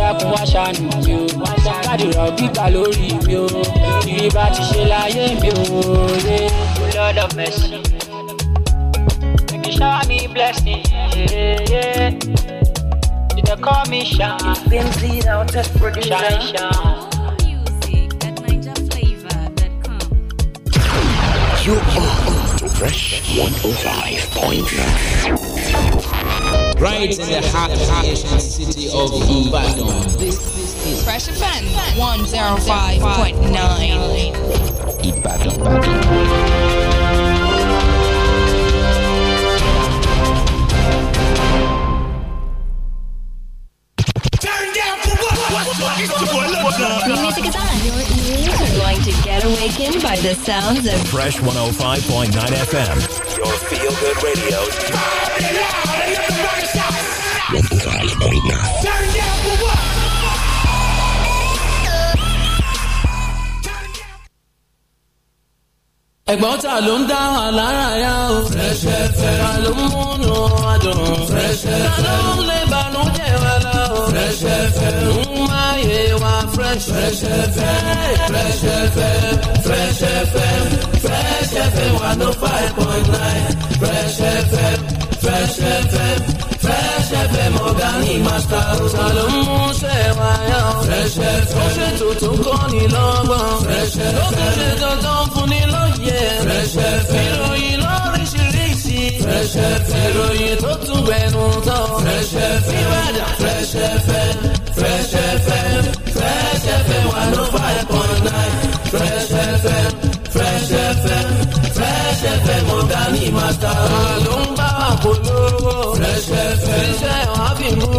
dákun wá ṣàánú mi o gbígbà lórí mi o ìrì bá ti ṣe láyé mi o lé. Lord of mercy make you me blessing. You dey call me Sean. It's been clean out that producer. Sean, Sean. You are on Fresh 105.9 right in the heart of the city of Ibadan. This is Fresh Offense 105.9 Ibadan. Ibadan. Music is on. Your ears are going to get awakened by the sounds of Fresh 105.9 FM. Your Feel Good Radio. 105.9. ẹ̀gbọ́n ta ló ń dá wa lára yá o. Fresh FM. ta ló ń múnú wa dùn. Fresh FM. ta ló ń lè bànújẹ́ wa lá o. Fresh láyé wa fresh fresh fm fresh fm fresh fm fresh fm one oh five point nine fresh fm fresh fm fresh fm ọ̀gá ni màtà ọ̀sà ló ń mú sẹ́wà yá fresh fm ó ṣe tuntun kọ́ ni lọ́gbọ̀n fresh fm ó kéde dandan fún ni lóye fresh fm ìròyìn lóríṣiríṣi fresh fm ìròyìn tó tún gbẹnu tán fresh fm ìwádà fresh fm. Fresh FM Fresh FM one oh five point nine Fresh FM Fresh FM Fresh FM ọ̀gá ni màtá. ló ń bá wa polówó. Fresh FM iṣẹ́ ọ̀ á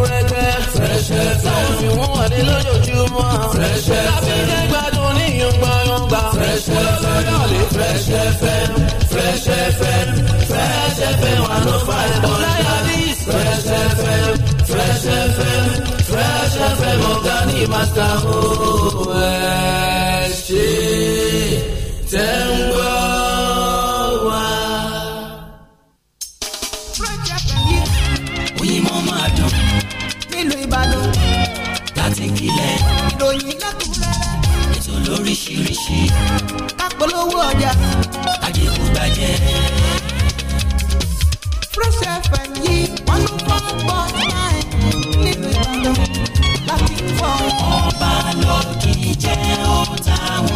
rẹ́gẹ́. Fresh FM tó mú wọlé lójoojúmọ́. Fresh FM láti jẹ́ gbádùn ní yọ̀ngbọ̀nyọ̀ngbà. Fresh FM lọ́lẹ̀ Fresh FM Fresh FM Fresh FM one oh five point nine Fresh FM Fresh FM fẹ́ mọ̀ká ní màtà ó ẹ̀ ṣe tẹ́ ń gbọ́ wá. Oyinmọ́ máa dùn. Nílùú Ìbàdàn. Láti kílẹ̀. Ìròyìn lẹ́kùnrẹ́rẹ́. Ètò lóríṣiríṣi. Ká polówó ọjà. Àdéhùn gbàjẹ́. Fresh FM yìí, one oh four point nine ọba lòkì jẹ́ ọ̀tá wọn.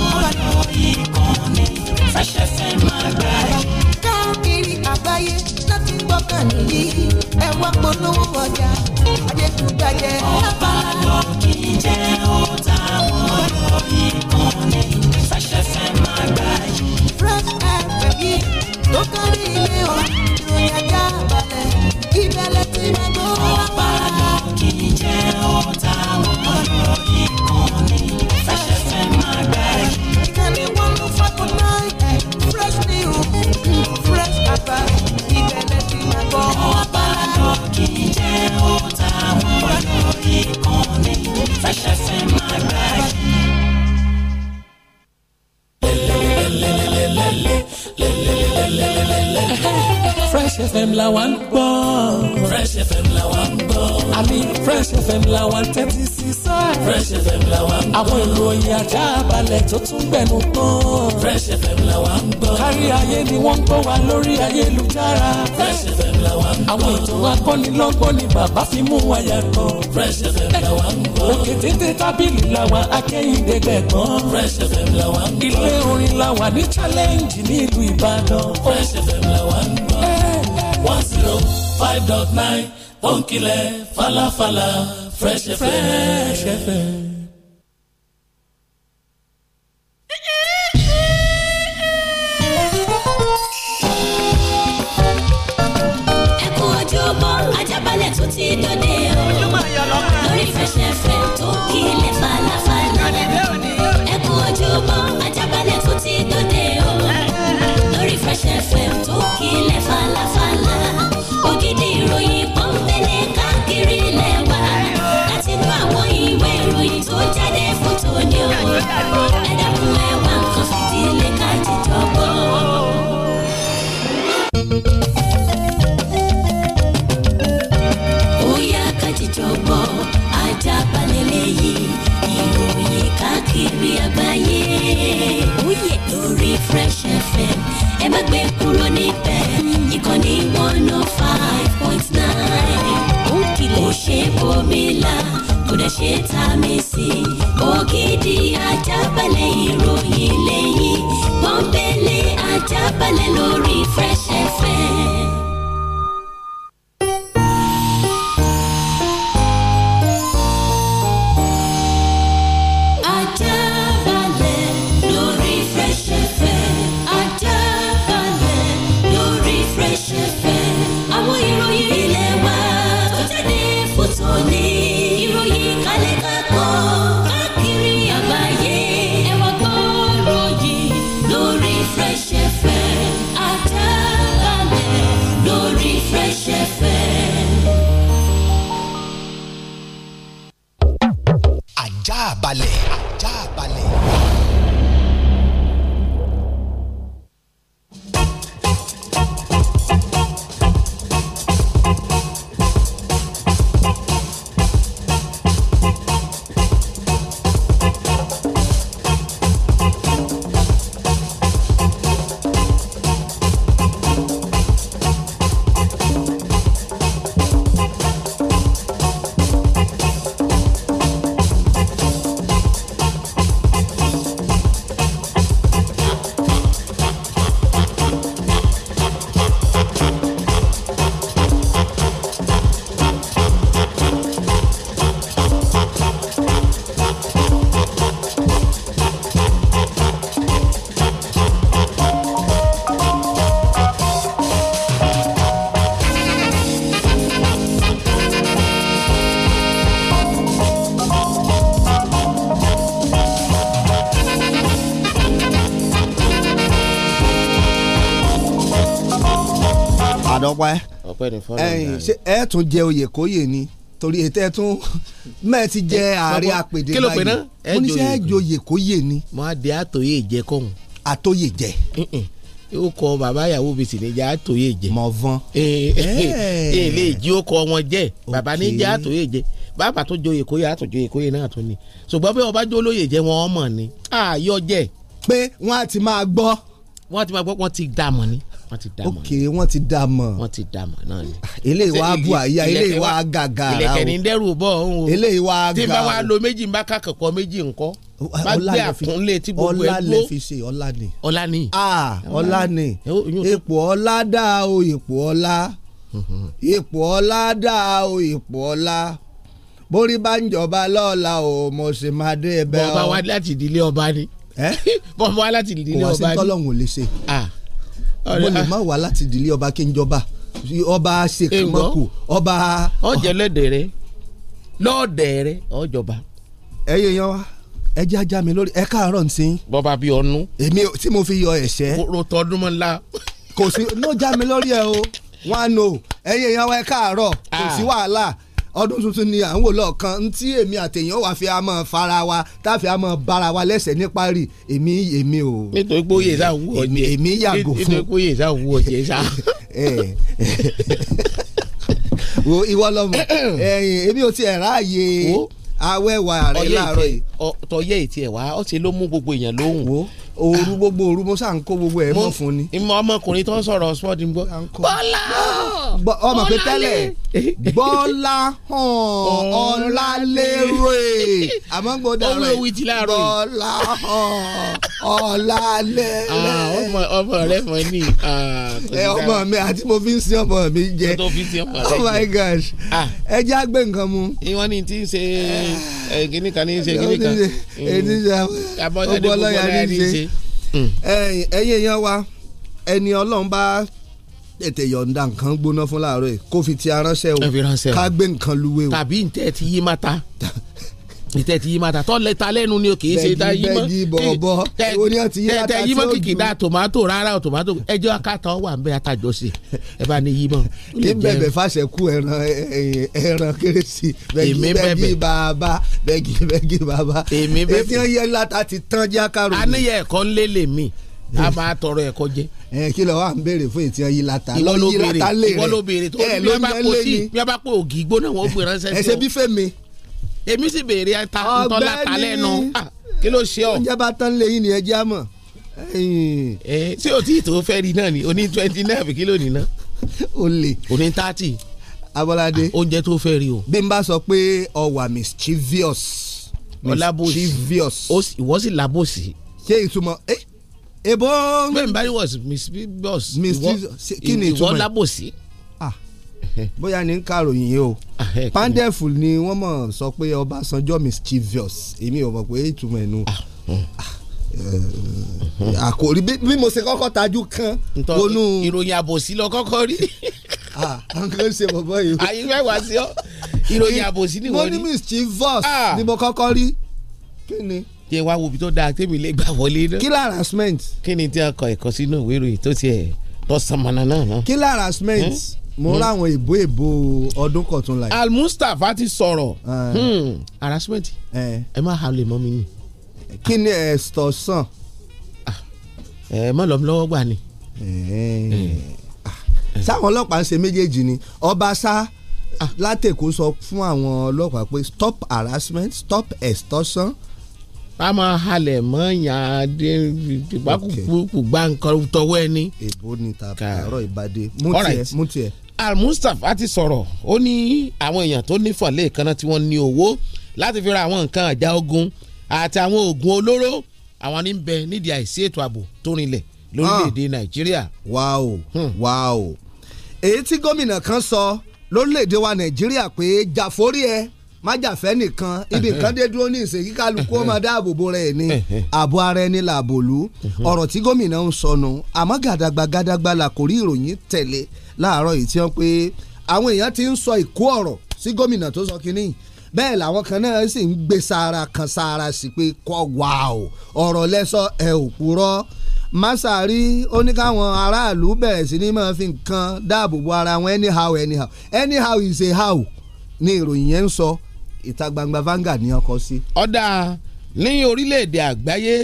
Bala, Fresh FM. ọ̀pá ẹ̀ ẹ̀ tún jẹ oyè kóyè ni torí ètò ẹ̀ tún mẹ́ẹ̀ ti jẹ ààrẹ àpèdè báyìí mo ní sẹ́ ẹ̀ joyè kóyè ni. mo á di àtòyè jẹ kọ́hún. àtòyè jẹ. ó kọ bàbá ìyàwó mi sì ní jẹ àtòyè jẹ. mọ̀ vọ́n. èlé ìjí ó kọ wọn jẹ bàbá ní jẹ àtòyè jẹ bàbá tó joyè kóyè àtòjòyè kóyè náà tó ni ṣùgbọ́n bí ọba jólóyè jẹ wọn ọmọ ni àyọ jẹ. pé wọ́n á ti máa gbọ́ wọ́n ti máa gbọ́ wọ́n ti dà mọ̀ ni wọ́n ti dà mọ̀ ok wọ́n ti dà mọ̀ wọ́n ti dà mọ̀ náà ni. Ah, eléyìí wá bu àyà eléyìí wá gàgà ara o ìlẹ̀kẹ̀ ní dẹ́rù bọ̀ ọ̀hún o eléyìí wá gà o tí n bá wa lo méjì n bá ká kẹ̀kọ́ méjì ńkọ́ bá gbé àkúnlé tí gbogbo ẹ̀ gbó ọlá fi ṣe ọlá ni. ah ọlá ni ipò ọlá dá o ipò ọlá ipò ọlá dá o ipò ọlá borí bá ń jọba lọ́la o mo sì máa dé ẹbẹ̀ ọ. bọ́ọ̀ bá wá láti ìdílé ọba ni. bọ́ọ̀ bá wá láti ìdílé ọba ni. kò wá sí tọ́lọ́hún ò lè ṣe. ah mo lè ah. má wá láti ìdílé ọba kí n jọba ọba ṣèkìmọ́kù ọba. ọjẹlẹdẹ rẹ lọọdẹ rẹ ọjọba. ẹ yẹ yan wa ẹ jẹ́ ajá mi lórí ẹ káàárọ̀ ń sin. bíi ọnu. èmi tí mo fi yọ ẹ̀ṣẹ́. kóró tọdún mọ́ la. kò sí ló já mi lórí ẹ o wọn á nò ẹyẹ yan wa ẹ káàárọ̀ kò sí ah. wàhálà ọdún tuntun ni à ń wò lọ́ọ̀kan ntí èmi àtẹ̀yìn wà fi àmọ́ fara wa táfi àmọ́ bára wa lẹ́sẹ̀ nípa rì èmi èmi o. nítorí pé oyè sá wú ọjẹ èmi yàgò fún nítorí pé oyè sá wú ọjẹ sá. wo ìwọ lọmọ ẹyin èmi ò tiẹ̀ ráàyè awẹ́wà rẹ̀ láàárọ̀ yìí. tọ́yẹ̀ ìtiẹ̀ wá ọtí ló mú gbogbo èèyàn lóhùn ooru gbogbo ooru mo sá ń kó gbogbo ẹ̀ mọ́ fún ni. ìmọ̀ ọmọkùnrin tó ń sọ̀rọ̀ sport ń gbọ́. bọ́lá ọmọ pé tẹ́lẹ̀ bọ́lá ọ̀làlérè àmọ́ gbọ́dọ̀ rẹ̀ bọ́lá ọ̀làlérè. ọmọ rẹ mọ ní. Ah, ọmọ mi àti mo fi ń sin ọmọ mi jẹ oh my gosh ah. ẹ jẹ́ àgbẹ̀ nǹkan mu. ìwọ́n ní ti ń ṣe eh, kíníkan ní hmm. í ṣe kíníkan. ọgbọ́n lọ́yà ní í ṣe ẹ̀yin èèyàn wa ẹni ọlọ́run bá tètè yọ̀ǹda nǹkan gbóná fún láàárọ̀ yìí kó fi ti aránṣẹ́ o ká gbé nǹkan luwe o tàbí ntẹ́ ti yí máta ìtẹ̀tì yìí máa tà tọ́ lẹ́ta lẹ́nu ni o kì í ṣe ta yìí mọ́ bẹ́ẹ̀gì bọ̀bọ̀ ewo ni ọtí yìí ata tí ó dùn tẹ̀tẹ̀ yìí mọ́ kìkì dá tòmátò rárá o tòmátò ẹjọ́ akátá wà ń bẹ atajọ́ sí ẹ bá ní yìí mọ́. kí n fàṣẹ kú ẹran ẹran kérésì bẹ́ẹ̀gì bẹ́ẹ̀gì bàbá bẹ́ẹ̀gì bẹ́ẹ̀gì bàbá èmi bẹ́ẹ̀ etí yẹn láta ti tán jẹ́ aníyẹ ẹ̀kọ́ ńlẹ́lẹ̀ mi a máa tọrọ ẹ̀kọ́ jẹ. ẹ kí lọ wà ń béèrè fún ètí ọyí lata ìwọ ló béèrè ìwọ ló béèrè tó bí bí wọn bá pò ògì gbóná wọn ó gbé ránṣẹ́ sí ọ. ẹ ṣe bí fẹmi èmi sì béèrè ẹta ntọ́lá ta lẹ́nu kí ló ṣe ọ. ìjọba tán lẹ́yìn ni ẹjẹ́ àmọ̀. ṣé o tí ì tó fẹ́ rí náà ni o ní twenty nine kí ló o lè. o ní thirty. Abọ́ládé oúnjẹ tó fẹ́ rí o. bí n bá sọ pé ọwà mischievous. ọlábòsí mischievous. ìwọ sì lábòsí. ṣé ìtumọ̀ eh, ebo. bẹ́ẹ̀ ni bá yíwọ̀ mischievous. mischievous kí ni ìtumọ̀ ìwọ lábòsí. bóyá ní kàròyìn yìí o pandeful ni wọ́n mọ̀ sọ pé Ọbásanjọ́ mischievous èmi ò mọ̀ pé ìtumọ̀ ẹnu ah, oh. ah, eh, àkòrí bí mo ṣe kọ́kọ́ tajú kan wọnú. ìròyìn àbòsí lọ kọ́kọ́ rí. Ah, àwọn kan ṣe bọ̀bọ̀ yìí. àyè mẹ́wàá sí ọ ìròyìn àbòsí ni wọ́n rí. mo ní mischievous ni mo kọ́kọ́ rí. kí ni jẹ wá wo ibi tó dáa tẹ́mi lè gbà wọlé náà. killer harassment. kí ni tí a kọ ẹ̀kọ́ sínú ìwé ìròyìn tó tiẹ̀ tó sanmọ́nà náà. killer harassment. Hmm? mo hmm. ráwọn èbó èbó ọdún kọ̀tún láì. almustapha ti sọ̀rọ̀ ah. hmm. harassment eh. ẹ má halẹ̀ mọ́ mi ni. kí ni ẹ̀sọ̀ sàn. Ah. ẹ mọ̀ lọ́mú lọ́wọ́ gbà ni. Eh. Eh. Ah. sáwọn ọlọ́pàá ń ṣe méjèèjì ni ọbaṣá látẹ̀kọ́ sọ fún àwọn ọlọ́pàá pé stop harassment stop extortion a máa halẹ̀ mọ́ yàn án kò gbá nǹkan tọwọ́ ẹni. èbó ni tàbí àárọ̀ ìbàdí mú tiẹ̀. Almustapha ti sọ̀rọ̀ ó ní àwọn èèyàn tó nífọ̀lé ìkànnà tí wọ́n ní owó láti fi ra àwọn nǹkan àjà ogun àti àwọn oògùn olóró àwọn ní bẹ nídìí àìsí ètò ààbò tó rinlẹ̀ lórílẹ̀‐èdè ah. Nàìjíríà. wáò hmm. wáò èyí tí gómìnà kan sọ lórílẹ̀‐èdè wa Nàìjíríà pé jàforí ẹ májàfẹ́ nìkan ibi kan dé dúró ní ìsèkí kálukú ọmọ dáàbò bo rẹ̀ ni ààbò ara ẹni làbò lù ọ̀rọ̀ tí gómìnà ń sọnù àmọ́ gàdàgbà gàdàgbà là kò rí ìròyìn tẹ̀lé láàárọ̀ yìí tí wọ́n pé àwọn èèyàn ti ń sọ ìkó ọ̀rọ̀ sí gómìnà tó sọ kínní bẹ́ẹ̀ làwọn kan náà sì ń gbé sára kan sára sí pé kọ́ wà ó ọ̀rọ̀ lẹ́sọ ẹ̀ òpùrọ́ masari ó ní káwọn aráàlú bẹ̀rẹ̀ sí ní máa fi nǹkan dáàbò bo ara wọn anyhow anyhow anyhow is a how ni ìròyìn yẹn ń sọ ìta gbangba Vanguard ní ọkọ sí. ọ̀dà ní orílẹ̀-èdè àgbáyé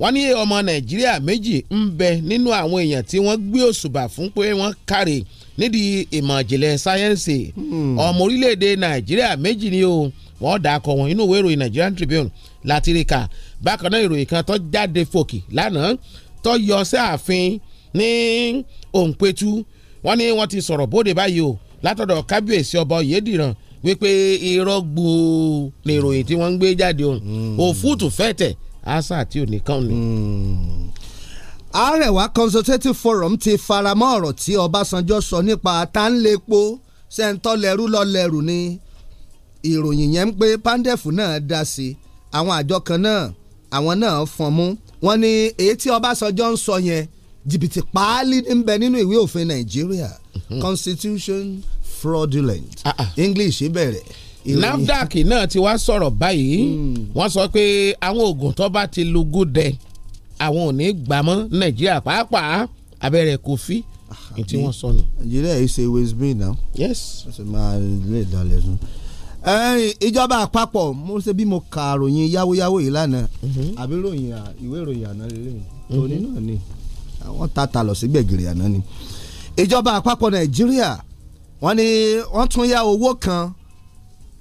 wọ́n ní ọmọ Nàìjíríà méjì ń bẹ nínú àwọn èèyàn tí wọ́n gbé òṣùbà fún pé wọ́n kárè nídìí ìmọ̀ ìjìnlẹ̀ sáyẹ́ǹsì hmm. ọmọ orílẹ̀-èdè Nàìjíríà méjì ni o wọ́n dà kọ wọn inú ìwé ìròyìn Nigerian Tribune láti rí ka bákan náà ìròyìn kan tó jáde fòkì lánàá tó yọ sí ààfin ní Òǹpẹ̀tù wọ́n ní wọ́n ti sọ̀rọ̀ bóde báyìí o látọ̀dọ̀ kábíyèsí ọba Oyèdìran wípé irọ́ gbòó ni ìròyìn tí wọ́n ń gbé jáde òun hmm. òfútù fẹ́tẹ̀ àṣà tí ò ní kàn ní. Hmm. Arewa Consultative Forum ti faramọ́ ọ̀rọ̀ tí Ọbásanjọ́ sọ nípa tánlépo sẹ́ńtọ́lẹ́rú lọ́lẹ́rù ni ìròyìn yẹn ń pé pandef náà dá sí i àwọn àjọ kan náà àwọn náà fọ́n mú wọn ní èyí tí Ọbásanjọ́ ń sọ yẹn jìbìtì páálí ń bẹ nínú ìwé òfin Nàìjíríà hmm. Constitution fraudulent ah, ah. english bẹ̀rẹ̀. nafdac náà ti wá sọ̀rọ̀ báyìí hmm. wọ́n sọ pé àwọn oògùn tó bá ti lugú dẹ àwọn ò ní gbà mọ́ nàìjíríà pàápàá abẹ́rẹ́ kò fi ah, tí wọ́n sọ nù. nàìjíríà yìí ṣe waste bin náà. yes. wọ́n sì ma lè dalẹ̀ sùn ìjọba àpapọ̀ mo ṣe bí mo kà ròyìn yáwóyáwó yìí lánàá mhm. àbí ròyìn ìwé ìròyìn àná lélẹ̀ mhm. òní náà ni àwọn tata lọ sí gbẹ̀gìrì àná ni ìjọba àpapọ̀ nàìjíríà wọ́n ní wọ́n tún yá owó kan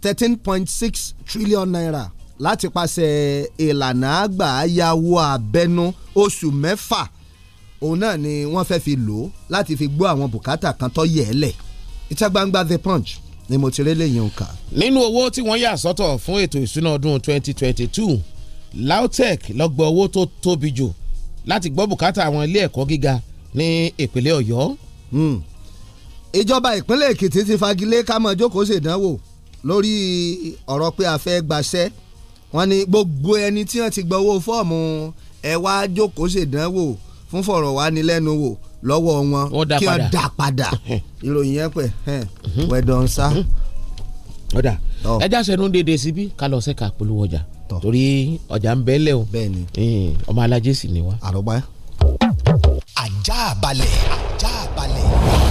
thirteen point six trillion naira láti pàṣẹ ìlànà àgbà yàwó àbẹnú oṣù mẹ́fà òun náà ni wọ́n fẹ́ fi lò ó láti fi gbọ́ àwọn bùkátà kan tó yẹ̀ ẹ́ lẹ̀ ìta gbangba the punch ni mo ti rí lẹ́yìn òǹkà. nínú owó tí wọ́n yà sọ́tọ̀ fún ètò ìsúná ọdún twenty twenty two lautech lọ́gbọ̀ owó tó tóbi jù láti gbọ́ bùkátà àwọn ilé ẹ̀kọ́ gíga ní ìpínlẹ̀ ọ̀yọ́. Hmm ìjọba ìpínlẹ̀ èkìtì ti fagilé kámọ́ jókòó ṣèdánwò lórí ọ̀rọ̀ pé a fẹ́ gbaṣẹ́ wọn ni gbogbo ẹni tí wọ́n ti gba owó fọ́ọ̀mù ẹ wá jókòó ṣèdánwò fún fọ̀rọ̀wánilẹ́nuwò lọ́wọ́ wọn kí wọ́n dá padà ìròyìn yẹn wẹ̀dọ̀n sá. ẹja sẹ́nu dédé síbí ká lọ sẹ́ka polówó ọjà torí ọjà ń bẹ́lẹ̀ o ọmọ alájẹsì ni wa. àrògbá. balẹ̀ ajá balẹ̀.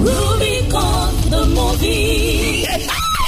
Rubicon the movie.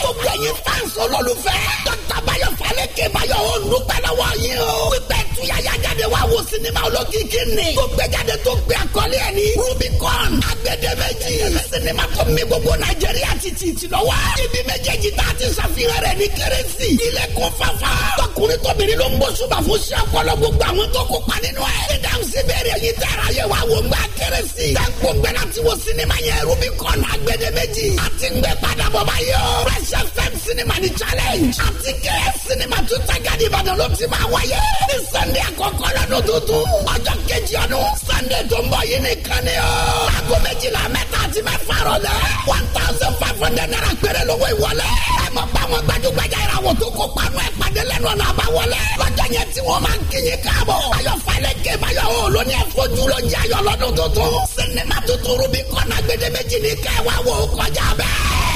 gbogbo ẹ̀yin fáǹsì olólùfẹ́. bayo Báyọ̀ Fálékè Báyọ̀ olùpẹ̀ lọ́wọ́ yín o. pípẹ́ tuyaya jáde wá wo sinimá olókìkí ni. tó gbé jáde tó gbé àkọlé ẹ̀ ní. Rubicon agbẹdẹmẹjì. sinimá tó mi gbogbo Nàìjíríà ti ti ti lọ wá. ibi méjèèjì tá a ti ṣàfihàn rẹ̀ ní kérésì. ilé kún fàfà. tọkùnrin tóbìnrin ló ń bó ṣùgbà fún ṣé ọpọlọ gbogbo àwọn tó kópa nínú ẹ̀. ìdáhùn sí bẹ́ẹ̀rẹ̀ yìí tẹ̀ra yẹ wá wò ńgbà kérésì. tẹ̀kùn gbẹ láti wo sinimá yẹn Rubicon agbẹdẹmẹjì. a ti gbẹ padà bọ̀ báyọ̀. fresh fm sinima ni challenge àti kf sinima tún tagadi ìbàdàn ló ti máa wáyé ní sunday àkọ́kọ́ lọ́dún tuntun ọjọ́ kejì ọdún sunday tó ń bọ̀ yìí nìkan ni ó. aago méjìlá mẹ́ta àti mẹ́fà rọ̀lẹ́ one thousand five hundred naira péré lówó ìwọlé. ẹ mọ̀ bá wọn gbajúgbajà ìràwọ̀ tó kó panu ẹ̀ pàdé lẹ́nu ọ̀nà àbáwọlé. lọ́jọ́ yẹn tí wọ́n máa ń kíyìn káàbọ̀. ayọ̀ falẹ̀ ké bayọ̀ o ló ní ẹ̀fọ́jú ló jẹ́ ayọ̀ lọ́dún tuntun. sinimá tuntun rubicon agbèdémèjì ní kẹwàá wò kọjá bẹ́ẹ̀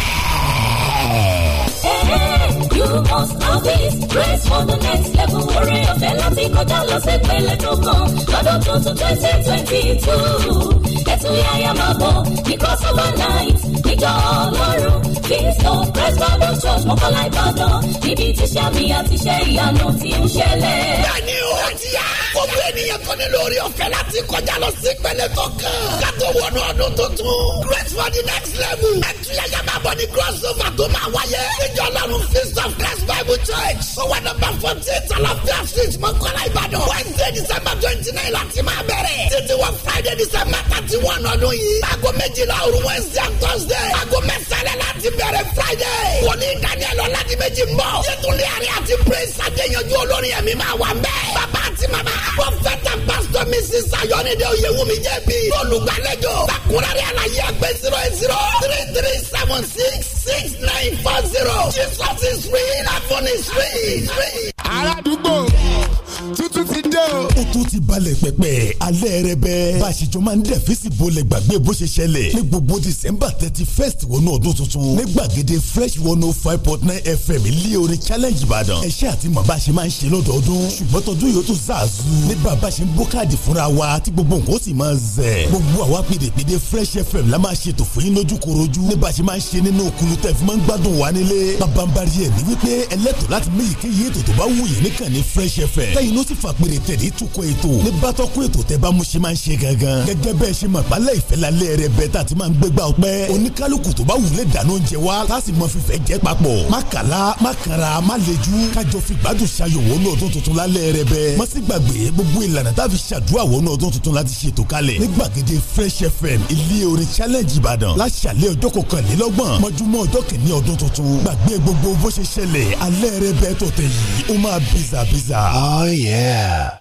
you must know this for the next level orí ọ̀fẹ́ láti kọjá lọ sí ìpele tó kàn lọ́dún tuntun twenty twenty two ẹtù yáyà máa bọ̀ ní crossover night níjọ ọlọ́run feast of praise bible church mọ́kànlá ìbàdàn níbi tíṣẹ́ mi àti iṣẹ́ ìyanu ti ń ṣẹlẹ̀. bẹ́ẹ̀ni o ti yá gbogbo ènìyàn tó nílò orí ọ̀fẹ́ láti kọjá lọ sí ìpele tó kàn. kátó wọnú ọdún tuntun. grace for the next level. ẹtúyẹyẹ máa bọ̀ ní crossover tó máa wáyé. ìjọ ọlọ́run feast of christ bible church. ó wà nọ́mbà fourteen talafia street mọ́kànlá ìbàdàn. wednesday december twenty nine láti máa bẹ̀rẹ̀. títí wọ friday december thirty one ọdún yìí. aago méjìlá òru wednesday and thursday. aago mẹ́sàn-án láti bẹ̀rẹ̀ friday. wòlíì daniel ọ̀làdìmẹ́jì ń bọ̀. yẹtùlẹ̀ àrẹ àti praise adéyanjú olórin ẹ̀mí máa wà ń bẹ́ẹ̀. bàbá àti màmá Pọfẹ́tà pásítọ̀ Mrs. Ayọ̀nidé Oyewumi JP. Olùgbàlejò. Takunrẹ́rẹ́ àlàyé àgbẹ̀ zero eight zero three three seven six six nine four zero. Jesus is real. Heaven is real. Arádúgbò tuntun ti dé o. ó tún ti balẹ̀ pẹ́pẹ́ alẹ́ rẹ bẹ́ẹ́ bá a ṣe jọ máa ń dẹ̀ fèsì bolẹ̀ gbàgbé bó ṣe ṣẹlẹ̀ ní gbogbo december thirty first wọnú ọdún tuntun ní gbàgede fresh one oh five point nine fm ilé orin challenge ìbàdàn ẹ̀ṣẹ́ àti mọ̀ bá a ṣe máa ń ṣe lọ́dọọdún ṣùgbọ́n tọdún yóò tún zàzù ní bàbá ṣe ń bó káàdì fúnra wa tí gbogbo nǹkan ó sì máa zẹ̀ gbogbo àwa pèdèpèdè fresh fm la máa ṣètò fún yín lójúkorojú ní bá a ṣe máa ń ṣe nínú òkulu tẹ̀ fi máa ń gbádùn wa nílé bàbá ń bari ẹ̀ ní wípé ẹlẹ́tọ̀ọ́ láti fresh fm ló sì fà pèrè tẹ̀lé tukọ̀ ètò ní bátọ́kù ètò tẹ́ bá mú ṣe máa ń ṣe gangan gẹ́gẹ́ bẹ́ẹ̀ ṣe mọ̀ pálẹ̀ ìfẹ́ lálẹ́ rẹ bẹ́ẹ̀ tá a ti máa ń gbégbá ọpẹ́ oníkálukú tó bá wùlé dáná oúnjẹ wa láti mọ fífẹ́ jẹ́ papọ̀ má kàlá má kàrà má lejú kájọ fi gbádùn ṣayọ̀wọ́ ní ọdún tuntun lálẹ́ rẹ bẹ́ẹ̀ má sì gbàgbé gbogbo ìlànà tá a fi ṣàdúrà wọ́n ní ọdún Fresh FM ilé orin challenge Ìbàdàn láṣàlẹ̀ ọjọ́ kọkànlélọ́gbọ̀n mọ́júmọ́ ọjọ́ kìíní ọdún tuntun gbàgbé gbogbo bó ṣe ṣẹlẹ̀ alẹ́ rẹ bẹ́ẹ̀ tó tẹ̀ yìí ó máa bíza bíza. Oh, yeah.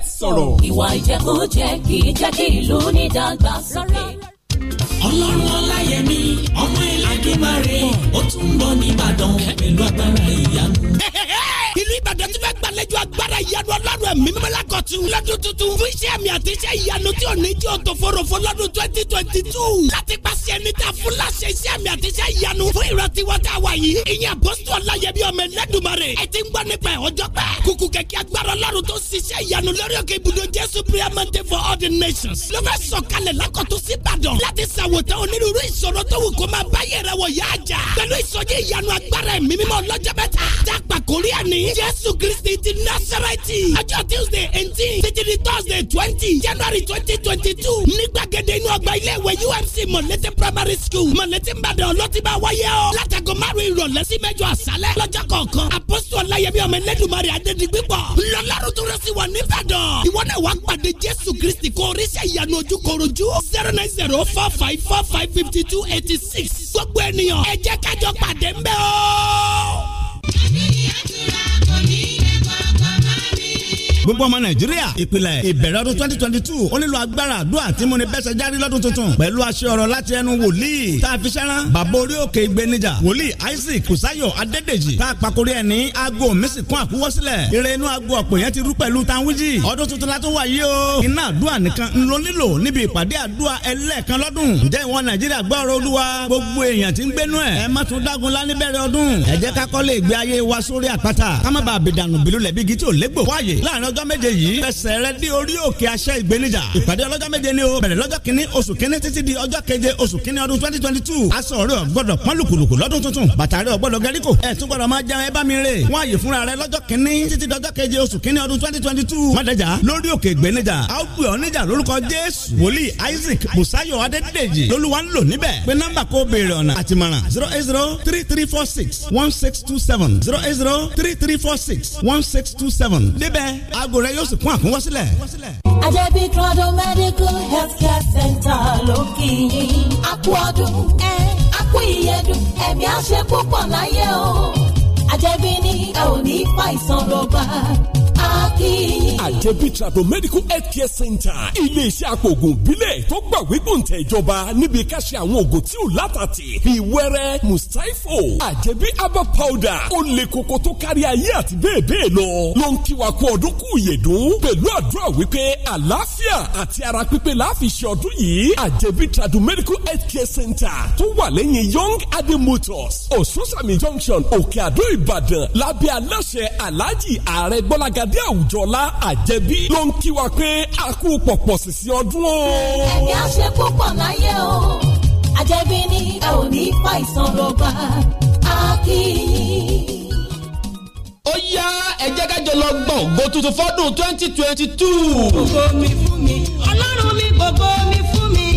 fẹ́ sọ̀rọ̀. ìwà ìjẹkújẹ kì í jẹ́ kí ìlú ní ìdàgbàsókè. ọlọ́run ọláyẹmí ọmọ ìlàgímárè ó tún ń bọ̀ nìbàdàn pẹ̀lú agbára ìyanu. ìlú ìbàdàn ti fẹ́ gbàlejò àgbà agbára ìyanu ọlọ́run ẹ̀mí mímọ́lá kọ̀tún lọ́dún tuntun fún iṣẹ́ mi àti iṣẹ́ ìyanu tí ò ní jẹ́ òtòfòròfò lọ́dún twenty twenty two láti pàṣẹ ẹni tá a fún láṣẹ iṣẹ́ mi àti iṣẹ́ ìyanu fún ìrántí wọn tá a wà yìí ìyẹn àpọ́sítọ̀ ọláyẹbí ọmọ ẹlẹ́dùnmarè ẹ ti ń gbọ́ nípa ẹ̀ ọjọ́ pẹ́ kùkù kẹ̀kẹ́ agbára ọlọ́run tó ṣiṣẹ́ ìyanu lórí òkè ibùdó jésù prayer mountain for all the nations ló fẹ́ sọ̀kalẹ̀ lákọ̀tún sí ìbàdàn láti ṣàwòtán onírúurú ìṣòro tó wù kó máa bá yẹrẹ wọ̀ yá àjà pẹ̀lú ìsọjí ìyanu agbára ẹ̀mí mímọ́ ọlọ́jọ́ mẹ́ta dàgbà kórìíà ní jésù kristi ti násàrẹ́ variety ọjọ́ tuesday eighteen títí di thursday twenty january twenty twenty two ní gbàgede inú ọgbà ilé ìwé umc mọ̀lẹ́tẹ̀ primary school mọ̀lẹ́tẹ̀ ìbàdàn ló ti bá wáyé o látàgọ́ márùn-ún ìrọ̀lẹ́ sí mẹ́jọ àṣálẹ́ lọ́jọ́ kọ̀ọ̀kan apọ́sítọ̀ ọláyẹmí ọmọ ẹlẹ́dùnmarè adédìgbé pọ̀ lọ́lọ́run tó rẹ́ sí wọn nìbàdàn ìwọ náà wàá pàdé jésù kristi kó oríṣẹ́ ìyanu ojú korojú zero nine zero four five four five fifty two eighty six gbogbo ènìyàn ẹ jẹ́ kájọ pàdé ńbẹ̀ o. gbogbo ọmọ nàìjíríà ìpìlẹ̀ ìbẹ̀rẹ̀ ọdún twenty twenty two ó nílò agbára àdúrà tí mo ní bẹ́sẹ̀ járí lọ́dún tuntun pẹ̀lú aṣọ ọ̀rọ̀ láti ẹnu wòlíì tá a fi ṣẹ́rán bàbá orí òkè ìgbénijà wòlíì isaac kùsáyọ̀ adédèjì tá a pàkórí ẹ̀ ní aago mísì kún àkúwọ́sílẹ̀ eré inú aago ọ̀pọ̀ yẹn ti rú pẹ̀lú tanwiji ọdún tuntun la tún wà yìí o iná àdúrà nìkan ń lo nílò níbi ìpàdé àdúrà ẹlẹ́ẹ̀kan lọ́dún ǹjẹ́ ìwọ nàìjíríà gbọ́rọ̀ olúwa gbogbo èèyàn ti ń gbénú ẹ̀ ẹ má tún dágun lá níbẹ̀rẹ̀ ọdún ẹ jẹ́ ká kọ́lé ìgbé ayé wa sórí àpáta ká má bàa bìdànù bìlú gidi ò légbò wáyé láàrin ọlọ́jọ́ méje yìí fẹsẹ̀ rẹ dé orí òkè aṣẹ́ ìgbénijà ìpàdé ọlọ́jọ́ méje ni o bẹ̀rẹ̀ lọ́jọ́ kìíní oṣù kìíní títí di ọjọ́ keje oṣù kìíní ọdún twenty twenty two aṣọ rẹ gbọ́dọ̀ pọ́n lùkùlùkù lọ́dún tuntun bàtà rẹ gbọ́dọ̀ gẹríkò ẹ tún gbọ́dọ̀ máa jẹun ẹ bá mi rè wọn àyè fúnra rẹ lọ́jọ́ kìíní títí dọjọ́ aago rẹ yóò sì kún àkúnwọ́ sílẹ̀. àjẹbí trọ́dọ̀ medical health care center ló kì í àpò ọdún ẹ àpò ìyẹ́dùn ẹ̀mí àṣẹ púpọ̀ láyé o àjẹbí ni ẹ ò ní fa ìsanrọba akínyìn. àjẹbí trado medical health care center iléeṣẹ́ àpògùn ìbílẹ̀ tó gbà wígùn tẹ̀ ìjọba níbi ká ṣe àwọn oògùn tí ò látàtì bíi wẹ́rẹ́ mustapho àjẹbí herbal powder ó lè koko tó kárí ayé àti bẹ́ẹ̀ bẹ́ẹ̀ lọ ló ń kí wa kú ọdún kú ìyèdún pẹ̀lú àdúrà wípé àlàáfíà àti ara pípé la ṣe ọdún yìí àjẹbí trado medical health care center tó wà lẹ́yìn young adé motors ososami junction òkè àdó ìbàdàn lábẹ́ aláṣẹ aláàjì ààrẹ gbọ́lága àyàdé àwùjọ ọ̀la àjẹbí ló ń kí wa pé a kú pọ̀pọ̀ sísí ọdún o. ẹ̀yà ṣe púpọ̀ láyé o àjẹbí ni ẹ ò ní fa ìsan rọ̀gbà á kì í ó yá ẹ jẹ́ lọ gbọ̀n ògo fọ́dún twenty twenty two. gbogbo mi fún mi ọlọ́run mi gbogbo mi fún mi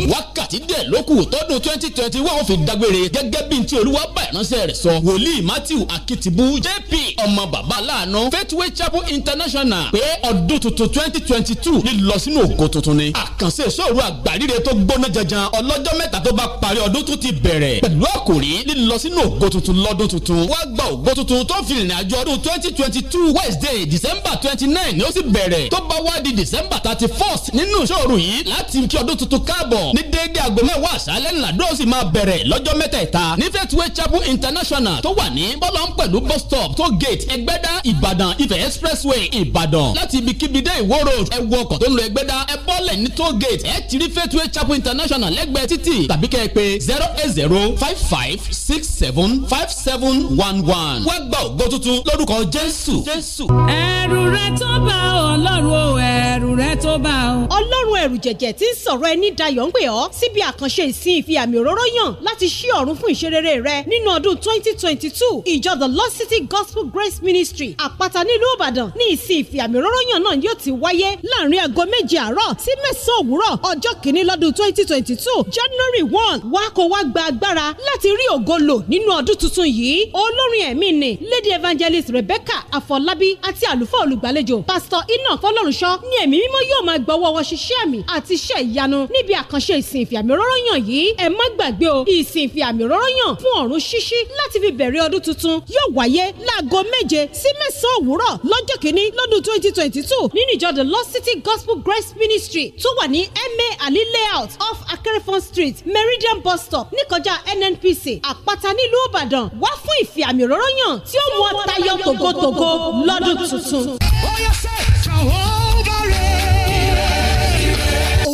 wákàtí díẹ̀ lókù tọdún twenty twenty one fi dágbére gẹ́gẹ́ bí ti olúwa bá ìránṣẹ́ rẹ̀ sọ wòlíì matthew akitibu jp ọmọ bàbá aláàánú faithway chapel international pé ọdún tuntun twenty twenty two lílọ sínú ògo tuntun ni àkànṣe ìṣòro àgbàríre tó gbóná janjan ọlọ́jọ́ mẹ́ta tó bá parí ọdún tó ti bẹ̀rẹ̀ pẹ̀lú àkòrí lílọ sínú ògo tuntun lọ́dún tuntun wá gba ògo tuntun tó fi ìrìn àjò ọdún twenty twenty two wednesday december twenty nine ni ó sì bẹ̀rẹ̀ tó bá wá di december thirty first nínú ìṣòro yìí láti kí ọdún tuntun káàbọ̀ ní déédéé aago mẹ́wàá àṣálẹ́ ńlàdó sì máa bẹ̀rẹ̀ lọ́jọ́ mẹ́tẹ̀ẹ̀ta ní faithway chapel international tó wà ní bọ́lọ́m pẹ̀lú bus stop tó gate ẹgbẹ́dá ìbàdàn ifẹ̀ expressway ìbàdàn láti ibikíbi dé ìwó road ẹ ọkọ̀ tó ń lọ ẹgbẹ́dá ẹ bọ́lẹ̀ ní tó gate ẹ ti rí faithway chapel international lẹ́gbẹ̀ẹ́ títì tàbí kẹ́ ẹ pé zero eight zero five five six seven five seven one one wá gba ògo tuntun lórúkọ jésù. jésù. ẹrù rẹ tó bá ọ ọlọ́run ẹrù rẹ tó bá ọ. ọlọ́run ẹrù jẹ̀jẹ̀ tí sọ̀rọ̀ ẹni dayọ̀ ń pè ọ́ síbi àkànṣe ìsìn ìfi àmì òróró yàn láti ṣí ọ̀run fún ìṣerere rẹ nínú ọdún 2022 ìjọ the lost city gospel grace ministry àpáta nílùú ìbàdàn ní ìsìn ìfi àmì òróró yàn náà yóò ti wáyé láàrin aago méje àárọ̀ sí mẹ́sàn-án òwúrọ̀ ọjọ́ kìíní lọ́dún 2022 january 1 wá kó wá gba agbára láti rí ògo lò nínú ọdún tuntun yìí olórin ẹ̀mí ni lady evangelist rebecca afolabi àti àlùfáà olùgbàlejò pastor enoch fọlọ́runṣọ́ ní ẹ̀mí mímọ́ yóò máa gbọ́wọ́ wọn ṣiṣẹ́ àmì àti iṣẹ́ ìyanu níbi àkànṣe ìsìn ìfìàmì òróró yàn yìí ẹ má gbàgbé o ìsìn ìfìàmì òróró yàn fún ọ̀run ṣíṣí láti fi bẹ̀rẹ̀ ọdún tuntun yóò wáyé láago méje sí mẹ́sàn-án òwúrọ̀ lọ́jọ́ kìíní lọ́dún twenty twenty two nínú ìjọ the lost city gospel grace ministry tó wà ní ma ali layout off akérèfọ́n street meridian bus stop níkọjá nnpc àpáta nílùú ìbàdàn wá fún ìfìàmì òróró yàn tí ó mú ọ tayọ tògótògó lọ́dún tuntun. ó yẹ sẹ́ ṣàwọ́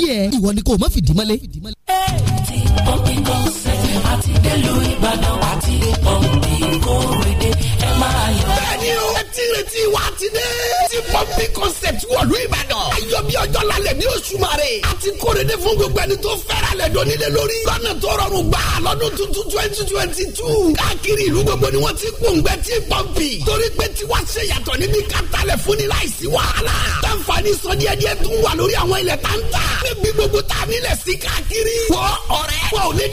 díẹ̀ ìwọ ni kò má fìdí mọ́lẹ̀. ti pọ́ǹpì kọ́nsẹ̀tì àti délùú ìbàdàn àti pọ́ǹpì kórèdè ẹ máa yọ. bẹ́ẹ̀ni o ẹ ti retí wa ti dé. ti pọ́ǹpì kọ́nsẹ̀tì wọ̀lú ìbàdàn bí ọjọ́ lálẹ́ ní oṣù mare. a ti kóre de fún gbogbo ẹni tó fẹ́ra lẹ̀ dọ́ni lé lórí. lọ́nà tó rọrùn gbà lọ́dún tuntun twenty twenty two. káàkiri ìlú gbogbo ni wọ́n ti gbòǹgbẹ́ tí pọ́ǹpì. torí pé tiwa ṣe yàtọ̀ níbi kátàlẹ̀ fún ní láìsí wàhálà. tàǹfààní sọ díẹ̀ díẹ̀ tún wà lórí àwọn ilẹ̀ táǹtà. níbi gbogbo tá a nílẹ̀ sí káàkiri. wọ ọ̀rẹ́. wọn ò ní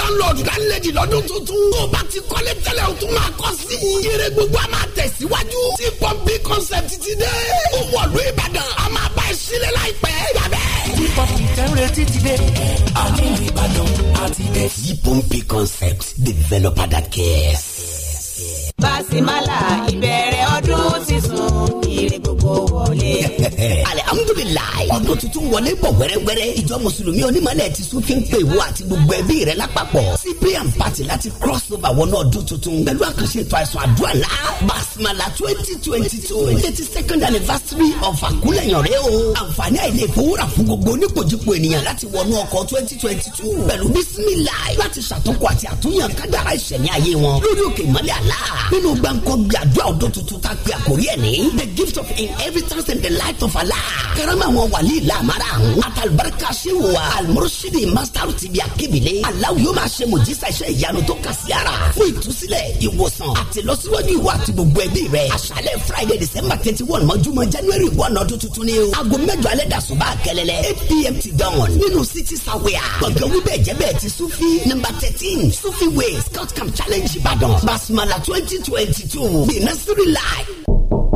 landlord lálẹ́dì lọ́dún tuntun. tó o bá ti kọ́lé tẹ́lẹ̀ o tún a máa tẹ̀síwájú. tí pọ́ǹpì concept ti dé. ó wọ̀lú sílẹ̀ láìpẹ́ yàgbẹ́. hip hop ìtẹ́rẹ̀tì ti dé. àní ìbàdàn àti dé. yipompe concept developer that cares. Basimala ibẹ̀ wọlé. alihamudulilayi ọdún tuntun wọlé bọ̀ wẹ́rẹ́wẹ́rẹ́ ìjọ mùsùlùmí onímọ̀lẹ̀ ti sún fi ń pè wọ́ àti gbogbo ẹbí rẹ̀ lápapọ̀ cyprian party láti cross over wọnú ọdún tuntun pẹ̀lú àkànṣe ètò àìsàn àdúrà la basimala twenty twenty two eighty second anniversary of àkúlẹ̀yàn rẹ o àǹfààní àìlè fowórà fún gbogbo oníkojúpo ènìyàn láti wọnú ọkọ̀ twenty twenty two pẹ̀lú bisimilayi láti ṣàtúnkọ àti àtúnyàn kádàrá ìṣẹ̀ní ayé wọn lórí òkè ìmọ̀lẹ̀ àlá nínú gbàǹkọ́ gbàdúrà ọdún tuntun tá a pè the gift of in evidence in the light of Allah. karama wọn wàlí ìlà àmàrà àwọn. àtàlùbáríkà ṣe wò wa. almurshidi master ti bi akébìlẹ̀. aláwo yóò máa ṣe mòjísà iṣẹ́ ìyanu tó kà sí ara. fún ìtúsílẹ̀ ìwòsàn àti lọ́síwájú ìwà àti gbogbo ẹbí rẹ̀. àṣálẹ̀ friday december twenty one mọ́júmọ́ january one ọdún tuntun ni o. aago mẹ́jọ alẹ́ dàsùn bá kẹlẹ́lẹ́ eight pm ti dán nínú city sawia. gbọ̀ngàn wíbẹ̀ jẹ́bẹ̀ ti sufi number thirteen sufi way scout camp challenge ìbàdàn. basmala twenty twenty two bí nasiri live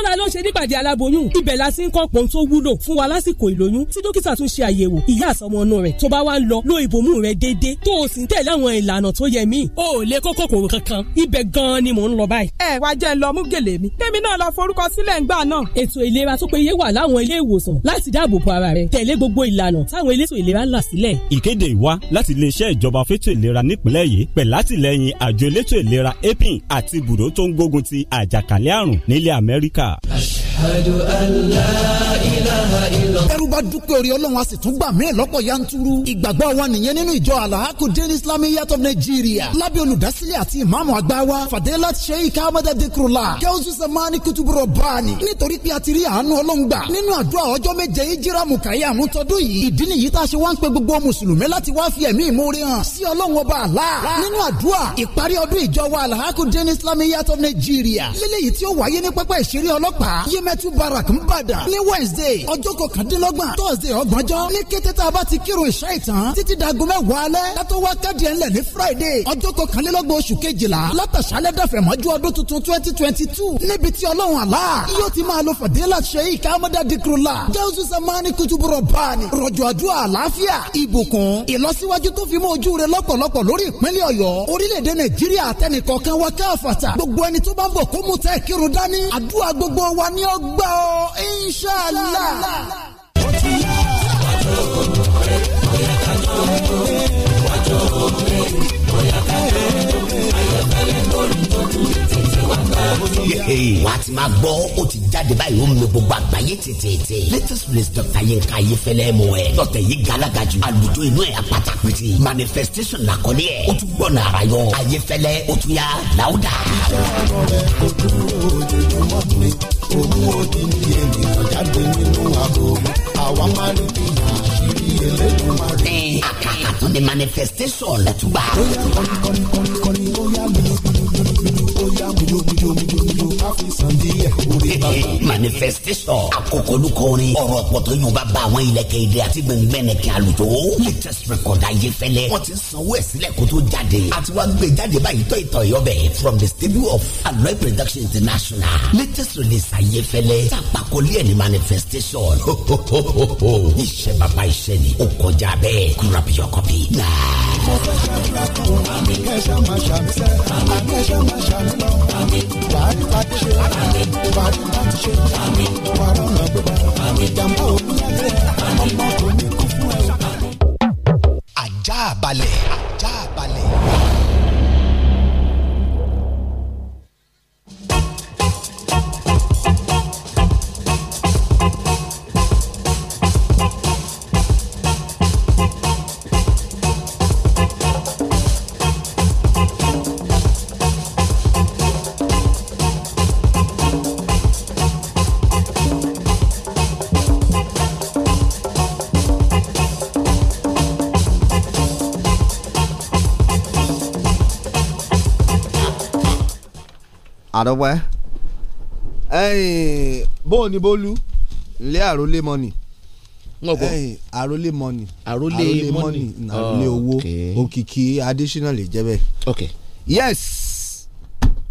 Akintola ló ń ṣe nípàdé aláboyún ibẹ̀ la sì ń kọ́ pọ́n tó wúlò fún wa lásìkò ìlóyún tí dókítà tún ṣe àyẹ̀wò ìyá àsọmọnú rẹ̀ tó bá wá ń lọ lo ìbomú rẹ̀ déédéé tó o sì ń tẹ̀lé àwọn ìlànà tó yẹ míì o ò lè kó kòkòrò kankan ibẹ̀ gan-an ni mò ń lọ báyìí. ẹ wá jẹ́ lọ mú gèlè mi tèmi náà lọ forúkọ sílẹ̀ ńgbà náà. ètò ìlera tó péye wà láwọn ilé ìwòsàn láti dáàbò bo ara rẹ tẹ̀lé gbogbo ìlànà táwọn elétò ìlera là sílẹ̀. ìkéde ìwá láti iléeṣẹ́ ìjọba fétò ìlera nípìnlẹ̀ yìí pẹ̀lú látìlẹ́yìn àjọ elétò ìlera apin àti ibùdó tó ń gbógun ti àjàkálẹ̀ àrùn nílẹ̀ Amẹ́ríkà kà. ẹrú bá dúpẹ́ orí ọlọ́run a sì tún gbà mí lọ́pọ̀ yanturu ìgbàgbọ́ wa nìyẹn nínú ìjọ alahakudin islamiyat of nigeria lábẹ́ olùdásílẹ̀ àti ìmáàmù àgbà wa fadela sheikh ahmed adekunla kẹ́hùsù sẹ́mání kutuburo báàni nítorí pé a ti rí àánú ọlọ́run gbà nínú àdúrà ọjọ́ méje ìjírà mùkàyà àmútọ́dún yìí ìdí nìyí tá a ṣe wá ń pe gbogbo mùsùlùmí láti wá fi ẹ̀mí ìmoore hàn islamiyat of nigeria lélẹ́yìí tí ó wáyé nílé ọlọ́pàá yemẹtu barak ń bàdà ní wednesday ọjọ́ kọkàndínlọ́gbọ̀n thursday ọgbọ̀njọ́ ní kété tá a bá ti kírun ìṣá ìtàn títí dago mẹ́wàá alẹ́ látó wá kádìí ẹ̀ ńlẹ̀ ní friday ọjọ́ kọkànlélọ́gbọ̀n oṣù kejìlá látàṣálẹ́ dàfẹ́ mọ́jú ọdún tuntun twenty twenty two níbi tí ọlọ́run àlá yóò ti máa lo fàdílà sheik amada dikrula jẹ́wọ́sù samani kutuburo bani rọ̀jò àdúrà àlàáfíà ìbùkún ìlọsíwájú tó fi mọ́ ojú rẹ lọ́pọ̀lọpọ̀ lórí ìpínlẹ̀ ọ̀yọ́ orílẹ̀-èdè nàìjíríà àtẹnìkọ̀ọ̀kan wa káfàtà gbogbo ẹni tó bá ń bọ̀ kó mú tẹ́ kírun dání gbogbo wa ni ó gbà ọ́ inṣàlá. ọtún yá wájú òwe bóyá ká jọ bóyá ká jọ wà á ti máa gbọ́ ó ti jáde báyìí ó mi gbogbo àgbáyé tètè. latest release Dr. Yinka Ayefẹ́lẹ́ mọ̀ ẹ́ lọ́tẹ̀ yìí galaga jù àlùjọ inú ẹ̀ apáta pété manifestation làkọ́lé ẹ̀ ó tún gbọ́nà ara yọ Ayefẹ́lẹ́ ó tún yá láwùdà. Òun ò dín ní ènìyàn jáde nínú àbò, àwa máa ń fi hàn àṣírí eléyìí máa rí. Àkàkà tó ní manifestation lẹ́tùgbà. Ó yẹ kọ́ni kọ́ni kọ́ni kọ́ni. Oh yeah, we do, we do, we do. san díẹ̀ orí bàbá. manifestation àkókò olùkọ́ orin ọ̀rọ̀ ọ̀pọ̀tọ́ yóò bá bá àwọn ilẹ̀kẹ̀ ilé àti gbẹ̀ngbẹ̀nẹ̀kẹ̀ àlùjọ. latest record ayéfẹ́lẹ́ wọ́n ti sanwó ẹ̀ sílẹ̀ kó tó jáde àti wàá gbé e jáde báyìí tó ìtọ̀ ẹ̀yọ́ from the studio of aloe production international latest release ayéfẹ́lẹ́ tàpákọ́lé ẹ̀ ní manifestation. iṣẹ́ bàbá iṣẹ́ ni ó kọjá bẹ́ẹ̀ grab your copy now. mo fẹ́ án máa ṣàmì sẹ́ àmì án máa ṣàmì lọ àmì wàá rí pàdé àmì wàrú balẹ̀ ajá balẹ̀. àdọ́pẹ́ bóun ni bólú ilé àrólé mọ́nì àrólé mọ́nì àrólé mọ́nì ah, àrólé owó òkìkí adésínà lè jẹ́ bẹ́ẹ̀. yes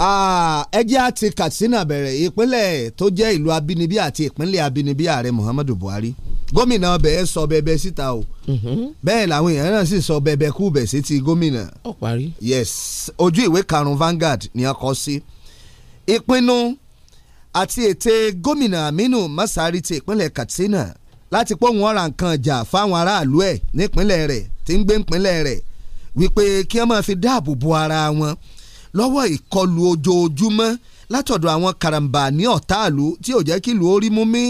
ah, ẹ jẹ́ àti Katsina bẹ̀rẹ̀ ìpínlẹ̀ tó jẹ́ ìlú abínibí àti ìpínlẹ̀ abínibí ààrẹ Muhammadu Buhari gómìnà bẹ́ẹ̀ sọ bẹ́ẹ̀bẹ́ síta o mhm. bẹ́ẹ̀ làwọn èèyàn náà sì sọ bẹ́ẹ̀bẹ́ kú bẹ̀ sí ti gómìnà. ó parí. yes ojú ìwé karùn-ún Vanguard ni a kọ sí. Si ìpinnu àti ète gómìnà Aminu Masari ti ìpínlẹ̀ Katsina láti pọ́ wọn ra nǹkan ìjà fáwọn aráàlú ẹ̀ nípínlẹ̀ rẹ̀ tí ń gbé nípínlẹ̀ rẹ̀ wípé kí wọ́n máa fi dáàbò bo ara wọn lọ́wọ́ ìkọlù ojoojúmọ́ látọ̀dọ̀ àwọn karambà ní ọ̀táàlú tí ò jẹ́ kí ìlú orí mú mí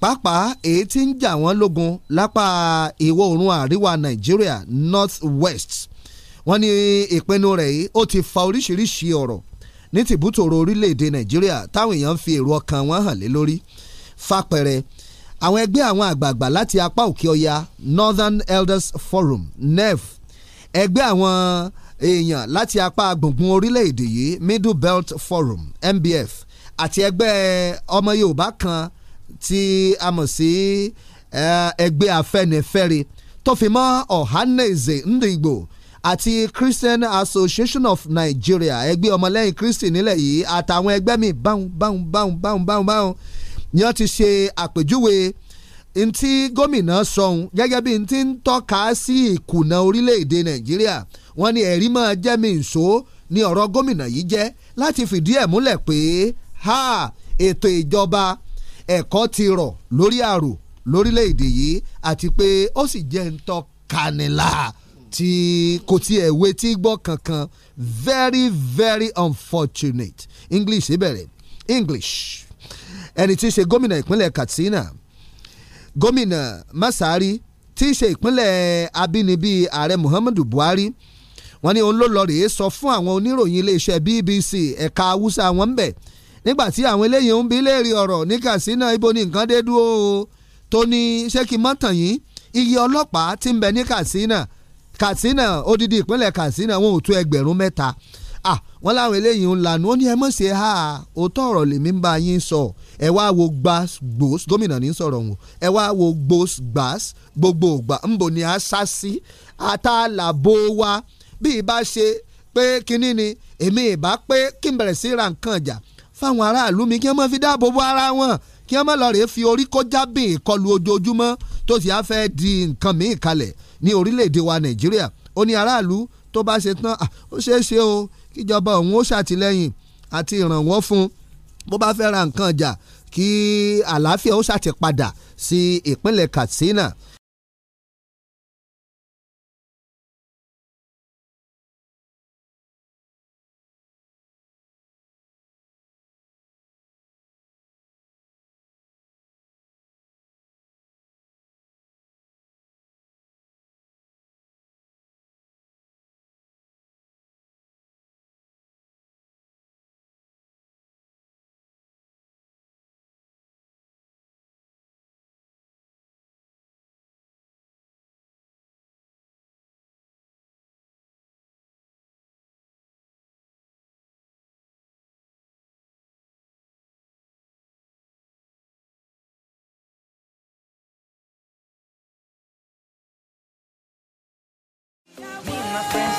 pàápàá èyí tí ń jà wọ́n lógun lápá ìwọ̀ oòrùn àríwá Nàìjíríà north west wọ́n ní ìpinnu rẹ̀ yìí ó ti fa oríṣiríṣi ọ̀rọ̀ ní tìbútòrò orílẹ̀-èdè nàìjíríà táwọn èèyàn fi èrò ọkàn wọn hàn lé lórí fapẹ̀rẹ̀ àwọn ẹgbẹ́ àwọn àgbààgbà láti apá òkè ọya Northern Elders Forum NEF ẹgbẹ́ àwọn èèyàn láti apá gbùngbùn orílẹ̀-èdè yìí Middle Belt Forum MBF àti ẹgbẹ́ ọmọ Yorùbá kan tí a mọ̀ sí ẹgbẹ́ Afẹ́nifẹ́re tó fi mọ́ Ọ̀hánèzè Ndigbo àti Christian Association of Nigeria ẹgbẹ́ ọmọlẹ́yìn Kristi nílẹ̀ yìí àtàwọn ẹgbẹ́ mi báwọn báwọn báwọn báwọn báwọn báwọn ni wọ́n ti ṣe àpèjúwe ntí gómìnà sọ̀hún gẹ́gẹ́ bí ntí ń tọ́ka sí ìkùnà orílẹ̀-èdè Nàìjíríà wọ́n ní ẹ̀rí máa jẹ́ mi nso ni ọ̀rọ̀ gómìnà yìí jẹ́ láti fìdí ẹ̀ múlẹ̀ pé ha ètò ìjọba ẹ̀kọ́ ti rọ̀ lórí àrò lórílẹ̀-èdè yìí àti pé ó sì jẹ́ ń tí kò tiẹ̀ wetí gbọ́ kankan very very unfortunate English ìbẹ̀rẹ̀ English ẹni tí í ṣe gómìnà ìpínlẹ̀ Katsina gómìnà Masari tí í ṣe ìpínlẹ̀ abínibí ààrẹ Muhammadu Buhari wọ́n ní òun ló lọ rèé sọ fún àwọn oníròyìn iléeṣẹ́ BBC ẹ̀ka haúsá wọn ń bẹ̀ nígbà tí àwọn eléyìí ń bi léèrè ọ̀rọ̀ ní Katsina ibo ni nǹkan dé dúró tó ní ṣé kí mọ́tàn yìí iye ọlọ́pàá ti ń bẹ ní Katsina Katsina odidi ìpínlẹ̀ Katsina wọn ò tó ẹgbẹ̀rún mẹ́ta ah wọ́n láwọn eléyìí ń lanu ó ní ẹ mọ̀ ṣe ha òótọ́ ọ̀rọ̀ lèmi ń bá yín sọ ẹ wá wo gbas gbòs gómìnà ní sọ̀rọ̀ wọn ẹ wá wo gbòs gbas gbogbo ògbà ńbò ni a sá sí àtàlàbò wa bí ibà ṣe pé kínní ni èmi ìbá pé kí n bẹ̀rẹ̀ sí ra nǹkan ìjà fáwọn aráàlú mi kí wọ́n mọ̀ fi dáàbò bo ara wọn kí wọ́n mọ̀ lọ́ọ́ rèé fi orí kọjá bìn ìkọlù ojoojúmọ́ tó sì á fẹ́ di nǹkan míì kalẹ̀ ní orílẹ̀-èdè wa nàìjíríà ó ní aráàlú tó bá ṣe tán ó ṣeé ṣe o kíjọba òun ó ṣàtìlẹ́yìn àti ìrànwọ́ fún bó bá fẹ́ ra nǹkan ọjà kí àlàáfíà ó ṣàtìpadà sí ìpínlẹ̀ katsina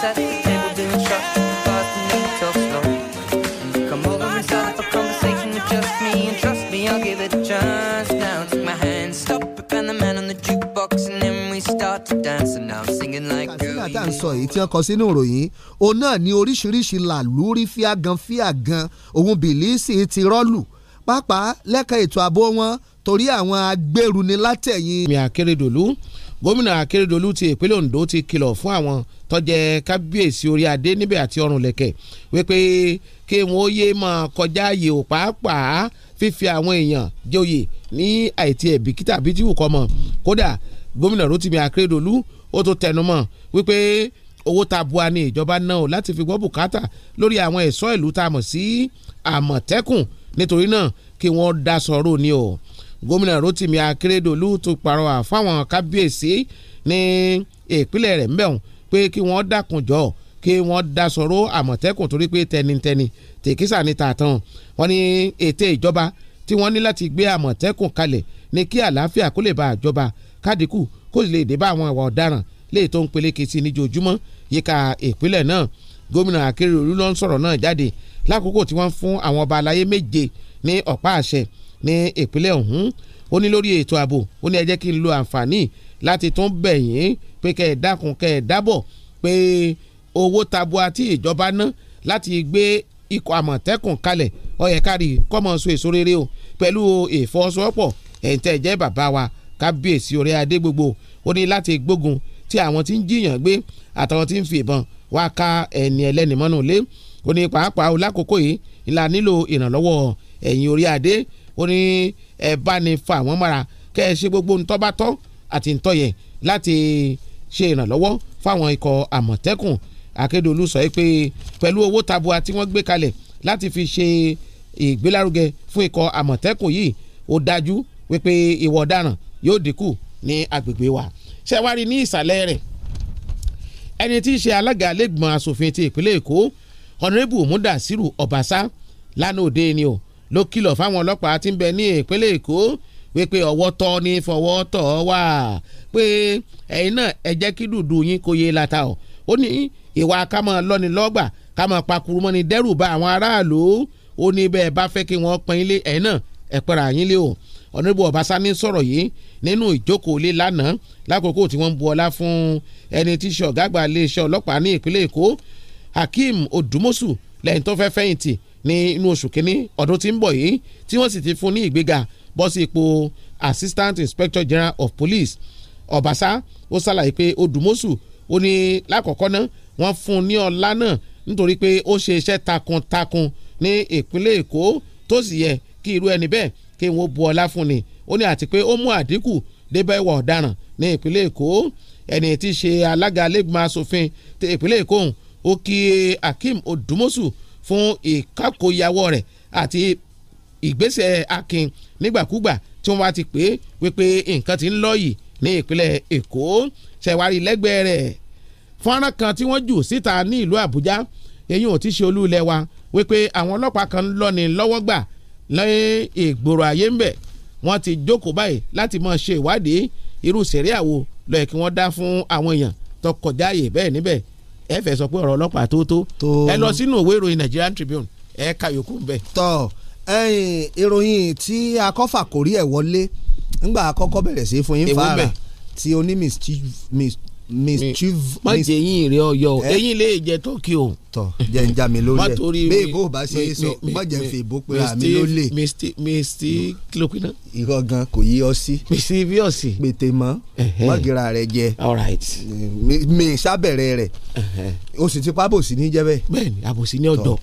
at the table doing shots But need talk slow Come over and start up a conversation with just me And trust me, I'll give it a chance Now take my hand, stop it, and the man on the jukebox And then we start to dance And I'm singing like Kàsínà tá à ń sọ èyí tí wọ́n kọ sínú ìròyìn òun náà ní oríṣiríṣi làlúrí fíagan fíagan òun bìlíìsì ti rọ́ọ̀lù pàápàá lẹ́ka ètò ààbò wọn torí àwọn agbèrú ni látẹ̀yìn. mi àkérédòlú gómìnà akérèdọ́lù ti ìpínlẹ̀ ondo ti kìlọ̀ fún àwọn tó jẹ́ kábíyèsí orí adé níbẹ̀ àti ọrùn lẹ̀kẹ̀ wípé kí wọ́n yé máa kọjá ààyè ò pàápàá fífi àwọn èèyàn joyè ní àìtí ẹ̀bìkítà bíi tí wùkọ́ mọ̀ kódà gómìnà rotimi akérèdọ́lù ó tó tẹnumọ́ wípé owó tabua ni ìjọba náà láti fi gbọ́ bùkátà lórí àwọn ẹ̀ṣọ́ ìlú tá mọ̀ sí àmọ̀tẹ́kùn nítorí náà kí wọ́n dá ni o gómìnà Rotimi Akeredolu tó parọ́wà fáwọn kábíyèsí ní ìpínlẹ̀ rẹ̀ mbẹ̀hùn pé kí wọ́n dákun jọ kí wọ́n dasọ̀rọ̀ àmọ̀tẹ́kùn torí pé tẹnitẹni tèkísà ní tààtàn wọ́n ní ète ìjọba tí wọ́n ní láti gbé àmọ̀tẹ́kùn kalẹ̀ ní kí àlàáfíà kó lè bá àjọba kádìkù kó sì lè dé bá àwọn ìwà ọ̀daràn lè tó ń peléke sí níjojúmọ́ yíká ìpínlẹ̀ náà gómìnà Akérédolú ló ń sọ̀rọ̀ náà jáde lákòókò tí wọ́n fún àwọn ọba aláyé méje ní ọ̀pá àṣẹ ní ìpínlẹ̀ ọ̀hún ó ní lórí ètò ààbò ó ní ẹ jẹ́ kí n lo àǹfààní láti tún bẹ̀ yín pé kẹ́ ẹ̀ dákun kẹ́ ẹ̀ dábọ̀ pé owó tabua tí ìjọba ná láti gbé ikọ̀ àmọ̀tẹ́kùn kalẹ̀ ó kárí kọ́mọ so èso rere o pẹ̀lú ìfọwọ́sowọ́pọ̀ ẹ̀ǹtẹ̀ jẹ́ bàbá wa kábíyèsí orí adé gbogbo ó ní láti gbógun tí àwọn tí ń jiyàn gbé àtàwọn tí ń fi ìbọn wá ka ẹni ẹlẹ́ni mọ́nú ilé ó ní pàápàá o lákòókò yìí ńlá nílò ìrànlọ́wọ́ ẹ̀yin orí adé ó ní ẹ bá ní fa àwọn mọ́ra kẹ́ ẹ ṣe gbogbo ntọ́bátọ́ àti ntọ́yẹ láti ṣe ìrànlọ́wọ́ fáwọn ikọ̀ àmọ̀tẹ́kùn akédolú sọ pé pẹ̀lú owó tabua tí wọ́n gbé kalẹ̀ láti fi ṣe ìgbélárugẹ fún ikọ̀ àmọ̀tẹ́kùn yìí ó dájú wípé ìwà ọ̀daràn yóò dínkù ní agbègbè wa ṣé wàá rí ní ìsàlẹ̀ rẹ̀ ẹni tí í ṣe alága lẹ́gbọ̀n asòfin ti ìpínlẹ̀ èkó ọ̀nàrẹ́bù mudasiru ọ̀básá lánàá òde ni o ló kìlọ̀ fáwọn ọlọ́pàá tí ń bẹ ní ìpínlẹ̀ Èkó wípé ọwọ́ tọ́ ni fọwọ́ tọ́ wà pé ẹ̀yin náà ẹ jẹ́ kí dùdú yín kó yé lata ọ̀ ó ní ìwà kámọ́ lọ́ni lọ́gbà kámọ́ pakuru mọ́ni dẹ́rù ba àwọn aráàlú ó ní bẹ́ẹ̀ bá fẹ́ kí wọ́n pín ilé ẹ̀yin náà ẹ pẹ́ra yín lé o ọ̀nàbù ọ̀básá ní sọ̀rọ̀ yìí nínú ìjókòó lé lánàá lákòókò tí wọ́n ń bu ọlá fún ẹni tí ṣe ọ̀gá àgbà iléeṣẹ́ ọlọ́pàá ní ìpínlẹ̀ Èkó Hakeem Odùmọ́sù lẹ́yìn tó fẹ́ fẹ̀yìntì ní inú oṣù kínní ọdún tí ń bọ̀ yìí tí wọ́n sì ti fún ní ìgbéga bọ́ sí ipò assistant inspector general of police ọ̀básá ó ṣàlàyé pé odùmọ́sù ó ní lákọ̀ọ́kọ́ náà wọ́n fún un ní ọlá náà nítorí pé ó ṣe iṣẹ́ takuntakun ní ìpínlẹ̀ èkó tó sì yẹ kí irú ẹni bẹ́ẹ̀ kí wọ́n bu ọlá fún ni ó ní àti pé ó mú àdínkù débẹ̀ ìwà ọ̀daràn ní ìpínlẹ̀ èkó ẹni tí ṣe alága lẹ́gbọ̀n asòfin ìpínlẹ̀ èkó ó kí akeem odùmọ́sù fún ìkákòyàwó rẹ̀ àti ìgbésẹ̀ akin nígbàkúgbà tí wọ́n bá ti pè é wípé nǹkan ti ń lọ yìí ní ìpínlẹ̀ èkó ṣẹ̀wárí lẹ́gbẹ̀ẹ́ rẹ̀ fọ́nrán kan tí wọ́n jù síta ní ìlú àbújá èyí ò ti ṣe olú ilẹ̀ wa wípé àwọn ọlọ́pàá kan lọ́ni lọ́wọ́ gbà lẹ́yìn ìgboro ayé ń bẹ̀ wọ́n ti jókòó báyìí láti máa ṣe ìwádìí irú sẹ̀ríà wo ló kí wọ́n dá fún àwọn èèyàn tó kọjá níbẹ̀ ẹ fẹ́ sọ pé ọ̀rọ̀ ọlọ́pàá tó tó ẹ lọ sínú òwe ìròyìn Nigerian Tribune ẹ ka yòókù ń bẹ. tọ ìròyìn tí akọ́fà kò rí ẹ̀ wọlé ńgbà àkọ́kọ́ bẹ̀rẹ̀ sí fún yín fara tí ó ní má jẹ eyín rẹ ọyọ o eyín eh? lè jẹ tọkì o. tọ jẹ n ja mi ló lẹ bẹẹ bó bá ṣe é sọ má jẹ fi ìbò pé àmì ló lè. mr kilokina. irọ́ gan kò yí ọ sí. mr bíọ̀sì. pété mọ́ mọ́gìrà rẹ jẹ. all right. mi sábẹ̀rẹ̀ rẹ̀ o sì ti pa àbòsí ní jẹ́ bẹ́ẹ̀. bẹ́ẹ̀ni àbòsí ní ọjọ́.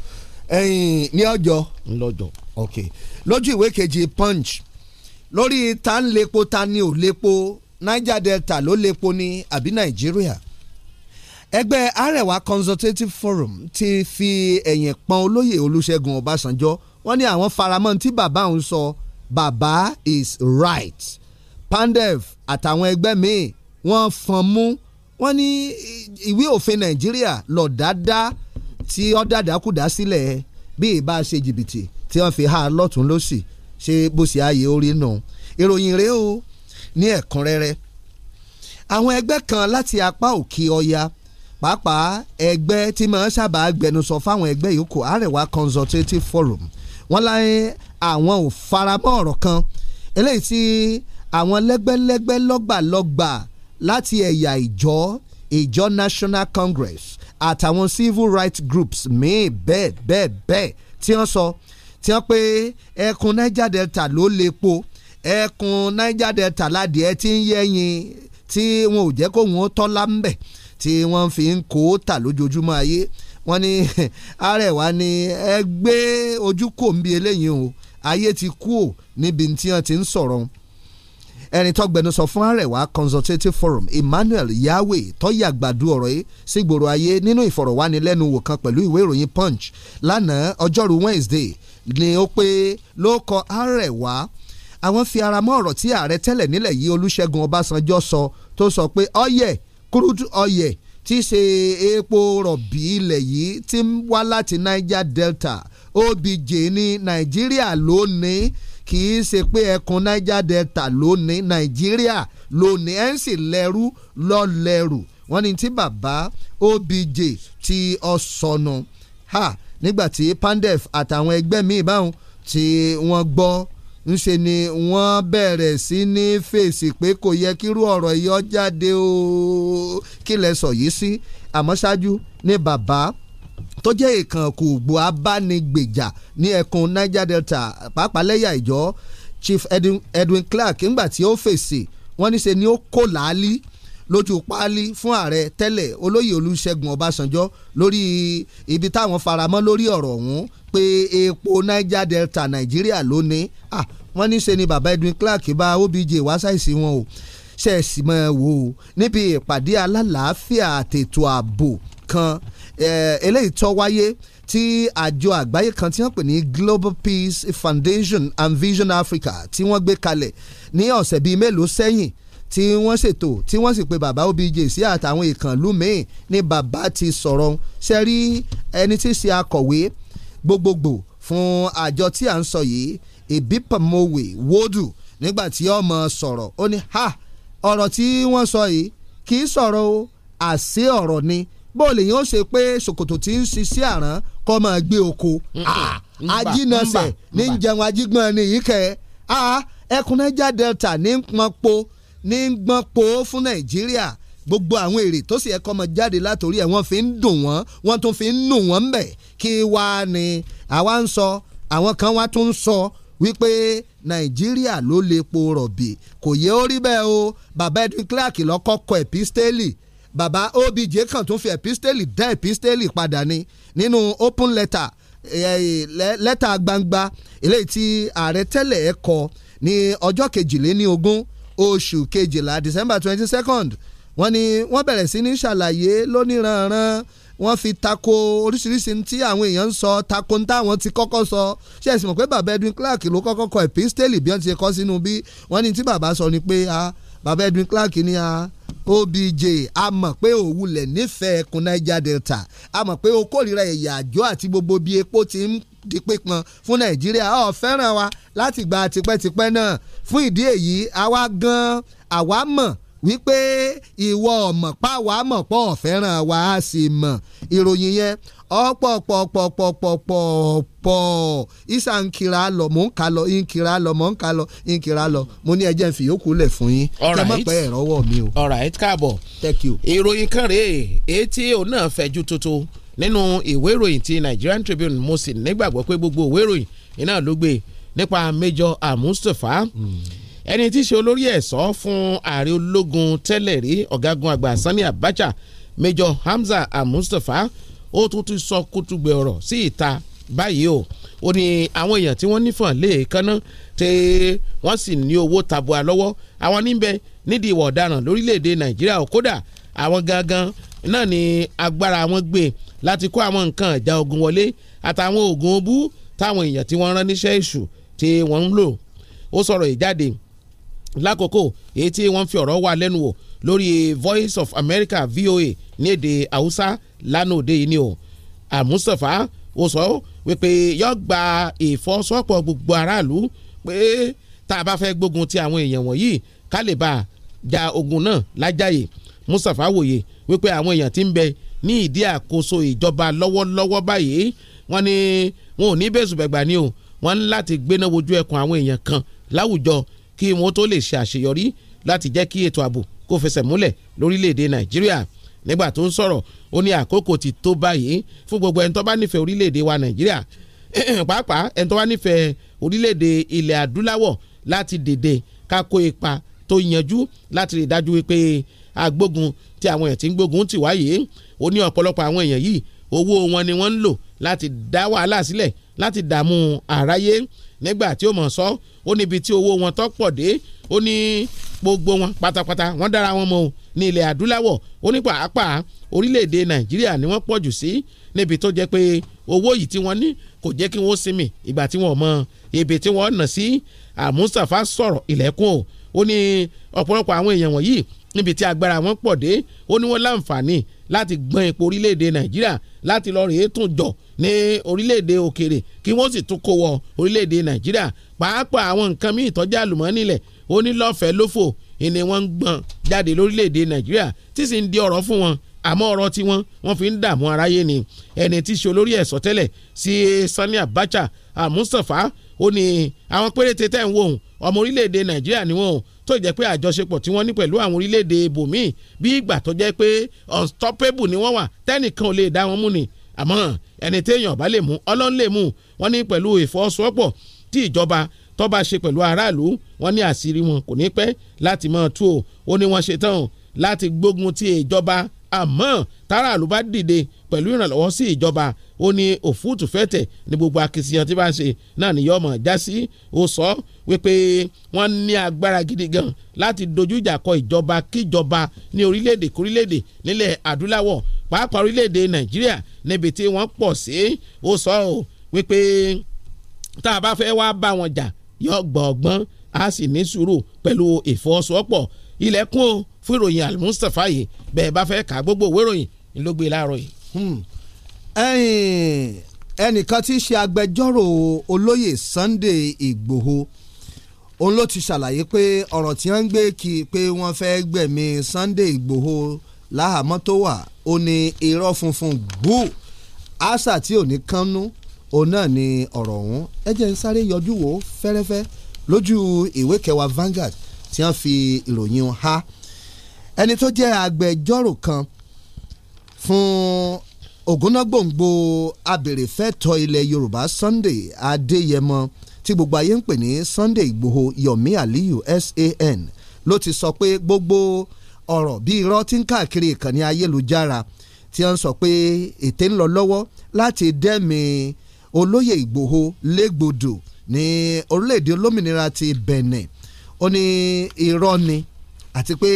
ẹyin ní ọjọ́. ńlọjọ. ok lójú ìwé kejì punch lórí ta ń lepo ta ni ò lepo Niger Delta ló lépo ní àbí Nàìjíríà ẹgbẹ́ Arewa Consultative Forum ti fi ẹ̀yìn pọ́n olóyè Olúṣẹ́gun Ọbásanjọ́ wọ́n ní àwọn faramọ́ tí bàbá òun sọ bàbá is right Pandev àtàwọn ẹgbẹ́ míì wọ́n fọn mú wọ́n ní ìwé òfin Nàìjíríà lọ dáadáa tí ó dàdákùdá sílẹ̀ bí ìbá ṣe jìbìtì tí wọ́n fi há lọ́tún lọ́sì ṣe bó ṣe ààyè orí nù ìròyìn rèé o ní ẹ̀kúnrẹ́rẹ́ àwọn ẹgbẹ́ kan láti apá òkè ọya pàápàá ẹgbẹ́ tí máa ń sábà gbẹnusọ fáwọn ẹgbẹ́ yòókù Arewa Consultative Forum wọ́n láyé àwọn ò faramọ́ ọ̀rọ̀ kan eléyìí tí àwọn lẹ́gbẹ́lẹ́gbẹ́ lọ́gbàlọ́gbà láti ẹ̀yà ìjọ ìjọ National Congress àtàwọn civil rights groups míì bẹ́ẹ̀ bẹ́ẹ̀ bẹ́ẹ̀ tí wọ́n sọ tí wọ́n pé ẹkùn Niger Delta ló lépo ẹkùn Niger Delta ládìẹ tí ń yẹ́yin tí wọn ò jẹ́ kó wọn tọ́lá ń bẹ̀ tí wọ́n fi ń kó tà lójoojúmọ́ ayé wọ́n ní arẹwà ni ẹ gbé ojú kò ń bí eléyìí o ayé ti kú ò níbi tí wọ́n ti ń sọ̀rọ̀ ẹni tó gbẹnusọ fún arẹwà consultative forum Emmanuel Yahweh tó yàgbàdo ọ̀rọ̀ yìí sígboro ayé nínú ìfọ̀rọ̀wánilẹ́nuwò kan pẹ̀lú ìwé ìròyìn Punch lánàá ọjọ́rú Wednesday ni ó pé ló kọ arẹwà àwọn fi ara mọ́ ọ̀rọ̀ tí ààrẹ tẹ́lẹ̀ nílẹ̀ yìí Olúṣẹ́gun Ọbásanjọ́ sọ tó sọ pé ọyẹ kúrúdú ọyẹ tí í ṣe epo rọ̀bì ilẹ̀ yìí ti ń wá láti Niger Delta OBJ ní Nàìjíríà lónìí kì í ṣe pé ẹkùn Niger Delta lónìí Nàìjíríà lónìí ẹ̀ ń sì lẹ́rú lọ́lẹ́rù wọ́n ní tí bàbá OBJ ti ọ̀sọ̀nù ha nígbàtí Pandef àtàwọn ẹgbẹ́ míì báwọn tí wọ́n gbọ́ ńṣe ni wọ́n bẹ̀rẹ̀ sí ní fèsì pé kò yẹ kírú ọ̀rọ̀ yìí ó jáde o kí lẹ sọ yìí sí àmọ́ ṣáájú ní bàbá tó jẹ́ ìkànkù ògbó abánigbèjà ní ẹkùn Niger Delta pàápàá lẹ́yà ìjọ Chief Edwin, Edwin Clark ńgbà tí ó fèsì wọ́n ní ṣe ni ó kò láálí lójú páálí fún ààrẹ tẹ́lẹ̀ olóyè Olúṣẹ́gun Ọbásanjọ́ lórí ibi táwọn faramọ́ lórí ọ̀rọ̀ ọ̀hún pé epo Niger Delta Nàìjíríà ló ah wọ́n ní ṣe ni baba Edwin Clark bá OBJ wá ṣàìsí wọn o ṣẹ̀sì mọ́ ẹ wò ó níbi ìpàdé alálàáfíà àtètò ààbò kan eléyìí tó wáyé tí àjọ àgbáyé kan tí wọ́n pè ní Global Peace Foundation and Vision Africa tí wọ́n gbé kalẹ̀ ní ọ̀sẹ̀ bíi mélòó sẹ́yìn tí wọ́n ṣètò tí wọ́n sì pe baba OBJ sí àtàwọn ìkànnlú míì ní bàbá ti sọ̀rọ̀ ṣe rí ẹni tí ṣe akọ̀wé gbogbogbò fún àjọ tí à ń sọ yìí ìbípàmọ́wé wódù nígbà tí ọmọ sọ̀rọ̀ ó ní ha ọ̀rọ̀ tí wọ́n sọ yìí kì í sọ̀rọ̀ o àṣé ọ̀rọ̀ ni bó lè yín ó ṣe pé ṣòkòtò tí ń ṣiṣẹ́ àrán kọ́ máa gbé oko ajínasẹ̀ ní jẹun ajígbọ́n ni yìí kẹ́ ẹkùnrẹ́jà delta ní pọn po ní gbọ́n po fún nàìjíríà gbogbo àwọn èrè tó sì ẹ̀kọ́ ọmọ jáde látòrí ẹ̀ wọ́n fi ń dùn wọ́n wọ́n tún fi ń nù wọ́n bẹ̀ kí wá ni àwa ń sọ àwọn kan wá tún ń sọ wípé nàìjíríà ló lè po rọ̀bì kò yẹ ó rí bẹ́ẹ̀ o bàbá edwin clark lọ́kọ́ kọ episteli bàbá obj kan tún fi episteli dá episteli padà ni nínú open letter eh, lẹ́tà gbangba eléyìí tí ààrẹ tẹ́lẹ̀ ẹ̀ kọ ní ọjọ́ kejìléní ogún oṣù kejìlá december twenty second wọ́n ní wọ́n bẹ̀rẹ̀ sí ní ṣàlàyé lóníranran wọ́n fi tako oríṣiríṣi tí àwọn èèyàn ń sọ tako ń táwọn ti kọ́kọ́ sọ ṣe ẹ̀sìn mọ̀ pé bàbá Edwin Clark ló kọ́kọ́ kọ epistele bí wọ́n ti kọ́ sínú bí wọ́n ní tí bàbá sọ ni pé bàbá Edwin Clark ni a OBJ a mọ̀ pé òwúlẹ̀ nífẹ̀ẹ́ ẹkùn Niger Delta a mọ̀ pé o kórìíra ẹ̀yà àjọ àti gbogbo bí epo ti ń di pípọn fún Nàìjíríà ọ̀ fẹ́ràn wa láti gba tipẹ́tipẹ́ náà fún ìdí èyí àwa gan àwa mọ̀ wípé ìwọ ọmọ páwa mọ̀ pọ̀ fẹ́ràn wa á sì mọ̀ ìròyìn yẹn ọ̀pọ̀pọ̀pọ̀pọ̀pọ̀pọ̀ isa ń kira lọ mò ń ka lọ ń kira lọ mò ń ka lọ ń kira lọ mo ní ẹjẹ́ fi yòókù lẹ̀ fún yín kẹ́ mọ̀ pé ẹ̀rọ wọ̀ mi o. alright káàbọ̀ thank you. ìròyìn kan rèé etí òun náà fẹ̀jú tuntun nínú ìwé ìròyìn ti Nigerian Tribune mo sì nígbàgbọ́ pé gbogbo ìwé ìròyìn iná ló gbé nípa Major Mustapha. Mm ẹni tí í ṣe olórí ẹ̀ṣọ́ fún ààrẹ ológun tẹ́lẹ̀ rí ọ̀gágun àgbà Sani Abacha Major Hamza Al-Mustapha ó tún ti sọ kútùgbẹ̀ ọ̀rọ̀ sí ìta báyìí o ó ní àwọn èèyàn tí wọ́n nífọ̀n lè e kánná tí wọ́n sì ní owó tabua lọ́wọ́ àwọn níbẹ̀ nídìí ìwà ọ̀daràn lórílẹ̀‐èdè Nàìjíríà kódà àwọn gangan náà ni agbára wọn gbé láti kó àwọn nǹkan ìjà ogun wọlé àtàwọn oògùn bú táwọn èèyàn tí wọ́n rán níṣẹ́ èṣù tí wọ́n ń lò ó sọ̀rọ̀ ìjáde lákòókò èyí tí wọ́n fi ọ̀rọ̀ wà lẹ́nu wò lórí Voice of America VOA ní èdè Haúsá lánàá òde yìí ni o àmúṣọfà ó sọ wípé yọ gba ìfọsọ́pọ̀ gbogbo aráàlú pé tá a bá fẹ́ gbógun ti àwọn èèyàn wọ̀nyí ká lè bá ja ogun náà lájàyè Mustapha wòye wípé àwọn èèyàn ti ń bẹ ní ìdí àkóso ìjọba lọ́wọ́lọ́wọ́ báyìí wọ́n ní wọn ò ní bẹ́sùbẹ̀gbà ni o wọ́n ń láti gbéná wojú ẹkùn àwọn èèyàn kan láwùjọ kí wọ́n tó lè ṣe àṣeyọrí láti jẹ́ kí ètò ààbò kó fẹsẹ̀ múlẹ̀ lórílẹ̀‐èdè nàìjíríà nígbà tó ń sọ̀rọ̀ ó ní àkókò ti tó báyìí fún gbogbo ẹni tó bá nífẹ̀ẹ́ orílẹ̀‐èdè wa nàìjíríà pàápàá ẹni tó bá nífẹ̀ẹ́ orílẹ̀‐èdè ilẹ̀ adúláwọ̀ láti dèdè ká kó ipa tó yanjú láti rí dájú wípé agbógun tí àwọn èèyàn ti ń gbógun tì wáyé ó ní ọ̀pọ̀lọpọ̀ àwọn èèyàn yìí owó wọn ni wọ́n ń lò láti dá wàhálà sílẹ̀ láti dààmú àráyé nígbà tí ó mọ̀ sọ ó níbi tí owó wọn tó pọ̀ dé ó ní gbogbo wọn pátápátá wọ́n dára wọn mọ́ o ní ilẹ̀ adúláwọ̀ ó ní pàápàá orílẹ̀-èdè nàìjíríà ni wọ́n pọ̀jù sí níbi tó jẹ́ pé owó yìí tí wọ́n ní kò jẹ́ kí wọ́n sinmi ìgbà tí wọ́n mọ ibi tí wọ́n nà sí àmúṣàfà sọ̀rọ̀ ilẹ̀kùn o ó ní ọ̀pọ̀lọpọ̀ àwọn èèyàn wọ̀nyí níbi tí agbára wọn pọ̀ dé ó ní wọ́n láǹfààní láti gbọ́n epo orílẹ̀-èdè nàìjíríà láti lọ rèé tún jọ ní orílẹ̀-èdè òkèrè kí wọ́n sì tún kó wọ orílẹ̀-èdè nàìjíríà pàápàá àwọn nǹkan míì tó jẹ́ àlùmọ́ọ́nì lẹ̀ onílọ́fẹ̀ẹ́ lófò ni wọ́n ń gbọ́n jáde lórílẹ̀-èdè nàìjíríà tí sì ń di ọ̀rọ̀ fún wọn àmọ́ ọ̀rọ̀ tí wọ́n wọ́n fi ń dààmú aráyé ni ẹni tí ṣe olórí ẹ̀sọ́ tẹ́lẹ̀ sí Sani Abacha Mustapha ó ní àwọn péréte tẹ́ ń wò ọmọ orílẹ̀-èdè nàìjíríà ni wọ́n tó jẹ́ pé àjọṣepọ̀ tí wọ́n ní pẹ̀lú àwọn orílẹ̀-èdè ibòmíì bí ìgbà tó jẹ́ pé unstoppable ni wọ́n wà tẹ́nìkan ò lè dá wọn mú ni àmọ́ ẹni téèyàn bá lè mú ọlọ́run lè mú wọn ní pẹ̀lú ìfọwọ́sowọ́pọ̀ tí ìjọba tó bá ṣe pẹ̀lú aráàlú wọn ní àṣírí wọn kò ní pẹ́ láti mọ̀ tú o ó ní wọ́n ṣe tán láti gbógun ti ìjọba àmọ́ táràlú bá dìde pẹ̀lú ìrànlọ́wọ́ sí ìjọba ó ní òfúùtù fẹ́tẹ̀ ní gbogbo akitiyan tí bá ń ṣe náà ni yọmọ já sí ó sọ wípé wọ́n ní agbára gidi gan láti dojú ìjà kọ ìjọba kíjọba ní orílẹ̀-èdè kórílẹ̀-èdè nílẹ̀ adúláwọ̀ pàápàá orílẹ̀-èdè nàìjíríà níbi tí wọ́n pọ̀ sí ó sọ ọ́ wípé tá a bá fẹ́ wá bá wọn jà yọ gbọ̀ngbọ́n a sì ní sùúrù pẹ̀lú ìfọwọ́sowọ́pọ̀ ilẹ̀kùn fún ìròyìn al ẹnìkan tí í ṣe agbẹjọ́rò olóyè Sunday igboho òun ló ti ṣàlàyé pé ọ̀rọ̀ tí wọ́n ń gbé kí pé wọ́n fẹ́ gbẹ̀mí Sunday igboho láhàámọ́ tó wà ó ní irọ́ funfun gbòó àṣà tí ò ní kánú òun náà ni ọ̀rọ̀ ọ̀hún ẹ jẹ́ n sáré yọjú wò fẹ́rẹ́fẹ́ lójú ìwé kẹwàá Vanguard tí wọ́n fi ìròyìn ha ẹni tó jẹ́ agbẹjọ́rò kan fún ògúnnágbòǹgbò abèrèfẹ́tọ̀ ilẹ̀ yorùbá sunday adéyẹmọ tí gbogbo ayé ń pè ní sunday ìgbòho yomi aliyu san ló ti sọ pé gbogbo ọ̀rọ̀ bí irọ́ tí ń káàkiri ìkànnì ayélujára tí wọ́n sọ pé ète ń lọ lọ́wọ́ láti dẹ́mi olóyè ìgbòho légbodò ní orílẹ̀-èdè olómìnira ti benin ó ní irọ́ ni àti pé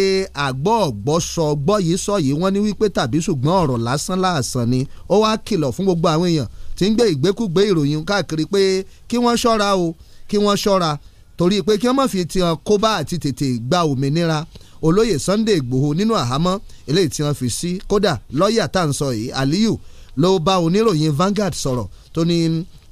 àgbọ̀ ọ̀gbọ́ sọ ọgbọ́ yìí sọ yìí wọ́n ní wípé tàbí ṣùgbọ́n ọ̀rọ̀ lásán láàsán ni ó wá kìlọ̀ fún gbogbo àwọn èèyàn tí ń gbé ìgbékúgbé ìròyìn káàkiri pé kí wọ́n ṣọ́ra o kí wọ́n ṣọ́ra torí pé kí wọ́n má fi ti hàn kóbá àti tètè gba òmìnira olóyè Sunday Ìgbòho nínú àhámọ́ eléyìí tí wọ́n fi sí kódà lọ́ọ̀yà tá à ń sọ yìí Aliyu ló bá oníròyìn Vanguard sọ̀rọ̀ tó ní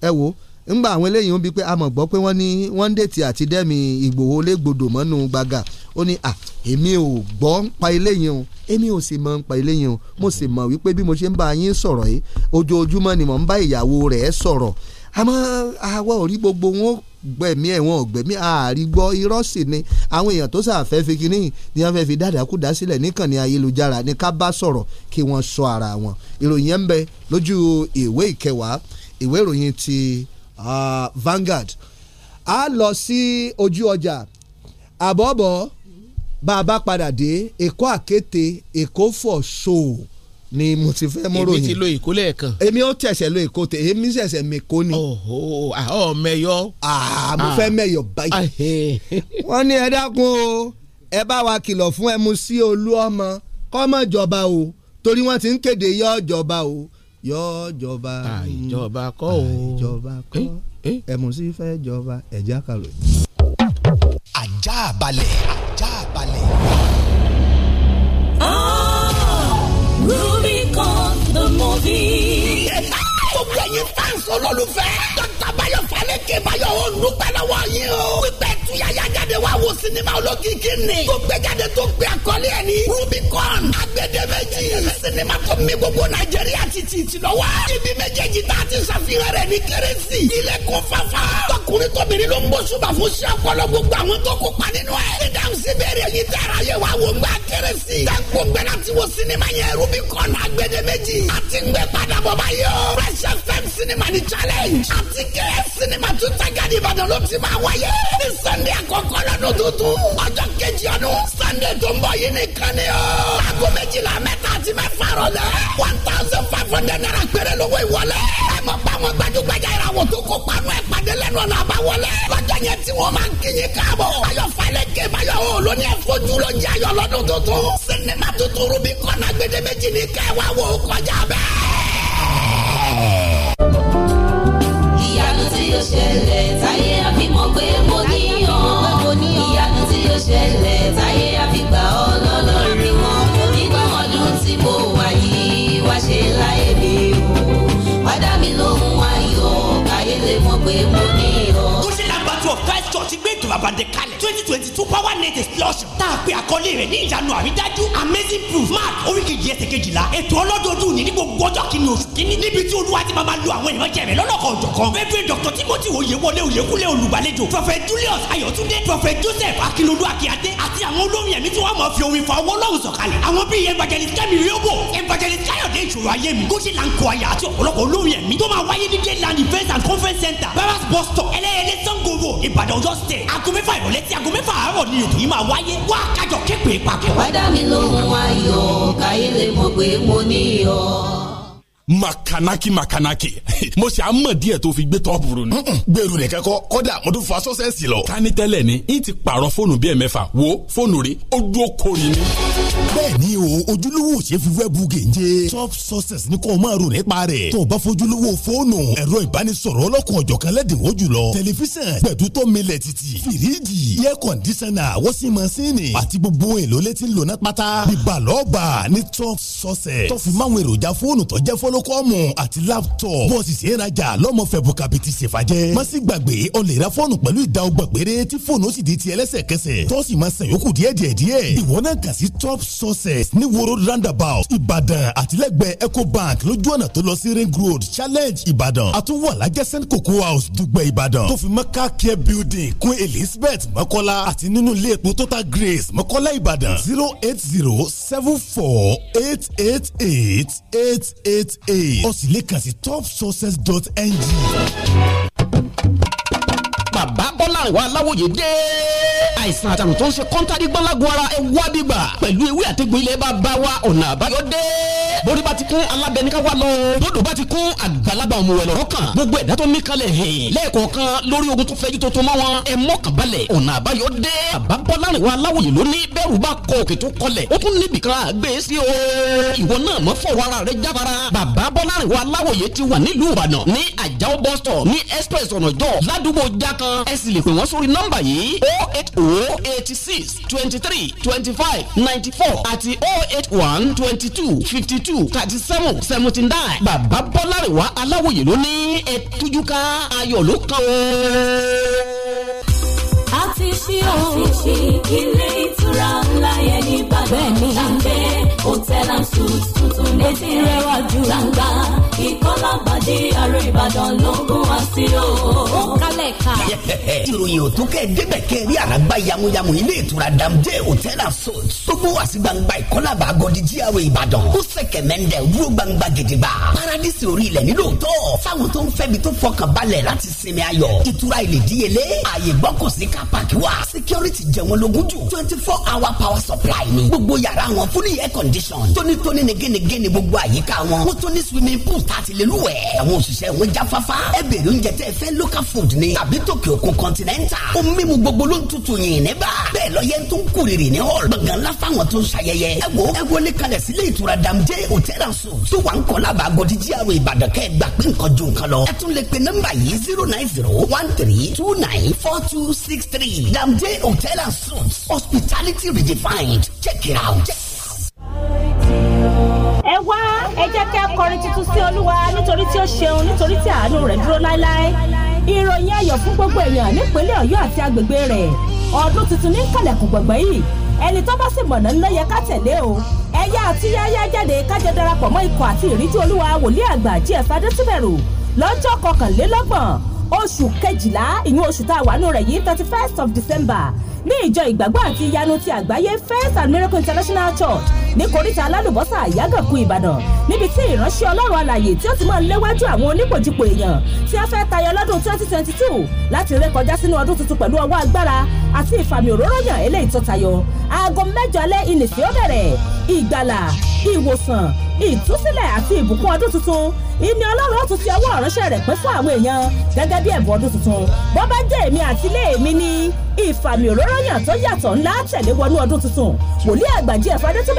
ẹ wo ńgbà àwọn eléyìí ń bi pé a mọ̀ gbọ́ pé wọ́n ní wọ́n ń dètì àti dẹ́mi Ìgbòho légbodò mọ́nú gbàgà ó ní à èmi ò gbọ́ ń pa eléyìí o èmi ò sì mọ̀ ń pa eléyìí o mo sì mọ̀ wípé bí mo ṣe ń bá yín sọ̀rọ̀ yìí ojoojúmọ́ ni mò ń bá ìyàwó rẹ̀ sọ̀rọ̀ àmọ́ àwa ò rí gbogbo wọn ó gbẹ̀mí ẹ̀wọ̀n ọ̀gbẹ̀mí ààrí gbọ́ irọ́ sì ni àwọn èèyàn tó sàfẹ́ fi kínní ni wọ́n fẹ́ fi dàdákúdá sílẹ̀ níkànnì ayélujára ní ká bá sọ̀rọ̀ kí wọ́n sọ ara wọn ìròyìn ẹ̀ ń bẹ lójú ìwé ìkẹwàá ìwé ìròyìn ti Ah, Vanguard a lọ sí ojú ọjà àbọ̀bọ̀ bá a bá padà dé èkó àkété èkó fọ̀ ṣòwò ni mo ti fẹ́ mú ròyìn èmi ti lo èkó lẹ́ẹ̀kan èmi ò tẹ̀sẹ̀ lo èkó tẹ èmi ṣẹ̀ṣẹ̀ mẹ́kó ni. ọ̀hún àhọ́ mẹ́yọ. àà mo ah. fẹ́ mẹ́yọ báyìí. Ah, wọ́n ní ẹ dákun o ẹ bá wa kìlọ̀ fún ẹ mú sí olú ọmọ kọ́mọ̀jọba o torí wọ́n ti ń kéde yọ ọ̀jọba o yọ jọba. àìjọba ah, kọ́ ah, o àìjọba kọ́ eh, eh. ẹ̀mùsí fẹ́ jọba ẹ̀já kalọ̀. ajá balẹ̀ ajá balẹ̀. Ah, Rubicon the movie. gbogbo ẹ̀yin fans olólùfẹ́. dókítà Báyọ̀ Fálékè Báyọ̀ ó dúpẹ́ lọ́wọ́ yín o. pípẹ́ tuyaya jáde wá wo sinimá olókìkí ni. tó gbé jáde tó gbé àkọlé ẹ̀ ní. Rubicon agbẹdẹmẹjì. sinimá tó mi gbogbo Nàìjíríà ti ti ti lọ wá. ibi méjèèjì tá a ti ṣàfihàn rẹ̀ ní kérésì. ilé kún fàfà. tọkùnrin tóbìnrin ló ń bọ̀ ṣùgbà fún sí ọpọlọ gbogbo àwọn tó kópa nínú ẹ̀. ìdáhùn sí bẹ́ẹ̀rẹ̀ yìí tẹ̀ra yẹ wá wò ńgbà kérésì. tẹ́kùn gbẹ láti wo sinimá yẹn Rubicon agbẹdẹmẹjì. HFM sinima ni challenge àti KS sinima tún tagadi Ìbàdàn ló ti máa wáyé ní Sunday àkọ́kọ́ lọ́dún tuntun ọjọ́ kejì ọdún Sunday tó ń bọ̀ yìí nìkan ni o. Aago méjìlá mẹ́ta àti mẹ́fà rọ̀lẹ́ one thousand five hundred naira péré lówó ìwọlé. Ẹ mọ̀ pa àwọn gbajúgbajà ìràwọ̀ tó kó panu ẹ̀ pàdé lẹ́nu ọ̀nà àbáwọlé. Lọ́jọ́ yẹn tí wọ́n máa ń kíyìn káàbọ̀. Ayọ̀ falẹ̀ ké Bayọ̀ o ló ní ẹ̀fọ́jú lọ jẹ́ ayọ̀ lọ́dún tuntun. Sinima tuntun Rubicon agbèdémèjì ní kẹwàá wò kọjá bẹ́ẹ̀. babandekale twenty twenty two power net explosion tá a pe àkọlé rẹ̀ ní ìyanu àrídájú amazing proof mark oríkejì ẹsẹ̀ kejìlá ètò ọlọ́dọọdún ní ní gbogbo ọjọ́ kìíní oṣù kìíní níbi tí olúwa ti máa lu àwọn èèyàn jẹ̀rẹ̀ lọ́lọ́kọ̀ ọ̀jọ̀kan reverend dr timothy oyewole oyekule olùgbàlejò prophet julius ayọ̀túndé prophet joseph akilolu akíade àti àwọn olórin ẹ̀mí tí wọ́n mọ̀ fi orin fa ọwọ́ lọ́hùn sọ̀kalẹ̀ àwọn bíi evangelist kẹ́mi riobo evangelist káyọ̀dé ìṣòro ayé mi gúúsì lanko àyà àti ọ̀pọ̀lọpọ̀ olórin ẹ̀mí tó máa wáyé ní dayland event and conference center barras bus stop ẹlẹ́yẹlé sango road ìbàdàn ọjọ́ state aago mẹ́fà ìrọ̀lẹ́ tí aago mẹ́fà àárọ̀ ni ètò yìí máa wáyé wá kájọ képe papọ̀. wá dá mi lóhùn ayọ̀ káyé lè mọ̀ pé mo níyọ̀ makanaki makanaki mo ṣe àmọ̀ díẹ̀ tó fi gbé tọ́pù rò gbèrú nìkan kọ kọ́dà mo tún fa sọ́sẹ̀sì lọ. ká ní ni n ti pààrọ̀ fóònù bíi ẹ̀mẹ́fà wo fóònù rí ó dúró kori ni bẹ́ẹ̀ni o ojúlówó ṣe fi wẹ́ẹ̀bù gèje top success ní kò máa rò nípa rẹ̀ tó o bá fojúlówó fóònù ẹ̀rọ ìbánisọ̀rọ̀ ọlọ́kùn ọ̀jọ̀kan lẹ́dínwó jùlọ tẹlifíṣàn gbẹ̀dútọ́ milẹ̀ títì fìríjì air conditioner wọ́sí masínì àti gbogbo èlò létí ń lò náà pátá ìbàlọ́ọ̀bà ní top success tó fi máwọn èròjà fóònù tó jẹ́ fọ́lọ́kọ́mù àti laptop bọ́ọ̀sì sí ìrajà lọ́mọ fẹ̀bù kàbìtì ṣèfàjẹ́ má sì gbàgbé o lè ra fóònù pẹ̀lú ìdá ọgbà péré tí fóònù ó sì di ti ẹlẹ́sẹ̀kẹsẹ̀ tó sì máa ṣàyókù díẹ̀díẹ̀díẹ̀ ìwọ náà kà sí top success ní woro roundabout ìbàdàn àtìlẹ́gbẹ̀ẹ́ ecobank lójú ọ̀nà tó lọ sí ring road challenge ìbàdàn àtúwọ̀ alájẹsẹ́ni cocoa house dùgbẹ̀ ìbàdàn tó fi mẹ́ka care building kún elizabeth mọ́kọ́lá àti nínú ilé epo total grace mọ́kọ́lá ìbàdàn zero eight zero seven four eight eight eight eight eight eight ó sì lè kàn sí topsources.ng. bàbá ìwà aláwòye dé. àìsàn àtàrùn tó ń ṣe kọ́ńtàdì gbọ́lágun ara ẹ wá bíbà pẹ̀lú ewé àtẹ̀gùn ilé bàbá wa ọ̀nà àbáyọ dé. borí bá ti kún alábẹ́níká wa lọ. lódò bá ti kún àgbàlagbà ọmọ wẹ̀ lọ́rọ́ kan. gbogbo ẹ̀dá tó mí kalẹ̀ hẹ̀. lẹ́ẹ̀kọ̀ọ̀kan lórí ogun tó fẹ́jú tó tó mọ́ wọn. ẹ mọ́kàn balẹ̀ ọ̀nà àbáyọ dé. àbábọ́lárin wa aláwòye lónìí bẹ́ẹ̀rù bá kọ òkè tó kọlẹ̀. ó tún níbi kan àgbẹ̀ sí o. ìwọ náà mọ fọwọ́ rẹ jábára. bàbá wa aláwòye ti wà nílùú ìbàdàn ní àjàó bọ́sítọ̀ ní express ọ̀nà jọ ládùúgbò jákan ẹ sì lè pè w wọ́n sórí nọ́mbà yìí o oh eight o oh eighty six twenty three twenty five ninety four àti o oh eight one twenty two fifty two thirty seven seventy nine. bàbá bọ́lárẹ̀wá aláwòye ló ní ẹ tújú ká ayọ̀ ló kàn ó. a ti ṣí o ilé ìtura ńlá yẹn ní Ìbàdàn ṣàǹdẹ̀ hotel and suites tuntun létí rẹwà jù. gbangba ìkọ́lábàdì ààrẹ ìbàdàn ló ń gún wá sí o. ó kálẹ̀ ká. ìròyìn òtún kẹ́ débẹ̀ kẹ́ rí àràgbá yamuyamu ilé ìtura damde hotel and suites tó gbó wá sí gbangba ìkọ́lábà agọ́dí GRA ìbàdàn ó sẹ̀kẹ̀ mẹ́ndẹ̀ dúró gbangba gidigba. paradísì orí ilẹ̀ nílò tó fáwọn tó ń fẹ́bi tó fọkàn balẹ̀ láti sinmi ayọ̀ ìtura ìlèdíyelé ààyè gbọ́kùsí ká pàkí wá security jẹ̀wọ́n lógún jù twenty four hour power supply ni gbogbo yàrá wọn fúnni condition tónítóní ni gẹ́nẹ́gẹ́ ni gbogbo àyíká wọn wọ́n tún swimming pool tá a ti lè lúwẹ̀ àwọn òṣìṣẹ́ wọn jáfáfá ẹ bèrè oúnjẹ tẹ́ ẹ fẹ́ local food ni tàbí tòkè òkun continental ó mímu gbogbo ló ń tutù yìn níbà bẹ́ẹ̀ lọ yẹn tó ń kúrìrì ní hall gbọ̀ngàn ńlá fáwọn tó ń ṣayẹyẹ ẹ wo ẹ wọlé kalẹ̀ sílé ìtura damje hotel and suites tó wà ń kọ́ lába agodi gro ìbàdàn kẹ́ ẹ gbà pé nǹkan ju nǹkan lọ ẹ tún lè pe nọ́mbà yìí zero nine zero one three two nine four two six three Dam damje hotel and suites hospitality redefined check it out ẹ wá ẹ jẹ́ kẹ́ kọrin tuntun sí olúwa nítorí tí ó ṣeun nítorí tí àánú rẹ̀ dúró láéláé ìròyìn ayọ̀ fún gbogbo èèyàn nípínlẹ̀ ọ̀yọ́ àti agbègbè rẹ̀ ọdún tuntun ní kàlẹ̀kùn gbọ̀ngbọ̀n yìí ẹni tó bá sì mọ̀nà ńlọ yẹ ká tẹ̀lé o ẹ̀yà àti yáyá jáde kájọ darapọ̀ mọ́ ikọ̀ àti ìríjú olúwa wòlíì àgbà jíẹ̀fà dẹ́síbẹ̀rù lọ́jọ́ kọkànlélọ́gbọ̀n oṣù kejìlá ìyún oṣù tá a wà nù rẹ̀ yìí thirty first of December ní ìjọ ìgbàgbọ́ àti ìyanu ti àgbáyé Faith and Miracle International Church ní koríta alálùbọ́sà àyágànkù Ìbàdàn níbi tí ìránṣẹ́ Ọlọ́run alàyè tí ó ti máa ń léwájú àwọn onípòjìpò èèyàn tí a fẹ́ tayọ lọ́dún 2022 láti rékọjá sínú ọdún tuntun pẹ̀lú ọwọ́ agbára àti ìfàmì òróró yàn eléyìí tó tayọ aago mẹ́jọ alẹ́ ìnìsí ó bẹ̀rẹ̀ ìgbàlà ìwòsàn ìtúsílẹ̀ àti ìbùkún ọdún tuntun ìní ọlọ́run ó tún ti ọwọ́ ìránṣẹ́ rẹ̀ pín fún àwọn èèyàn gẹ́gẹ́ bí ẹ̀bùn ọdún tuntun bó bá jẹ́ èmi àti ilé èmi ni ìfàmì òróró yàn tó yàtọ̀ ńlá tẹ̀lé wọnú ọdún tuntun wòlíì àgbàjì ẹ̀fọ́dé tó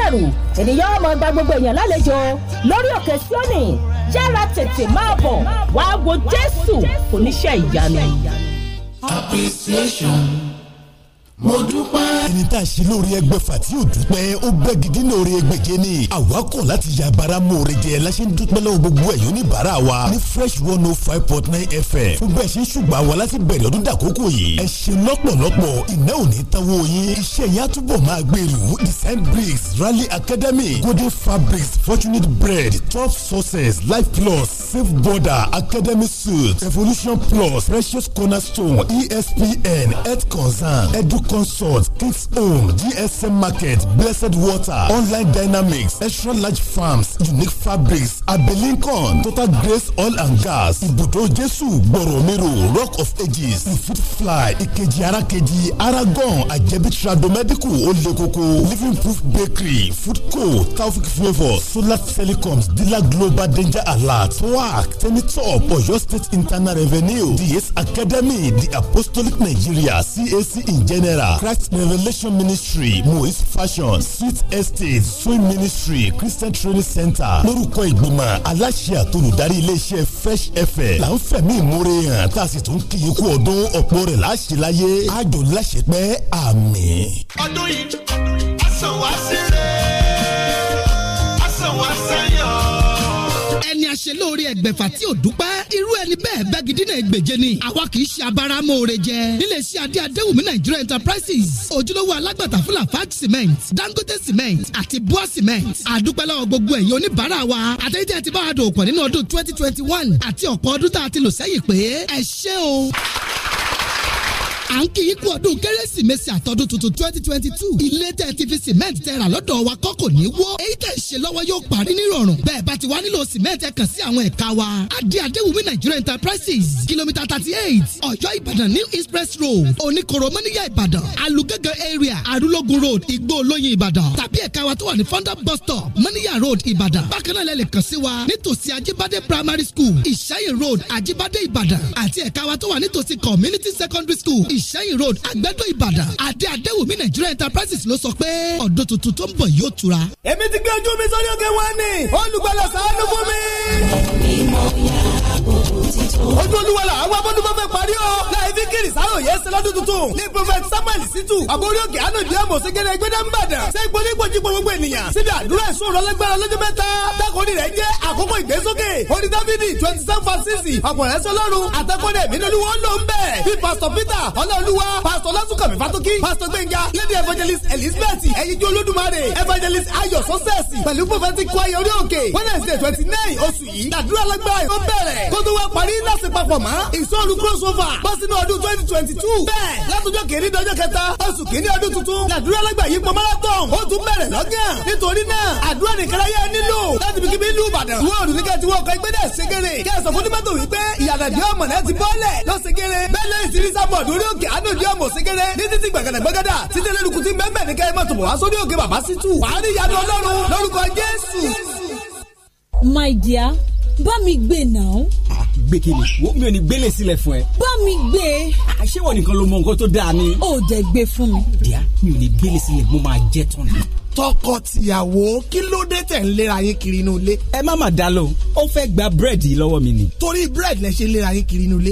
ènìyàn ọmọ gba gbogbo èèyàn lálejò lórí òkè síónì yára tètè máa bọ̀ wàá wo jésù oníṣẹ́ ìyanu. appreciation mo dúpẹ́. ẹni tá a ṣe lórí ẹgbẹ́fà tí yóò dúpẹ́ ó bẹ́ gidi lórí ẹgbẹ́jẹ ni àwa kọ̀ láti ya bara mòore jẹ láṣẹ dúpẹ́ lọ́wọ́ gbogbo ẹ̀yọ́ ní bara wa ní fresh one oh five point nine fm fún bẹ́ẹ̀ ṣe ń ṣùgbọ́n àwa láti bẹ̀rẹ̀ ọdún dàkókò yìí ẹ ṣe lọ́pọ̀lọpọ̀ iná ò ní tanwó yín iṣẹ́ yẹn túbọ̀ máa gbèrú design bricks rally academy golden fabrics fortunate bread top sources life plus safe border academy suits evolution plus precious cornerstone espn health concern educ consult kids home gsm market blessed water online dynamics extra large farms unique fabrics abelincon total grace oil and gas ibùdó jésù gbọ̀rọ̀mẹ́rò rock of ages Fly, ìkejì arakeji aragon ajẹbi tradomedical olekoko living proof bakery Food Co, taufik flavour solar telecoms Dila global danger alert twac tenitop oyo state internal revenue ds academy the apostolic nigeria cac in general christ revelation ministry moise fashion sweet estate swim ministry christian training center center lórúkọ ìgbìmọ̀ aláṣẹ àtolùdarí iléeṣẹ́ fresh fm là ń fẹ̀mí ìmúre hàn tá a sì tún kì í ọdún ọ̀pọ̀ rẹ̀ láṣẹ láyé àjò láṣẹ pẹ́ àmì. ọdún yìí a sàn wá sí ẹni aṣelóore ẹgbẹ̀fà tí ò dúpẹ́ irú ẹni bẹ́ẹ̀ bẹ́gidí náà ni àwa kì í ṣe abáramóore jẹ nílé iṣẹ́ adé adéwùmí Nigeria Enterprises ojúlówó alágbàtà fúlà fag cement Dangote cement àti bua cement àdúpẹ́lẹ́ gbogbo ẹ̀yin oníbàárà wa àtẹ̀yẹ́tẹ̀ ti bá a dòkàn nínú ọdún twenty twenty one àti ọ̀pọ̀ ọdún tá a ti lò sẹ́yìn pé ẹ ṣé o à ń kí ikú ọdún kérésìmesì àtọ́dún tuntun twenty twenty two ilé tẹ̀ ti fi cement tẹ́ra lọ́dọ̀ wa kọ́ kò ní wó èyí tẹ̀ ń ṣe lọ́wọ́ yóò parí nírọ̀rùn bẹ́ẹ̀ bá ti wá nílò cement ẹ kàn sí àwọn ẹ̀ka wa adé adéwùmí Nigeria enterprises kìlómítà thirty eight ọ̀yọ́ ìbàdàn new express road oníkoro mọ́níyà ìbàdàn alugangan area arúlógún road igbó olóyin ìbàdàn tàbí ẹ̀ka wa tó wà ní fonda bus stop mọ́níyà road ìbàdàn bákan náà lẹ lè kàn sí wa nítòsí ajibade primary school ìṣẹ́yìn road ajibade ìbàdàn àti ẹ̀ka wa tó wà nítòsí community secondary school ìṣẹ́yìn road àgbẹ̀dọ̀ ìbàdàn àdé àdéwòmí nigeria enterprises ló sọ pé ọdún tuntun tó ń bọ̀ yóò tura. èmi ti gbé ojú mi sórí oge wọn ni olùgbàlà ṣàánú fún mi. ìmọ̀ ìyá ojú olúwa la àwọn abọ́dún bá fẹ́ parí o. láì fi kiri sáròyé ṣe lọ́dún tuntun ní prophet samuel situ àbórí òkè ànàdí àmọ̀ ṣẹ́gẹ́rẹ́ ẹgbẹ́dẹ́ ń bàdàn. ṣé ìpolí ìpòjì gbogbo ènìyàn síbi àdúrà ìṣòro ọlọ́gbẹ́rẹ́ ọlọ́jọ́ mẹ́ta. dákòrí rẹ̀ jẹ́ àkókò ìgbésókè orí dáfídì twenty seven point six àpọ̀rẹ́ sọlọ́run àtẹ́kọ́dẹ̀ mi lóluwọ́ ló ń bẹ̀. bí Pastor peter ọlọ́ọ̀lúwa pásítọ̀ lásùkàmí fatoki Pastor gbẹ̀ngà lady evangelist elizabeth ẹ̀yinjú olódùmarè evangelist ayọ̀ sọ́sẹ̀sì pẹ̀lú prophetic choir orí òkè wednesday twenty nine oṣù yìí àdúrà lágbára yóò bẹ̀rẹ̀ kó tó wá parí n kíláàsì papọ̀ mọ́ ìsọ̀rù crossover bọ́ sínú ọdún twenty twenty two bẹ́ẹ̀ látọjọ́ kìíní dọjọ́ kẹta oṣù kìíní ọdún tuntun làdúrà lágbà yìí pọ̀ marathon ó tún bẹ̀rẹ̀ lọ́gàn nítorí náà àdúrà nìkan ayé nílò láti bí kíbi ìlú Ìbàdàn ìwọ òrùn ní kẹtí wọkọ ẹgbẹ́ dẹ̀ My dear, bá mi gbé e náà gbé kiri wo mi ò ní gbélé sílẹ̀ fún ẹ. bá mi gbé. àṣé ah, wọn nìkan ló mọ nǹkan tó dáa ni. ó dẹ gbé fún mi. díà mi ò ní gbélé sílẹ̀ mo máa jẹ tán ni tọkọtìyàwó kí ló dé tẹ̀ ń léra yín kiri inú ilé. ẹ má mà dá lóhùn ó fẹ́ gba búrẹ́dì lọ́wọ́ mi ni. torí búrẹ́dì lẹ ṣe léra yín kiri inú ilé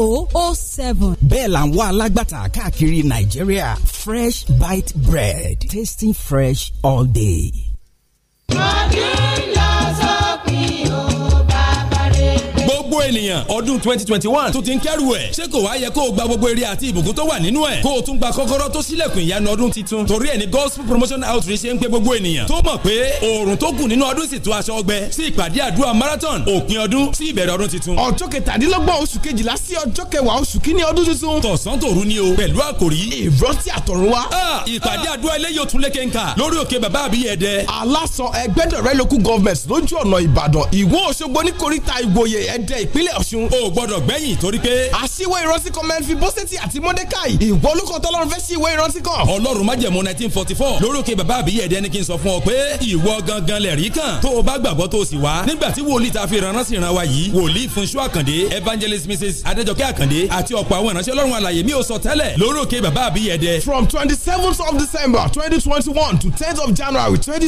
O O 007. bẹ́ẹ̀ là ń wá alágbàtà káàkiri nàìjíríà fresh bite bread tasting fresh all day. Rocky! owó ènìyàn ọdún twenty twenty one tó ti ń kẹ́rù ẹ̀ ṣé kò wá yẹ kó o gba gbogbo eré àti ìbùkún tó wà nínú ẹ̀ kó o tún gba kọ́kọ́rọ́ tó ṣílẹ̀kùn ìyanu ọdún titun torí ẹ̀ ní gospel promotion outreach ṣe ń pè gbogbo ènìyàn tó mọ̀ pé oòrùn tó kù nínú ọdún sì tún aṣọ ọgbẹ́ sí ìpàdé àdúrà marathon òpin ọdún sí ìbẹ̀rẹ̀ ọdún titun. ọjọ́ kẹtàdínlọ́gbọ̀n oṣù kejìlá sí ọjọ́ kẹwàá oṣù kínní ọdún tuntun. tọ̀sán tòru ni o pẹ̀lú àkòrí ìrántí àtọ̀run wa. ìpàdé àdúrà eléyìí ò tún lé kéńkà lórí òkè bàbá àbí ẹ̀dẹ. aláṣọ ẹgbẹ́dọ̀rẹ́ local government lójú ọ̀nà ìbàdàn ìwó òṣogbo ní koríta ìwòye ẹ̀dẹ́ ìpínlẹ̀ Ọ̀ṣun o gbọ́dọ̀ gbẹ̀yìn torí pé. àṣìwé ìrántí kan mẹ́rin bọ́sẹ̀tì àti mọ́dékàì ìwọ olùkọ́ tọ́lọ́run fẹ́ sí ìwé ìrántí kan. ọlọ́run májẹ̀mú nineteen forty four lórókè bàbá àbíyẹ̀ dẹ́ni kí n sọ fún ọ pé ìwọ gangan lẹ̀ rí kàn tó o bá gbàgbọ́ tó o sì wá. nígbà tí wòlíì ta fi ránṣẹ́ ìran wa yìí wòlíì Fúnṣọ́ from twenty seventh of December twenty twenty one to of January twenty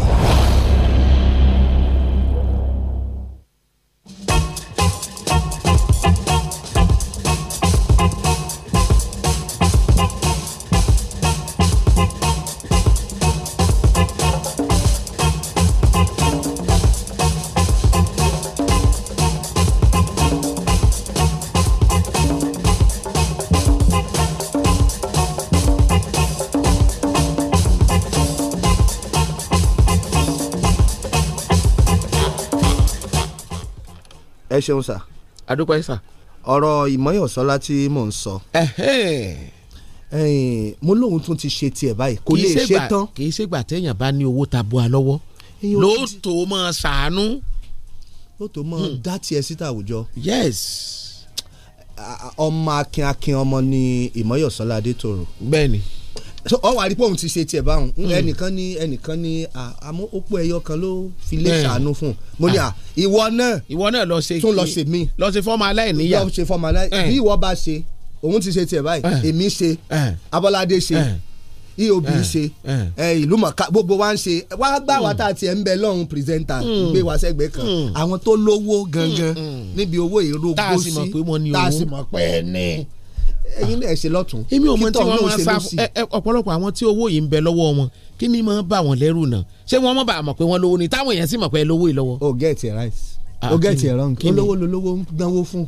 ẹ ṣeun sà. adúpẹ́ sà. ọ̀rọ̀ ìmọ̀yọ̀sọ́lá tí mò ń sọ. mo lóun tún ti ṣe tiẹ̀ báyìí kò lè ṣe tán. kì í ṣègbà téèyàn bá ní owó tabua lọ́wọ́ lóòótọ́ máa ṣàánú. lóòótọ́ máa hmm. dá tiẹ̀ síta àwùjọ. yes ọmọ akin akin ọmọ ni ìmọ̀yọ̀sọ́lá adétòrò. bẹ́ẹ̀ni so ọ wà rí pé òun ti ṣe tiẹ̀ báwọn hmm. ẹnìkan ní ẹnìkan ní àmọ́ ó pọ̀ ẹyọ kan ló fi lè hmm. ṣàánú fún un mo ní ah. à ìwọ náà ìwọ náà lọ ṣe tún lọ ṣe mí lọ ṣe fọ́mọ aláìníyà lọ ṣe fọ́mọ aláìníyà hmm. bí ìwọ bá ṣe òun ti ṣe tiẹ̀ báyìí èmi ṣe abọ́ládé ṣe eob ṣe ìlú mọ̀ká gbogbo wa ń ṣe wá gbà wá tá a tiẹ̀ ń bẹ lọ́hùn pírẹsẹ́ńtà gbé wa sẹ́gbẹ́ kan àwọn tó lówó gangan níbi owó èrò gbósí tá a sì mọ̀ pé ẹ ní ẹ̀yin ẹ ṣe lọ́tún èmi ò mọ tí wọ́n máa sá ọ̀pọ̀lọpọ̀ àwọn tí owó yìí ń bẹ lọ́wọ́ wọn kí ni máa bá wọn lẹ́rù náà ṣé wọ́n mọ̀ bá mọ̀ pé wọ́n lówó ni táwọn èèyàn sì mọ̀ pé ẹ lówó yìí lọ́wọ́. o oh, get it right ah, o oh, get it wrong olówó lolówó ń dánwó fún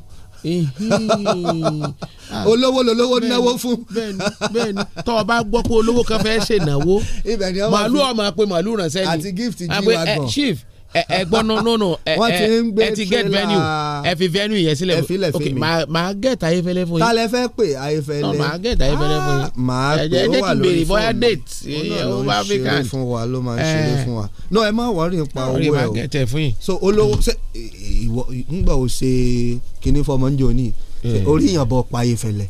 ah. olówó lolówó náwó fún. bẹ́ẹ̀ni bẹ́ẹ̀ni tọ́ ọ bá gbọ́ pé olówó kan fẹ́ẹ́ ṣènáwó màálù ọmọ pé màálù ránṣẹ́ ni àti gift ah, jí wa eh, gan. chief ẹ gbọ́ no no no ẹ ti get venue ẹ fi venue yẹn sílẹ̀ ok màá màá get ayéfẹ́lẹ́ fún yín. tálẹ̀ fẹ́ pè ayéfẹ́lẹ́. no màá get ayéfẹ́lẹ́ fún yín. Ah, màá pè ó wà lórí fóònù ẹ jẹ́ kí n béèrè bóyá date. ó náà ló ń ṣeré fún wa ló máa ń eh. ṣeré fún wa. no ẹ má wọrí nípa owó ẹ o. màá get ẹ fún yín. so olówó ṣe ìwọ ńgbà ò ṣe kinní fọmọ ń jò ní eh. orí ìyànbọ pa ayéfẹ́lẹ́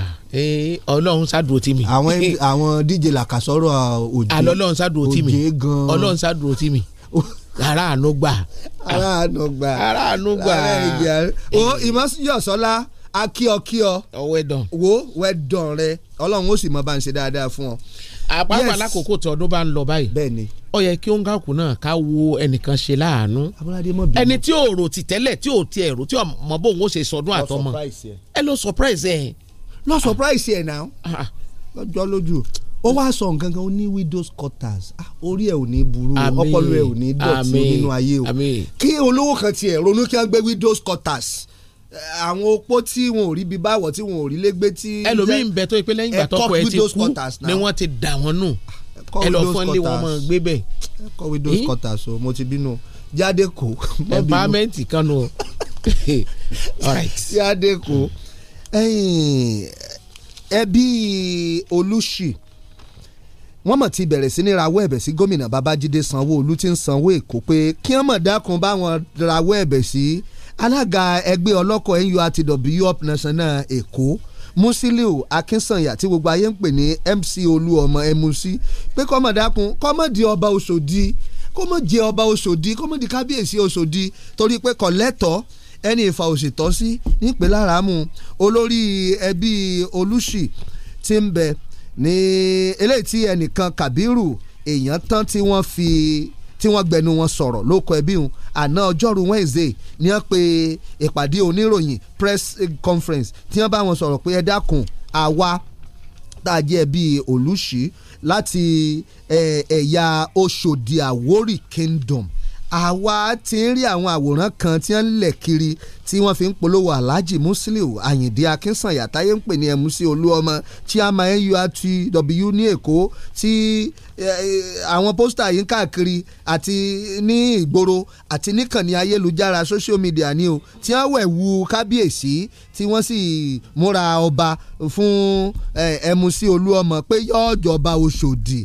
ah, eh, ọlọ́run ṣàdúró tì mí. àwọn àwọn díje làkàsọ́rọ̀ ah, òjé àlọ́ ọlọ́run ṣàdúró tì mí òjé gan-an ọlọ́run ṣàdúró tì mí. aráàánú gbà. aráàánú gbà aráàánú gbà. o ìmọ̀síyọ̀sọ́lá akíọkíọ. ọwẹ́dàn. Oh, wo wẹ́dàn rẹ ọlọ́run ó sì mọ bá ń ṣe dáadáa fún ọ àpapọ̀ alákòókò tí ọdún bá ń lọ báyìí bẹ́ẹ̀ni ó yẹ kí òun kàkùn náà ká wo ẹnìkan ṣe láàánú ẹni tí ò rò ti tẹ́lẹ̀ tí ò ti ẹ̀ rò tí ọmọ bóun ó ṣe sọdún àtọmọ ẹ lọ surprise ẹ. lọ surprise ẹ náà ah, ah. lọ́jọ́ lójú ó wá sọ nǹkan kan ó ní widows quarters ah, orí ẹ ò ní burú ah, ọpọlọ ẹ ò ní dọ̀tí nínú ayé o kí olówó kan tiẹ̀ ronú kí wọ́n gbé widows quarters àwọn opó tí wọn ò rí bí báwọ̀ tí wọn ò rí légbé tí. ẹlòmíín bẹ tó pé lẹ́yìn ìgbà tọkọ ẹ ti kú ni wọ́n ti dà wọ́n nù ah, ẹ lọ fọ́n lé wọn mọ́ gbé bẹ́ẹ̀. ẹ kọ́ widows eh? quarters o mo ti bínú jáde kó. empowerment kan nù. jáde kó ẹbí olùsì wọ́n mọ̀ ti bẹ̀rẹ̀ sí ní rawọ́ ẹ̀bẹ̀ sí gómìnà babájídé sanwó-olú tí ń sanwó èkó pé kí wọ́n mọ̀ dákun báwọn rawọ́ ẹ̀bẹ̀ sí alága ẹgbẹ́ ọlọ́kọ̀ nurtw up national èkó musiliu akinsanya tí gbogbo ayé ń pè ní mc olú ọmọ mc pé kọ́mọ̀ dákun kọ́mọ̀ di ọba òṣòdì kọ́mọ̀ jẹ ọba òṣòdì kọ́mọ̀ di kábíyèsí òṣòdì torí pé kọ̀lẹ́tọ̀ ẹni ìfà òṣìtọ́ sí nípínlẹ̀ àràmù olórí ẹbí olùsì ti ń bẹ ní eléyìí tí ẹnìkan Kabiru èèyàn tán tí wọ́n fi tí wọ́n gbẹnu wọn sọ̀rọ̀ lóko ẹbí wọn àná ọjọ́rú Wednesday ni wọ́n pe ìpàdé oníròyìn press conference tí wọ́n bá wọn sọ̀rọ̀ pé ẹ dákun àwa tá a jẹ́ bíi olùṣí láti ẹ̀yà Oṣòdì Àwórì Kingdom àwa ti ń rí àwọn àwòrán kan tí wọ́n lẹ̀ kiri tí wọ́n fi ń polówó alhaji musiliu ayinde akinsanya táyé ń pè ní mc olúọmọ chiama nurtw ní èkó tí àwọn pósítà yìí ń káàkiri àti ní ìgboro àti níkànnì ayélujára social media ni o tí wọ́n wẹ̀ wù kábíyèsí tí wọ́n sì múra ọba fún mc olúọmọ pé yọ́ọ̀jọba Ọ̀ṣọ́dì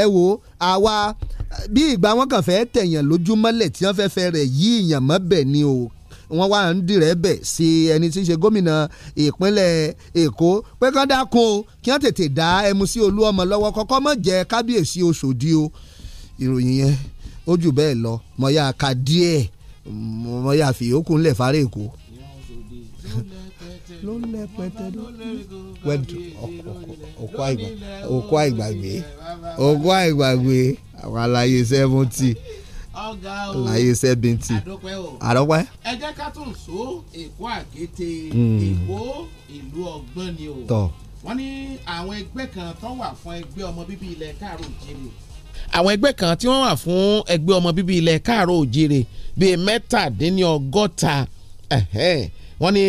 ẹ wò àwa. Ah, ah, ah, ah bí ìgbà wọn kàn fẹ́ tẹ̀yàn lójúmọ́lẹ̀ tí wọ́n fẹ́ fẹ́ rẹ̀ yí ìyàn mọ́bẹ̀ ni o wọ́n wá ń dìrẹ́ bẹ̀ sí ẹni tí í ṣe gómìnà ìpínlẹ̀ èkó pé kán dákun o kí wọ́n tètè dá ẹmu sí olúọmọ lọ́wọ́ kọ́kọ́ mọ̀ jẹ́ kábíyèsí oṣòdì o ìròyìn yẹn ó jù bẹ́ẹ̀ lọ mọ̀ yá ka díẹ̀ mọ̀ yá fi yòókù ńlẹ̀ fárẹ̀ èkó ló ń lẹ pẹtẹ ló wẹdù ọkọ àìgbàgbé ọkọ àwọn aláyé seventy láyé sẹ́bìntì àdọ́pẹ́. ẹ jẹ́ ká tún so èkó àgété hmm. èkó ìlú ọgbọ́n ni o wọ́n ní àwọn ẹgbẹ́ kan tó wà fún ẹgbẹ́ ọmọ bíbí ilẹ̀ káàró òjèrè. àwọn ẹgbẹ́ kan tí wọ́n wà fún ẹgbẹ́ ọmọ bíbí ilẹ̀ káàró òjèrè bíi mẹ́tàdínníọgọ́ta wọ́n ní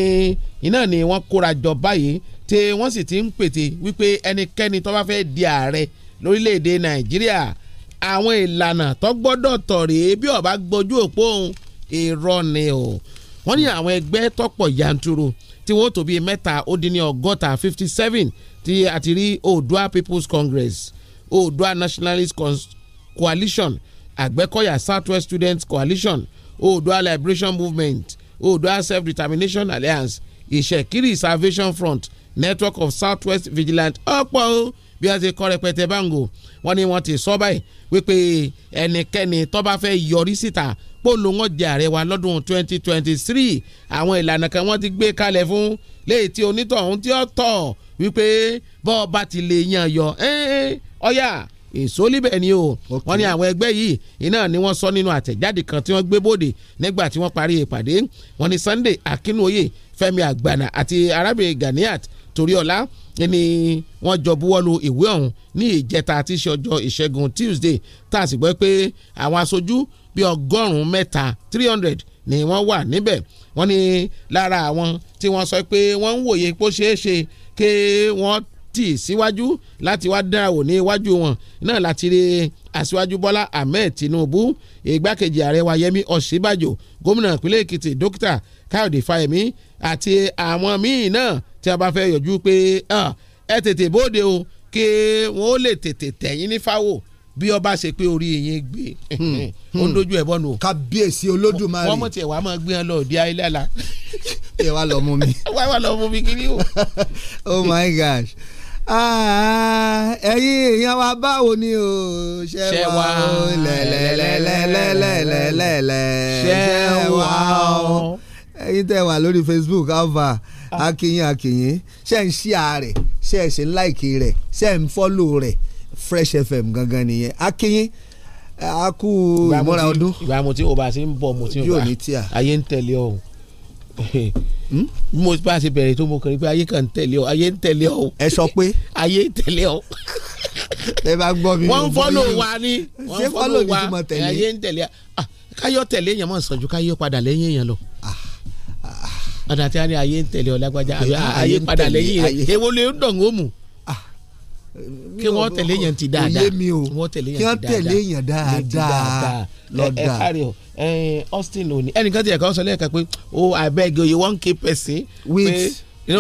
iná ni wọ́n kóra jọ báyìí tí wọ́n sì ti ń pètè wípé ẹnikẹ́ni tó bá fẹ́ di ààrẹ lórílẹ̀‐èdè nàìjíríà àwọn ìlànà tó gbọ́dọ̀ tọ̀ rèé bí ọba gbójú òpó òun irọ́ ni o wọ́n ní àwọn ẹgbẹ́ tọ́pọ̀ yanturu tí wọ́n tó bíi mẹ́ta ó dín ní ọgọ́ta fifty seven tí a ti rí Oòduà People's Congress Odua Nationalist Coalition Àgbẹ̀kọ̀yà Southwest Students Coalition Odua Liberation Movement Odua Self-Determination Alliance Ìṣẹ̀kírì Salvation Front Network of Southwest Vigilant ọ̀pọ̀ o. Oh, bí wọ́n ti kọ́ rẹpẹtẹ báńgò wọ́n ní wọ́n ti sọ báyìí wípé ẹnikẹ́ni tó bá fẹ́ yọrí síta pòlò wọn jẹ lọ́dún twenty twenty three àwọn ìlànà kan wọ́n ti gbé kalẹ̀ fún léyìí tí onítọ̀hún tí ó tọ̀ wípé bọ́ọ̀ bá ti lè yan yọ ọ̀yà èso ni o wọ́n ní àwọn ẹgbẹ́ yìí iná ni wọ́n sọ nínú àtẹ̀jáde kan tí wọ́n gbé bòde nígbà tí wọ́n parí ìpàdé wọ́n ní Sunday Akínwóyè Fẹ́mi Àgbàna àti arábìnrin Ganiat Toríọlá ni wọ́n jọ buwọ́lu ìwé ọ̀hún ní ìjẹta tí í ṣe ọjọ́ ìṣẹ́gun Tuesday tá a sì gbọ́ pé àwọn aṣojú bíi ọgọ́rùn-ún mẹ́ta three hundred ni wọ́n wà níbẹ̀ wọ́n ní lára àwọn tí wọ́n sọ pé wọ́n ń wòye pé ó ṣeé ṣe kí wọ́n tì síwájú láti wá dá òní iwájú wọn náà láti rí aṣíwájú bọ́lá ahmed tinubu igbákejì ààrẹ wa yẹmi ọ̀ṣínbàjò gómìnà ìpínlẹ̀ èkìtì dókítà káyọ̀dé fáyemí àti àwọn míì náà tí a bá fẹ́ yọjú pé ẹ tètè bóde o kí wọ́n ó lè tètè tẹ̀yìn ní fáwọ̀ bí ọba ṣe pé orí yẹn gbé hmm, ó ń hmm. dojú ẹ bọ́nu. kábíyèsí olódùmarè wọ́n mọ̀ tiẹ̀ wàá máa gbé ẹ lọ òde ayélujára. ẹ wá lọ mú mi. wá wá lọ mú mi kiri o. oh my gosh ah, ah, ẹ̀yin èèyàn wa báwo ni o ṣe wá o lẹ́lẹ́lẹ́lẹ́lẹ́lẹ́lẹ́lẹ́ ṣe wá o ẹ̀yin tẹ́ wà lórí Facebook alva akínyìn akínyìn ṣe ń ṣí ààrẹ ṣe ń ṣe ń láìkì rẹ̀ ṣe ń fọ́lò rẹ̀ Fresh FM gangan nìyẹn akínyìn a kú ìmúra ọdún. ìgbà mo ti o bá ti ń bọ̀ mo ti ń bá ayé ń tẹ̀lé ọ̀hún hmm? mo bá ti bẹ̀rẹ̀ tó mo kàn rí pé ayé kan ń tẹ̀lé ọ ayé ń tẹ̀lé ọ. ẹ sọ pé. ayé ń tẹ̀lé ọ. ẹ bá gbọ́ mi. wọ́n ń fọ́lò wa ni. ṣé fọ́lò mi ti mọ̀ tẹ̀lé. ayé ń tẹ̀lé ọ ah, káyọ̀ tẹ̀lé èèyàn mọ̀ sàn káyọ̀ padà lẹ́yìn èèyàn lọ. Ah ọ̀nà tí a ní ayé ń tẹ̀lé ọ̀làgbájá ayé padà lẹ́yìn rẹ̀ èwo lè dọ̀n ó mú ah, kí wọ́n tẹ̀lé yẹn ti dáadáa kí wọ́n tẹ̀lé yẹn dáadáa lọ́dà ẹ kárí o Austin òní ẹnìkan ti ẹ̀ka ọ̀sán lẹ́ẹ̀ka pé o abeg you wan keep person with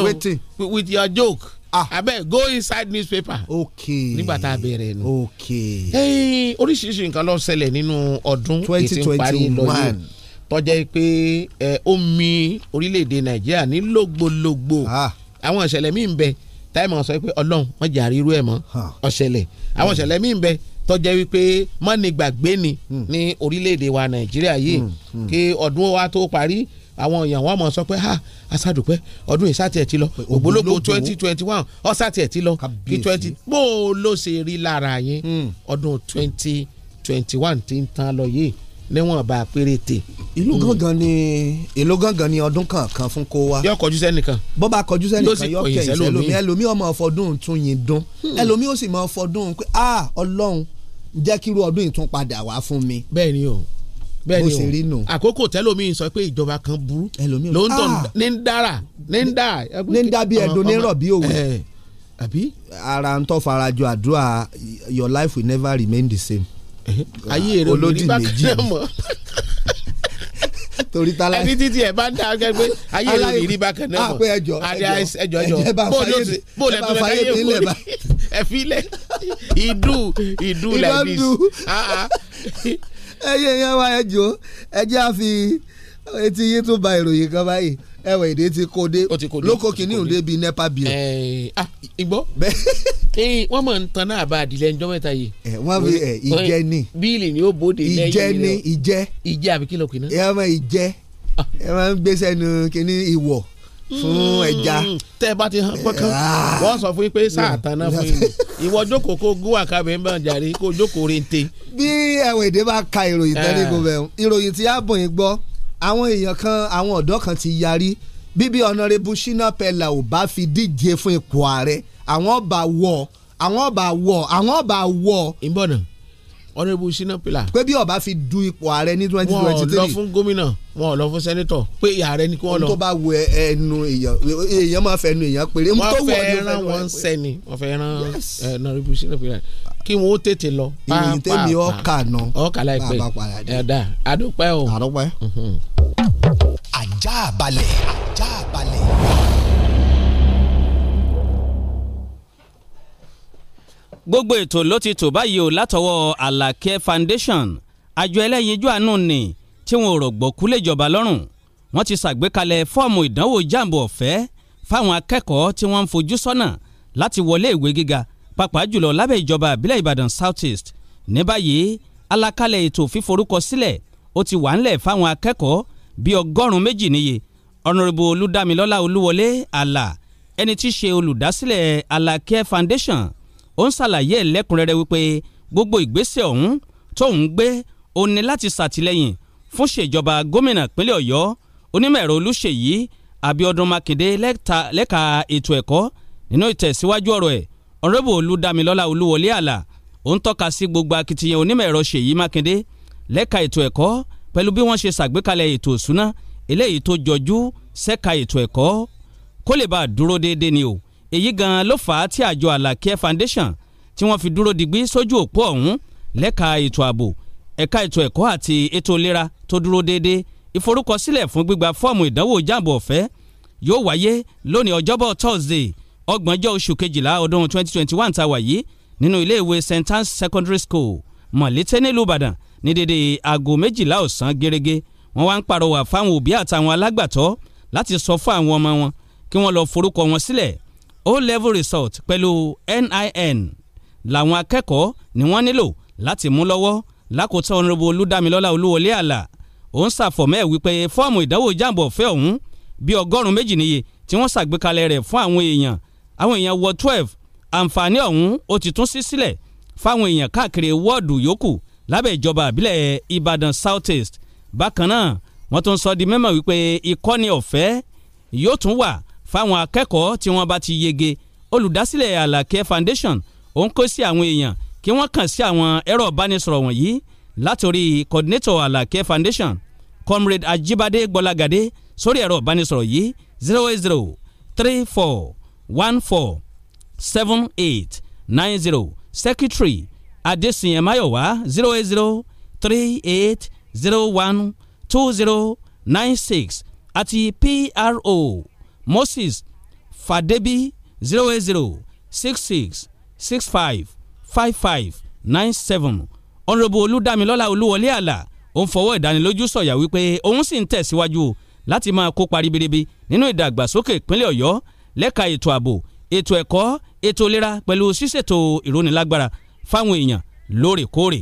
wetin with your joke Ah, abeg go inside newspaper okay nígbà tá a bẹ̀rẹ̀ nù okay oríṣiríṣi nǹkan ló ṣẹlẹ̀ nínú ọdún twenty twenty one tọ́jà pé ẹ omi orílẹ̀-èdè nàìjíríà ní lógbólógbò àwọn ìṣẹ̀lẹ̀ míì ń bẹ táìmọ̀ sọ pé ọlọ́run wọ́n jà ríru ẹ̀ mọ́ ọ̀ṣẹ̀lẹ̀ àwọn hmm. ìṣẹ̀lẹ̀ míì ń bẹ tọ́jà wípé mọ́ni gbàgbé ni hmm. ní orílẹ̀-èdè wa nàìjíríà yìí hmm. kí ọdún wa tó parí àwọn èèyàn wọn mọ̀ sọ pé ha asádùpẹ́ ọdún ìsátì ẹ̀ ti lọ ògbólógbò twenty twenty one ọ̀sátì ẹ̀ ti lọ kí twenty bó o ló ṣe rí lára yín ọdún twenty twenty one ti ń tán lọ yìí níwọ̀n bá péréte. ìlú hmm. gangan ni ìlú gangan ni ọdún kankan fún kó wa. yóò kọjú sẹ́nìkan. bó bá kọjú sẹ́nìkan yóò kẹ̀yìn sẹ́lómi ẹlòmíì ọmọ ọ̀fọ̀dún tún yìí dún hmm. ẹlòmíì ó sì mọ ọ̀fọ̀dún pé a ah, ọlọ́run jẹ́ kí irú ọdún ìtún padà wá fún mi. bẹ́ẹ̀ni o bẹ́ẹ̀ni o bó ṣe rí nù. àkókò tẹ́lómi sọ pé ìjọba kan burú ló ń tọ̀ ah! ní ń dára ní ń dà. ní ń dà bí ẹdun ní rọ̀bí òwe. àbí. ara ń tọ́ farajọ àdúrà your life will never remain the same Eh? ayé rẹ olódì méjì torí tala ẹni títí ah, ẹ bá ń dá ọgẹ pé ayé rẹ ò ní rí bákan náà mọ ẹjọ ẹjọ ẹjọ bó lẹ tó lẹ káyé kúrò ẹ filẹ ìdú ìdú like this ah, ah. ẹyẹ yẹn wá ẹjọ ẹjẹ àfi etí yìí tún ba ìròyìn kan báyìí ẹwẹ̀ èdè ti kó dé lóko kìíní òde bíi nepa bíi. Ah, ìgbọ́ wọ́n mọ̀ ń tan náà bá àdìlẹ̀ ẹjọ́ mẹ́ta yìí. wọ́n fi ìjẹ́ ni bíìlì ni ó bóde lẹ́yìn ìjẹ́ ni ìjẹ́ ìjẹ́ àbí kí ló kìíní. ẹ máa ìjẹ́ ah. ẹ máa ń gbé sẹ́nu kìíní ìwọ̀ fún hmm, ẹja. tẹ́ ẹ bá ti hàn pọ́kán ah. wọ́n sọ fún yín pé sáà tán náà fún yín ìwọ jókòó kó gún àkàbẹ̀ ń bá jàre kó jókòó rente. bí ẹwẹ̀ èdè bá ka ìròyìn tẹ́lẹ̀ eh. gbọ́ bẹ́ẹ̀ ìròyìn tí á bọ̀ yín gbọ́ àwọn èèyàn kan àwọn ọ̀dọ́ kan ti yarí bíbí ọ̀nàrẹ́bù Shina Pella ò bá fi díje fún ipò ààrẹ àwọn ọba wọ̀ àwọn ọba wọ̀ àwọn ọba wọ̀. ìbọ̀nà honourable Shina Peller. pé bí ọba fi du ipò ààrẹ ní twenty twenty three. wọn ò lọ fún gómìnà wọn ò lọ fún sẹ́nitọ̀ pé ààrẹ ni kí wọ́n lọ. tó bá wo ẹnu èèyàn èèyàn máa fẹ́ ẹnu èèyàn péré. wọ́n fẹ́ ran wọn sẹ́ni wọ́n fẹ́ ran honourable Shina Peller kí wọ́n ó tètè lọ. ìròyìn tèmi ọkà nà ọkà láìpẹ́ ẹ̀dá àdúpẹ́ o. àdúpẹ́. Mhm. ajá balẹ̀ ajá balẹ̀. gbogbo ètò ló ti tò báyìí o látọwọ́ Àlàkẹ́ Foundation àjọ ẹlẹ́yinjú àánú ni tí wọn ò rọ̀gbọ̀kú lè jọba lọ́rùn wọ́n ti ṣàgbékalẹ̀ fọ́ọ̀mù ìdánwò jáàmbù ọ̀fẹ́ fáwọn akẹ́kọ̀ọ́ tí wọ́n ń fojú sọ́nà láti wọlé ìwé gíga pàápàá jùlọ lábẹ́ ìjọba ìbílẹ̀ Ìbàdàn South East ní báyìí alákálẹ̀ ètò fíforúkọ sílẹ̀ ó ti wà ńlẹ̀ fáwọn akẹ́kọ̀ọ́ bíi ọgọ́rùn-ún méjì níye ọ̀nàrẹ́bù olùdámilọ́lá olúwọlé àlà ẹni tí í ṣe olùdásílẹ̀ Alákẹ́ Foundation ó ń ṣàlàyé ẹ̀lẹ́kùnrẹ́rẹ́ wípé gbogbo ìgbésẹ̀ ọ̀hún tóun gbé ó ní láti ṣàtìlẹ́yìn fún ṣèjọba gómìnà pínlẹ̀ Ọ̀yọ́ onímọ̀ẹ̀rọ Olúṣèyí Abíọ́dún Mákindé lẹ́ka ètò ẹ̀kọ́ nínú ìtẹ̀síwájú ọ̀rọ̀ ẹ̀ ọ̀rẹ́bù Olúdámilọ́lá Olúwọlé Àlà ó ń tọ́ka sí gbogbo akitiyan onímọ̀ẹ̀rọ Ṣèyí Mákindé lẹ́ka ètò ẹ̀kọ́ pẹ̀lú bí wọ́n ṣe ṣàgbékalẹ̀ ètò òṣúná eléyìí tó jọjú sẹ́ka ètò ẹ̀kọ́ kó lè bá a dúró déédéé ni o èyí gan ló fà á tí àjọ Àlàkẹ́ Foundation tí wọ́n fi dúró digbí sójú òpó ọ̀hún lẹ́ka ètò ààbò ẹ̀ka ètò ẹ̀kọ́ àti ètò ìlera tó dúró déédéé ìforúkọsílẹ̀ fún gbígba fọ́ọ̀mù ìdánwò jáàbù ọ̀fẹ́ yóò wáyé lónìí ọjọ́bọ̀ Thursday ọgbọ̀njọ́ oṣù kejìlá ọdún 2021 ta wà yìí nínú iléèwé St Anne's Secondary School mọ̀lété nílùú Ìbàdàn ní dédé aago méjìlá ọ̀sán gẹ́gẹ́ wọ́n wá ń pàrọwà fáwọn òbí àtàwọn alágbàtọ́ láti sọ fún àwọn ọmọ wọn kí wọ́n lọ forúkọ wọn sílẹ̀ O-level result pẹ̀lú NIN làwọn akẹ́kọ̀ọ́ ni wọ́n nílò láti mú lọ́wọ́ lákòótọ́ ọ̀nrẹ́bù Olúdámilọ́lá Olúwọlé àlà ó ń ṣàfọ̀mẹ́ wípé fọ́ọ̀mù ìdánwò jáàmù ọ̀fẹ́ ọ̀hún bíi ọgọ́rùn-ún méjì níye tí wọ́n ṣàgbékalẹ̀ rẹ̀ fún àwọn èèyàn àwọn èèyàn wọ twelve àǹfààní ọ̀hún ó ti tún sí sílẹ̀ fáwọn èèyàn káàkiri wọ́ọ̀dù yòókù lábẹ́ ìjọba àbílẹ̀ Ìbàdàn South East bákan náà wọ́n tún sọ di mẹ́mọ̀ wípé ìkọ́ni ọ̀fẹ́ yóò tún wà fáwọn akẹ́kọ̀ọ́ tí wọ́n bá ti yege olùdásílẹ̀ Àlàkẹ́ Foundation ó ń kó sí àwọn èèyàn kí wọ́n kàn sí àwọn ẹ̀rọ ìbánisọ̀rọ̀ wọ̀nyí látòrí coordinator Àlàkẹ́ Foundation comrade Ajibade Gbọ́lagadé sórí ẹ̀rọ ìbánisọ̀rọ̀ yìí zero eight zero three four one four seven eight nine zero secretary Adesiyan Mayowa zero eight zero three eight zero one two zero nine six àti PRO moses fadebi zero eight zero six six six five five five nine seven ọ̀nrọ̀bù olùdámilọ́lá olúwọlé àlà ó ń fọwọ́ ìdánilójú sọ̀yà wípé òun sì ń tẹ̀síwájú láti máa kópa ribiribi nínú ìdàgbàsókè ìpínlẹ̀ ọ̀yọ́ lẹ́ka ètò ààbò ètò ẹ̀kọ́ ètò ìlera pẹ̀lú ṣíṣètò ìrónilágbára fáwọn èèyàn lóòrèkóòrè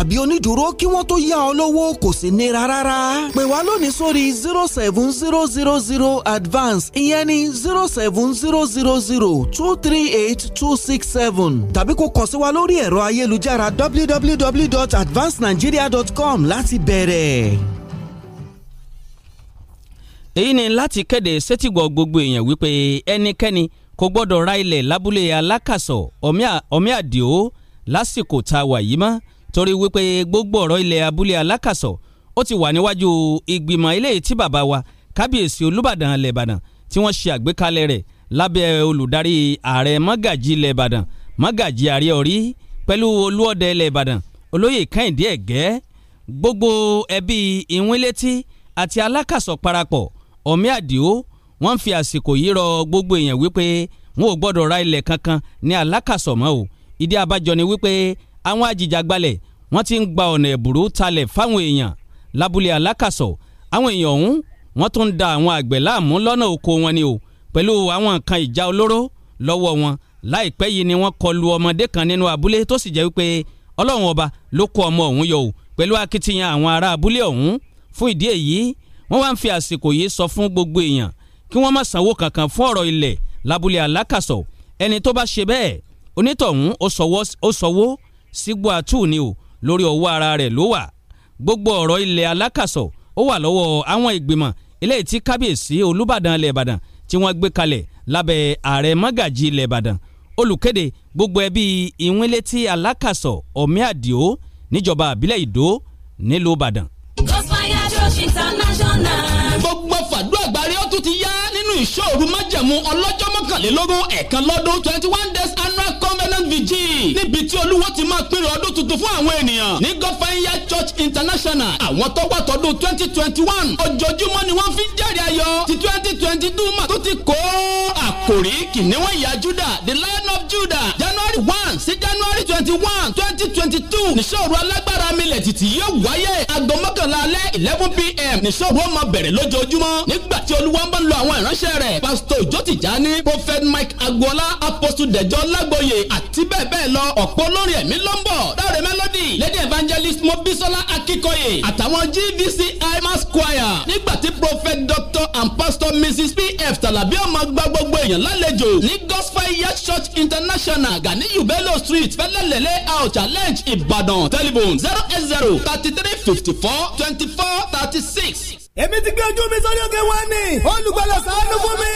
tàbí onídùúró kí wọ́n tó yá ọ lówó kò sí nira rárá. pè wá lónìí sórí zero seven zero zero zero advance ìyẹn ní zero seven zero zero zero two three eight two six seven tàbí kò kàn sí wa lórí ẹ̀rọ ayélujára www.advancenigeria.com láti bẹ̀rẹ̀. èyí ni láti kéde sétígbọ̀ gbogbo èèyàn wípé ẹnikẹ́ni kò gbọ́dọ̀ ra ilẹ̀ lábúlé alákàsọ̀ ọ̀mí àdìo lásìkò tá a wà yìí mọ́ torí wípé gbogbo ọ̀rọ̀ ilẹ̀ abúlé alákàsọ̀ ó ti wà níwájú ìgbìmọ̀ eléyìí tí bàbá wa kábíyèsí olúbàdàn lẹ̀bàdàn tí wọ́n ṣe àgbékalẹ̀ rẹ̀ lábẹ́ olùdarí ààrẹ mọ́gàjì lẹ̀bàdàn mọ́gàjì àríọ̀rí pẹ̀lú olúọdẹ lẹ̀bàdàn olóyè kẹ́hìndé ẹ̀gẹ́ gbogbo ẹbí ìwínlétí àti alákàsọ̀ parapọ̀ ọ̀mí àdìo wọ́n fi àsìkò yìí rọ gbogbo èèyàn wípé wọn ò gbọ́dọ̀ ra ilẹ̀ kankan ní alákàsọ̀ mọ́ o ìdí abájọ ni wípé àwọn ajìjàgbalẹ̀ wọ́n ti ń gba ọ̀nà ẹ̀bùrú talẹ̀ fáwọn èèyàn lábúlé alákàsọ̀ àwọn èèyàn ọ̀hún wọ́n tún ń da àwọn àgbẹ̀ láàmú lọ́nà oko wọn ni o pẹ̀lú àwọn nǹkan ìjà olóró lọ́wọ́ wọn láìpẹ́ yìí ni wọ́n kọlu ọmọdé kan nínú abúlé tó sì jẹ́ wípé ọlọ́run ọba ló kó ọmọ ọ̀hún yọ o pẹ̀lú akitiyan àwọn ará abúlé ọ̀hún fún ìdí èyí wọ́n wá ń fi àsìkò yìí sọ fún gbogbo èèyàn kí wọ́n má sanwó kankan fún ọ̀rọ̀ ilẹ̀ lábúlé alákàsọ̀ ẹni tó bá ṣe bẹ́ẹ̀ onítọ̀hún ó sọwọ́ Sigbuatu ni o lórí ọwọ́ ara rẹ̀ ló wà gbogbo ọ̀rọ̀ ilẹ̀ alákàsọ̀ ó wà lọ́wọ́ àwọn ìgbìmọ̀ eléyìí tí kábíyèsí olúbàdàn ilẹ̀ ìbàdàn tí wọ́n gbé kalẹ̀ lábẹ́ ààrẹ mágàjì ilẹ̀ ìbàdàn olùkéde gbogbo ẹbí ìwínlétí alákàsọ̀ ọ̀mí àdìo níjọba àbílẹ̀ ìdó nílùú ìbàdàn. international. gbogbo fàdúrà gbàrí ó tún ti yá ní nínú ìṣòro májẹ̀mú ọlọ́jọ́ mọ́kànlélógún ẹ̀kan lọ́dún twenty one days annual covenant vigil níbi tí olúwo ti máa pinnu ọdún tuntun fún àwọn ènìyàn ní gọ́fẹ́yà church international àwọn tọ́gbà tọdún twenty twenty one ojoojúmọ́ ni wọ́n fi jẹ́rìí ayọ̀ ti twenty twenty two mà tó ti kó àkòrí kìnìún ìyá judah the lion of judah january one sí january twenty one twenty twenty two níṣòro alágbára milẹ̀ títí yóò wáyé aago mọ́kànlá alẹ́ eleven pm níṣòro ọmọ bẹ̀rẹ̀ lójoojúmọ́ nígbà tí olúwa ń bá lo àwọn ìránṣẹ́ rẹ̀ pásítọ̀ ìjọ prophet mike agboola apostle dẹjọ́ lágbóye àti bẹ́ẹ̀ bẹ́ẹ̀ lọ ọ̀pọ̀ olórin ẹ̀mí ló dáre melody lady evangelist mobisola akikoye àtàwọn gvc imas choir nígbà tí prophet doctor and pastor mrs pf tàlàbí ọmọ gba gbogbo èèyàn lálejò ní gospel church international ghana ní yubelo street fẹlẹ́lẹ̀ layout challenge ìbàdàn telephone zero eight zero thirty three fifty four twenty four thirty six. èmi ti gbé ojú mi sórí òkè wá ní olùgbàlà ṣàánú fún mi.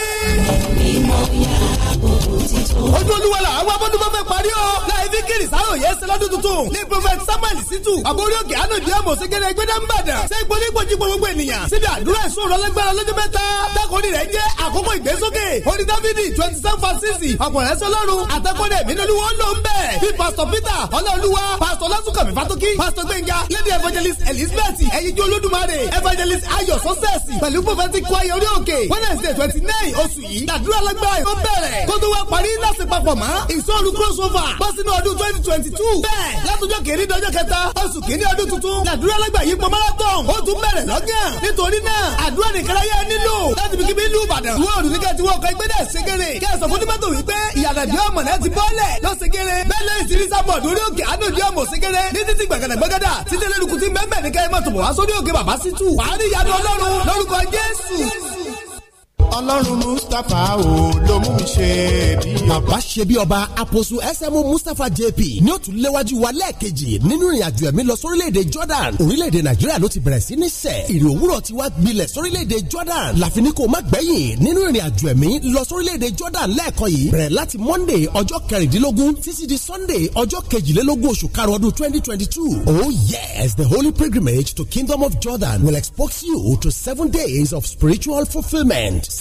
ìmọ̀ yàrá ojú olúwa la àwọn abọ́dúnmọ́ fẹ́ parí o. láì fi kiri sáyòye ṣe lọ́dún tuntun ní prophet samuel situ àbórí òkè ànàbí ọmọ ṣẹgẹrẹ gbẹdẹ nbàdàn ṣe ìpolí ìpòjì gbogbo ènìyàn síbi àdúrà ìṣòro ọlọ́gbẹ́rẹ́ ọlọ́jọ́ mẹ́ta tákòrí rẹ̀ jẹ́ àkókò ìgbésókè orí dáfídì twenty seven point six ọ̀pọ̀lẹ́ sọlọ́run àtẹ́kọ́dẹ̀ mínúlúwọ́ ló ń lẹ́sìn papọ̀ mọ́ ìsọ̀lù crossover bọ́ sínú ọdún twenty twenty two bẹ́ẹ̀ látọjọ́ kìíní dọjọ́ kẹta oṣù kìíní ọdún tuntun làdúrà lágbà yìí pọ̀ marathon ó tún bẹ̀rẹ̀ lọ́gàn nítorí náà àdúrà nìkan ayé nílò láti fi kíbi ìlú Ìbàdàn wọ́n òdùn nígbà tí wọ́n kọ́ ẹgbẹ́ dẹ̀ ṣègèrè kẹsàn fún nígbàtò wípé ìyàdàdì ọmọ náà ti bọ́lẹ̀ lọ ṣègèrè bẹ́ẹ̀ lẹ́yìn sí rísàbọ̀ lórí òkè àdòdì ọmọ ṣègèrè ní títí gbàgàdà gbàgàdà títí lẹ́nu kùtì mẹ́mẹ́ ní kẹ́rẹ́mọ́tò bọ̀ wá sórí òkè bàbá sítù wàá rí ìyanu Ọlọ́run lórúkọ Jésù ọlọ́run mustapha o ló mú mi ṣe bí ọba. bàbá ṣe bí ọba àpòsù ẹsẹmú mustapha jp ní ó tún léwájú wa lẹ́ẹ̀kejì nínú ìrìnàjò ẹ̀mí lọ sórílẹ̀-èdè jordan orílẹ̀-èdè nàìjíríà ló ti bẹ̀rẹ̀ sí ní sẹ̀ ìrìn òwúrọ̀ ti wá gbilẹ̀ sórílẹ̀-èdè jordan láfi ní kó má gbẹ̀yìn nínú ìrìnàjò ẹ̀mí lọ sórílẹ̀-èdè jordan lẹ́ẹ̀kan yìí bẹ̀rẹ̀ láti monday ọjọ́ kẹrìndínlógún títí di sunday ọjọ́ kejìlélógún oṣù karùn-ún ọdún twenty twenty two oh yes the holy pilgrimage to kingdom of jordan will expose you to seven days of spiritual fulfilment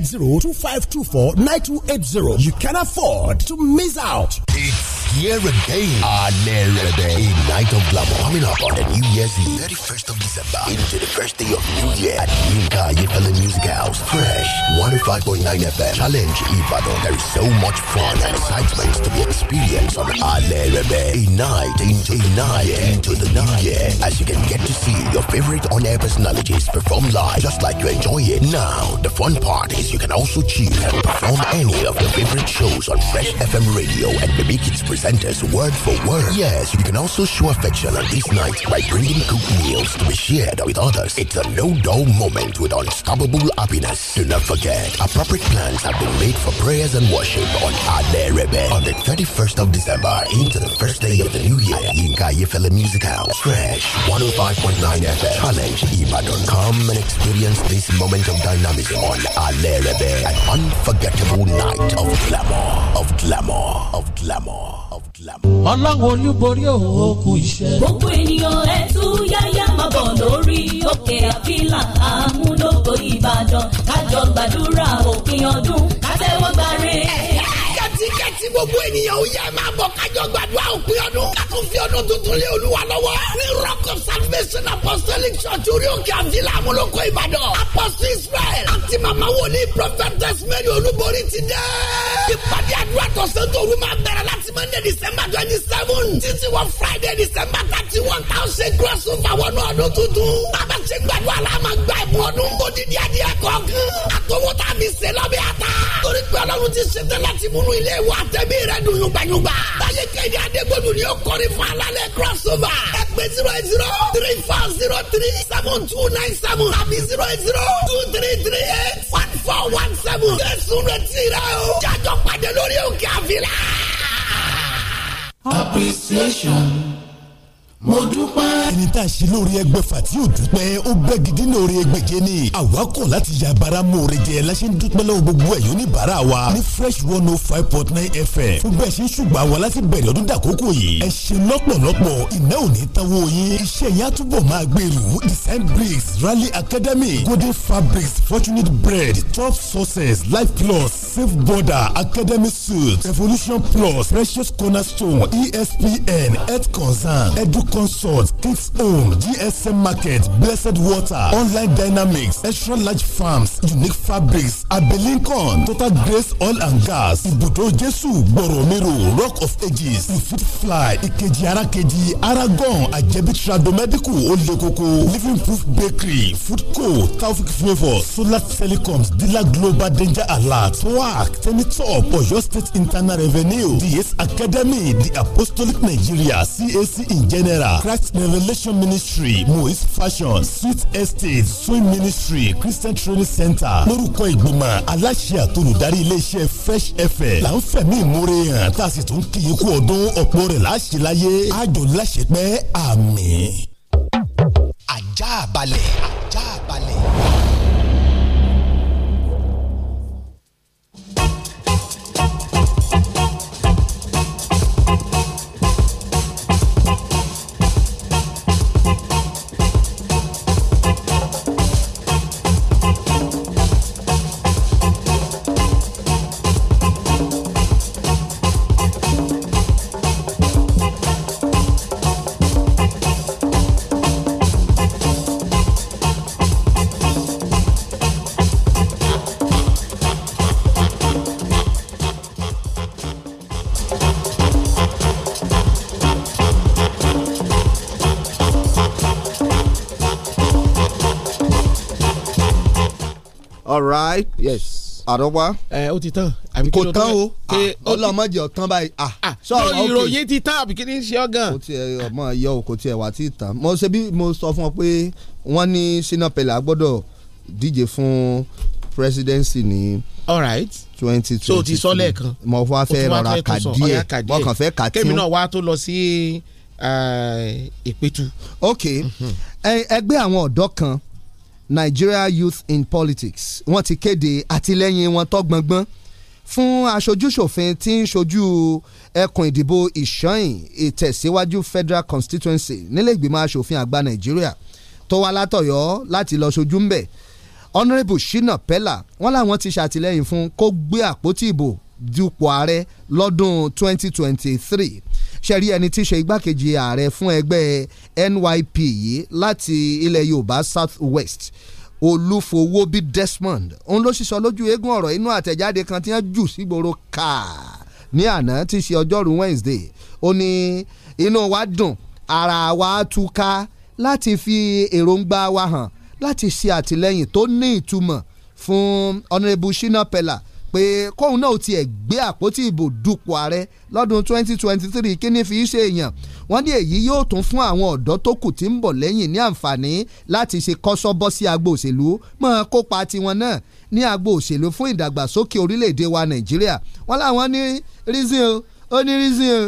08025249280. You can afford to miss out. It's here again. A night of glamour. Coming up on the New Year's Eve. 31st of December. Into the first day of New Year at Yinka Yifele Music House. Fresh. 105.9 FM. Challenge Ibadan. There is so much fun and excitement to be experienced on Anerebe. A night into a night into the New Year. As you can get to see your favorite on-air personalities perform live just like you enjoy it. Now, the fun part you can also choose and perform any of your favorite shows on Fresh FM radio and mimic its presenters word for word. Yes, you can also show affection on this night by bringing cooked meals to be shared with others. It's a no-dull moment with unstoppable happiness. Do not forget, appropriate plans have been made for prayers and worship on Aderebe on the 31st of December into the first day of the new year. Yinka Yefele Music House, Fresh 105.9 FM. Challenge Ibadan. Come and experience this moment of dynamism on Aderebe. unparalleled and unforgettable night of glamour, of glamour, of glamour. Ọlọ́run olúborí òun ó kú iṣẹ́. Gbogbo ènìyàn ẹ tú yáyá máa bọ̀ lórí òkè àfílà àmúlòkọ Ìbàdàn kájọ gbàdúrà òpin ọdún kátẹ́wọ́ gbàre. Kẹ́tíkẹ́tí gbogbo ènìyàn ó yẹ máa bọ̀ kájọ gbàdúrà òpin ọdún. Ká tún fi ọdún tuntun lé Olúwa lọ́wọ́. Ní Salvation Apostolic Church orí òkè àdìlà àmúlòkọ Ìbàdàn. Apostle Israel àti màmá wòlíì Prophetess Mary Olúborí ti dẹ́. Ìpàdé àdúrà tọ̀sán tòru máa bẹ̀rẹ̀ láti Monday December twenty seven títí wọ Friday December thirty one thousand cross over wọnú ọdún tuntun. Bàbá ṣe gbàdúrà láàmà gba ẹ̀bùn ọdún odidi adìẹ kọ̀ọ̀kan. Àtọwọ́ta mi ṣe lọ́bẹ̀ àtà torí pé ọlọ́run ti ṣetán láti múnú ilé wa tẹ̀mí rẹ̀ dùn yúgbàyúgbà. báyìí kẹ́hìn adégbòlù ni ó kọrin fún alálẹ̀ crossover. ẹ zero eight zero three four zero three seven two nine seven àbí zero eight zero two three three eight one four one seven. jésù rẹ̀ ti rẹ̀ o. jájọ́ pàdé lórí òkè àfilà. appreciation mo dúpẹ́. ẹni tá a ṣe lórí ẹgbẹ́fà tí yóò dúpẹ́ ó bẹ́ gidi lórí ẹgbẹ́jẹ ni. àwa láti ya bara mòore jẹ la ń dúpẹ́ lọ́wọ́ gbogbo ẹ̀yọ́ ní bara wa ní fresh one oh five point nine fm fún bẹ́ẹ̀ ṣe ń ṣùgbọ́n àwa láti bẹ̀rẹ̀ ọdún dàkókò yìí. ẹ ṣe lọ́pọ̀lọpọ̀ iná ò ní tanwó yín. iṣẹ́ yẹn túbọ̀ máa gbèrú design bricks rally academy golden fabrics fortunate bread top sources life plus safe border academy suits revolution plus precious cornerstone espn health concern educ consort kids own, gsm market blessed water online dynamics extra large farms unique fabrics abelincon total grace oil and gas ibùdó Jesu, gbọ̀rọ̀mìrò rock of ages ifit fly ìkejì arakeji aragon ajẹbi trado medical olekoko living proof bakery food co taufik flavour solar telecoms dealer global danger alert twac tenitop oyo state internal revenue ds academy the apostolic nigeria cac in general naira christ revelation ministry moise fashion sweet estate swing ministry christian training center lórúkọ ìgbìmọ̀ aláṣẹ àtolùdarí iléeṣẹ́ fresh fm là ń fẹ̀mí ìmoore hàn tá a sì tún kì í kú ọdún ọ̀pọ̀ rẹ̀ láṣẹ láyé àjò láṣẹ pẹ́ ajá balẹ̀ ajá balẹ̀. all right yes àdọ́gba. ẹ o ti tán. kò tán o ah, ọlọmọdé ọtán báyìí. Ah, ah, sọ ìròyìn ti tán àbí kí ni ṣe ọ gan. kò tiẹ̀ ọmọ yọ o kò tiẹ̀ wá tí tán mo ṣe bí mo sọ fún ọ pé wọ́n ní Shina Pellar gbọ́dọ̀ díje fún presidency ní. all right twenty twenty so ti sọ lẹ́ẹ̀kan. mo fọ́ fẹ́ rọra kà díẹ̀ mo kàn fẹ́ kà tí. kémi náà wá tó lọ sí eh, ìpẹ̀tù. ok mm-hmm. ẹgbẹ́ àwọn ọ̀dọ́ kan. Mm -hmm. eh, Nigeria Youth in Politics wọ́n ti kéde àtìlẹ́yìn wọn tọ́gbọ̀ngbọ́n fún aṣojúṣòfin tí ń ṣojú ẹkùn ìdìbò ìṣọ́yìn ìtẹ̀síwájú Federal Constituency nílẹ̀ ìgbìmọ̀ aṣòfin àgbà Nàìjíríà tó wá látọ̀yọ́ láti lọ ṣojú ń bẹ̀ Honourable Shina Pella wọ́n làwọn ti ṣàtìlẹ́yìn fún kó gbé àpótí ìbò dupò ààrẹ lọ́dún 2023 ṣẹ́rí ẹni tí í ṣe igbákejì ààrẹ fún ẹgbẹ́ NYP yìí láti ilẹ̀ Yorùbá South West Olúfowóbí Desmond òun ló sì sọ lójú eégún ọ̀rọ̀ inú àtẹ̀jáde kan tí wọ́n jù sígboro káà ní àná tí í ṣe ọjọ́rú Wednesday ó ní inú wa dùn ara wa túká láti fi èròǹgbà wa hàn láti ṣe àtìlẹ́yìn tó ní ìtumọ̀ fún Honourable Shina Peller pé kóun náà tiẹ̀ gbé àpótí ìbò dupò ààrẹ lọ́dún 2023 kí ni fi ṣe èèyàn wọ́n ní èyí yóò tún fún àwọn ọ̀dọ́ tó kù tí ń bọ̀ lẹ́yìn ní àǹfààní láti ṣe kọ́sọ́bọ́ sí agbo òṣèlú mọ́ kópa tiwọn náà ní agbo òṣèlú fún ìdàgbàsókè orílẹ̀-èdè wa nàìjíríà wọ́n láwọn ní rízìn o ó ní rízìn o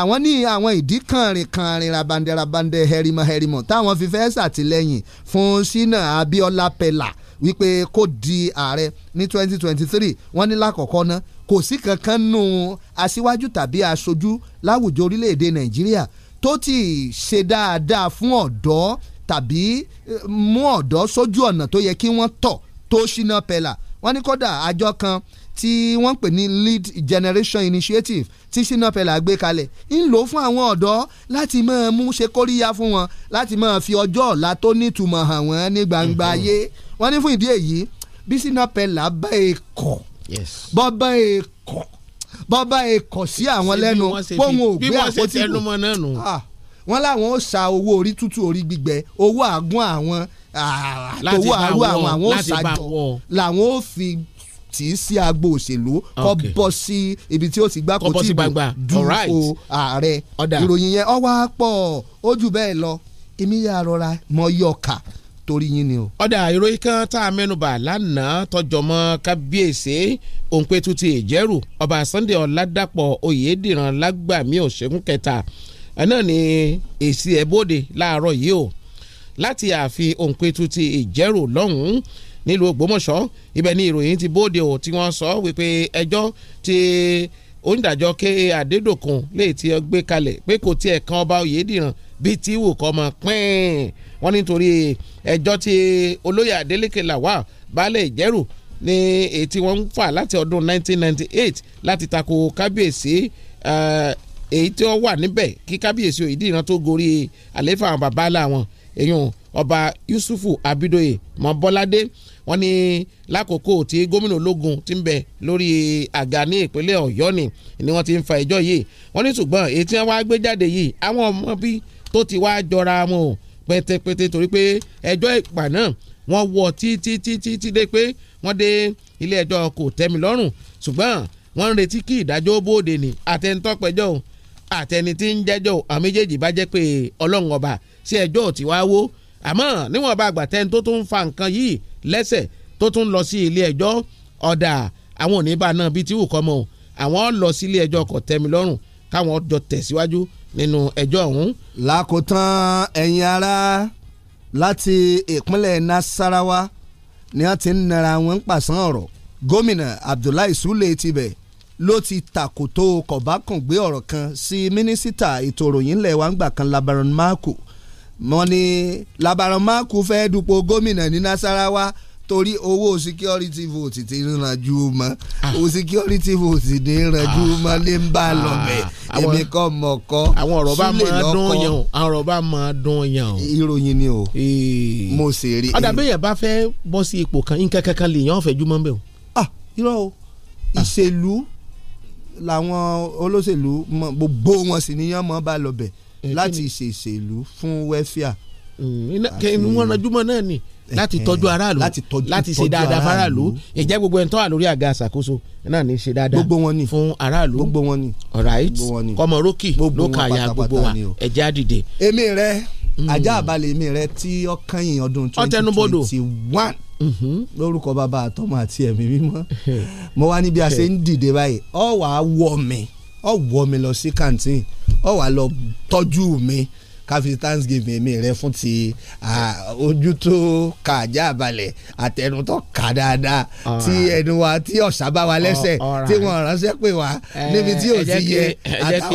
àwọn ní àwọn ìdí kànrin kànrin rabandẹ rabandẹ hẹrimọ hẹrimọ táwọn fi fẹ́ ṣàtìlẹ́yìn fún Ṣínà Abíọ́lá Pẹ̀lá wípé kó di ààrẹ ní 2023 wọ́n ní lákọ̀ọ́kọ́ ná kò sí kankan nù aṣíwájú tàbí aṣojú láwùjọ orílẹ̀-èdè nàìjíríà tó ti ṣe dáadáa fún ọ̀dọ́ tàbí eh, mú ọ̀dọ́ sójú ọ̀nà tó yẹ kí wọ́n tọ̀ tó ṣínà pẹ̀lá wọ́n ní kódà àjọ kan tí wọ́n ń pè ní lead generation initiative tí ṣínà pẹ̀lá gbé kalẹ̀ ń lò fún àwọn ọ̀dọ́ láti máa mú ṣe kóríyá fún wọn láti máa fi ọjọ́ ọ̀la tó nítumọ̀ hàn wọ́n ní gbangba mm-hmm. ayé. Mm -hmm wọ́n ní fún ìdí èyí Bísí Nàpẹ́lá bá èkó e bọ́ bá èkó e bọ́ bá èkó e sí àwọn lẹ́nu póun ò gbé àpótí lù wọ́n láwọn ó sa owó orí tútù orí gbígbẹ owó àgún àwọn àtòwò àrùn àwọn àwọn ó sàjọ làwọn ó fi tí í sí agbo òṣèlú kọ́ bọ́ sí ibi tí ó ti gbá kò tí ì du o ààrẹ ìròyìn yẹn ó wá pọ̀ bẹ́ẹ̀ lọ èmi yà rọra mọ yọ̀ọ̀ka torí yín ni o. ọ̀dà ìròyìn kan tá a mẹ́nubà lánàá tọjọ́ mọ́ kábíyèsí òǹpẹ̀tù ti ìjẹ́rù ọba Sunday Ọ̀làdàpọ̀ Oyèdìran lágbàmí òṣègùn kẹta náà ni èsì ẹ̀bọ́dẹ láàárọ̀ yìí o láti ààfin òǹpẹ̀tù ti ìjẹ́rù lọ́hùn-ún nílùú Ògbómọ̀ṣọ́ ibẹ̀ ni ìròyìn ti bóde o tí wọ́n sọ wípé ẹjọ́ ti onídàájọ́ K.A. Adédòkun lè ti gbé kalẹ̀ pé kò tiẹ̀ kan ọba Oyèdìran bíi ti wù kọ́ mọ̀ pín wọ́n nítorí ẹjọ́ tí olóyè Adeleke Lawal baálé Ìjẹ̀rù ní ètí wọ́n ń fà láti ọdún 1998 láti tako kábíyèsí èyí tí ó wà níbẹ̀ kí kábíyèsí òyìnbí ìran tó gorí àlééfà àwọn bàbá làwọn èèyàn ọba Yusufu Abidoye Mọ́bọ́ládé wọ́n ní lákòókò tí gómìnà ológun ti ń bẹ lórí àga ní ìpínlẹ̀ Ọ̀yọ́ ni ni wọ́n ti ń fa ẹjọ́ yìí wọ́n ní ṣùgbọ́n èyí tí wọ́n wá gbé jáde yìí àwọn ọmọ bíi tó ti wá jọra wọn o pẹ́tẹ́pẹ́tẹ́ torí pé ẹjọ́ ìpà náà wọ́n wọ títí títí tí dé pé wọ́n dé ilé ẹjọ́ kò tẹ́mi lọ́rùn ṣùgbọ́n wọ́n ń retí kí ìdájọ́ bóde ni àtẹnitọ́pẹ́jọ́ o àtẹni tí ń jẹ́jọ́ o àwọn méjèèjì bá jẹ́ pé ọlọ́run ọba sí ẹjọ́ ti wá wó àmọ́ níwọ̀n bá àgbà tẹ́ni tó tún ń fa nǹkan yìí lẹ́sẹ̀ tó tún lọ sí ilé ẹjọ́ ọ̀dà àwọn òní bá náà bíi tí wù kọ́ mọ́ àwọn lọ sí ilé ẹjọ́ kò tẹ́mi lọ́rùn káwọn jọ tẹ̀síwájú nínú ẹjọ́ ọ̀hún. lákòótán ẹ̀yin ará láti ìpínlẹ̀ Nasarawa ni wọ́n ti ń nara wọn pàṣán ọ̀rọ̀ gómìnà Abdullahi Sule tibẹ̀ ló ti tàkòtò kọ̀bákùngbé ọ̀rọ̀ kan sí mínísítà ètò ìròyìn ilẹ̀ wa ń gbà kan Labaran Mako wọ́n ní Labaran Mako fẹ́ẹ́ dupò gómìnà ní Nasarawa torí owó security vote ti rànjú mọ́ o security vote ti rànjú mọ́ lè ń bá lọ bẹ̀ ah, ah. èmi kọ́ mọ̀ kọ́ àwọn ọ̀rọ̀ bá máa dán yàn o àwọn ọ̀rọ̀ bá máa dán yàn o. ìròyìn ni o mo sì rí. ọ̀dà bẹ́ẹ̀ yẹn bá fẹ́ bọ́ sí ipò kan nǹkan kankan lè yàn ọ̀fẹ́ jùmọ̀ bẹ́ẹ̀ o. ah irọ́ o ah. ìṣèlú làwọn olóṣèlú gbogbo wọn sì níyàn mọ́ bá lọ bẹ̀ eh, láti ṣèṣèlú fún wẹ́fíà. Mm, kẹ́hìn wọn rajúmọ̀ náà ni. Ah, Eh, láti eh, tọ́jú aráàlú láti ṣe dáadáa faraàlú ìjẹ́ gbogbo ẹni tó wà lórí àga àṣàkóso náà ní ṣe dáadáa gbogbo wọn ni fún aráàlú gbogbo wọn ni alright kọmọ rókì ló kà ya gbogbo wa ẹ̀jẹ̀ àdìde. èmi rẹ hmm. ajá àbálẹ̀ èmi rẹ tí ọkànyìn ọdún twenty twenty one mm-hmm. lórúkọ bàbá àtọmọ àti ẹ̀mí mímọ́ mo wá níbi àṣẹ ń dìde báyìí ọ wàá wọ mi ọ wọ mi lọ sí kàǹtìn ọ wàá lọ tọ́jú mi káfí thanksgiving mi rẹ fún ti ojú tó kà já balẹ̀ àtẹnutọ́ kà dáadáa tí ẹnu wa tí ọ̀sà bá wa lẹ́sẹ̀ tí wọ́n ránṣẹ́ pè wá eh, níbi tí ò ti yẹ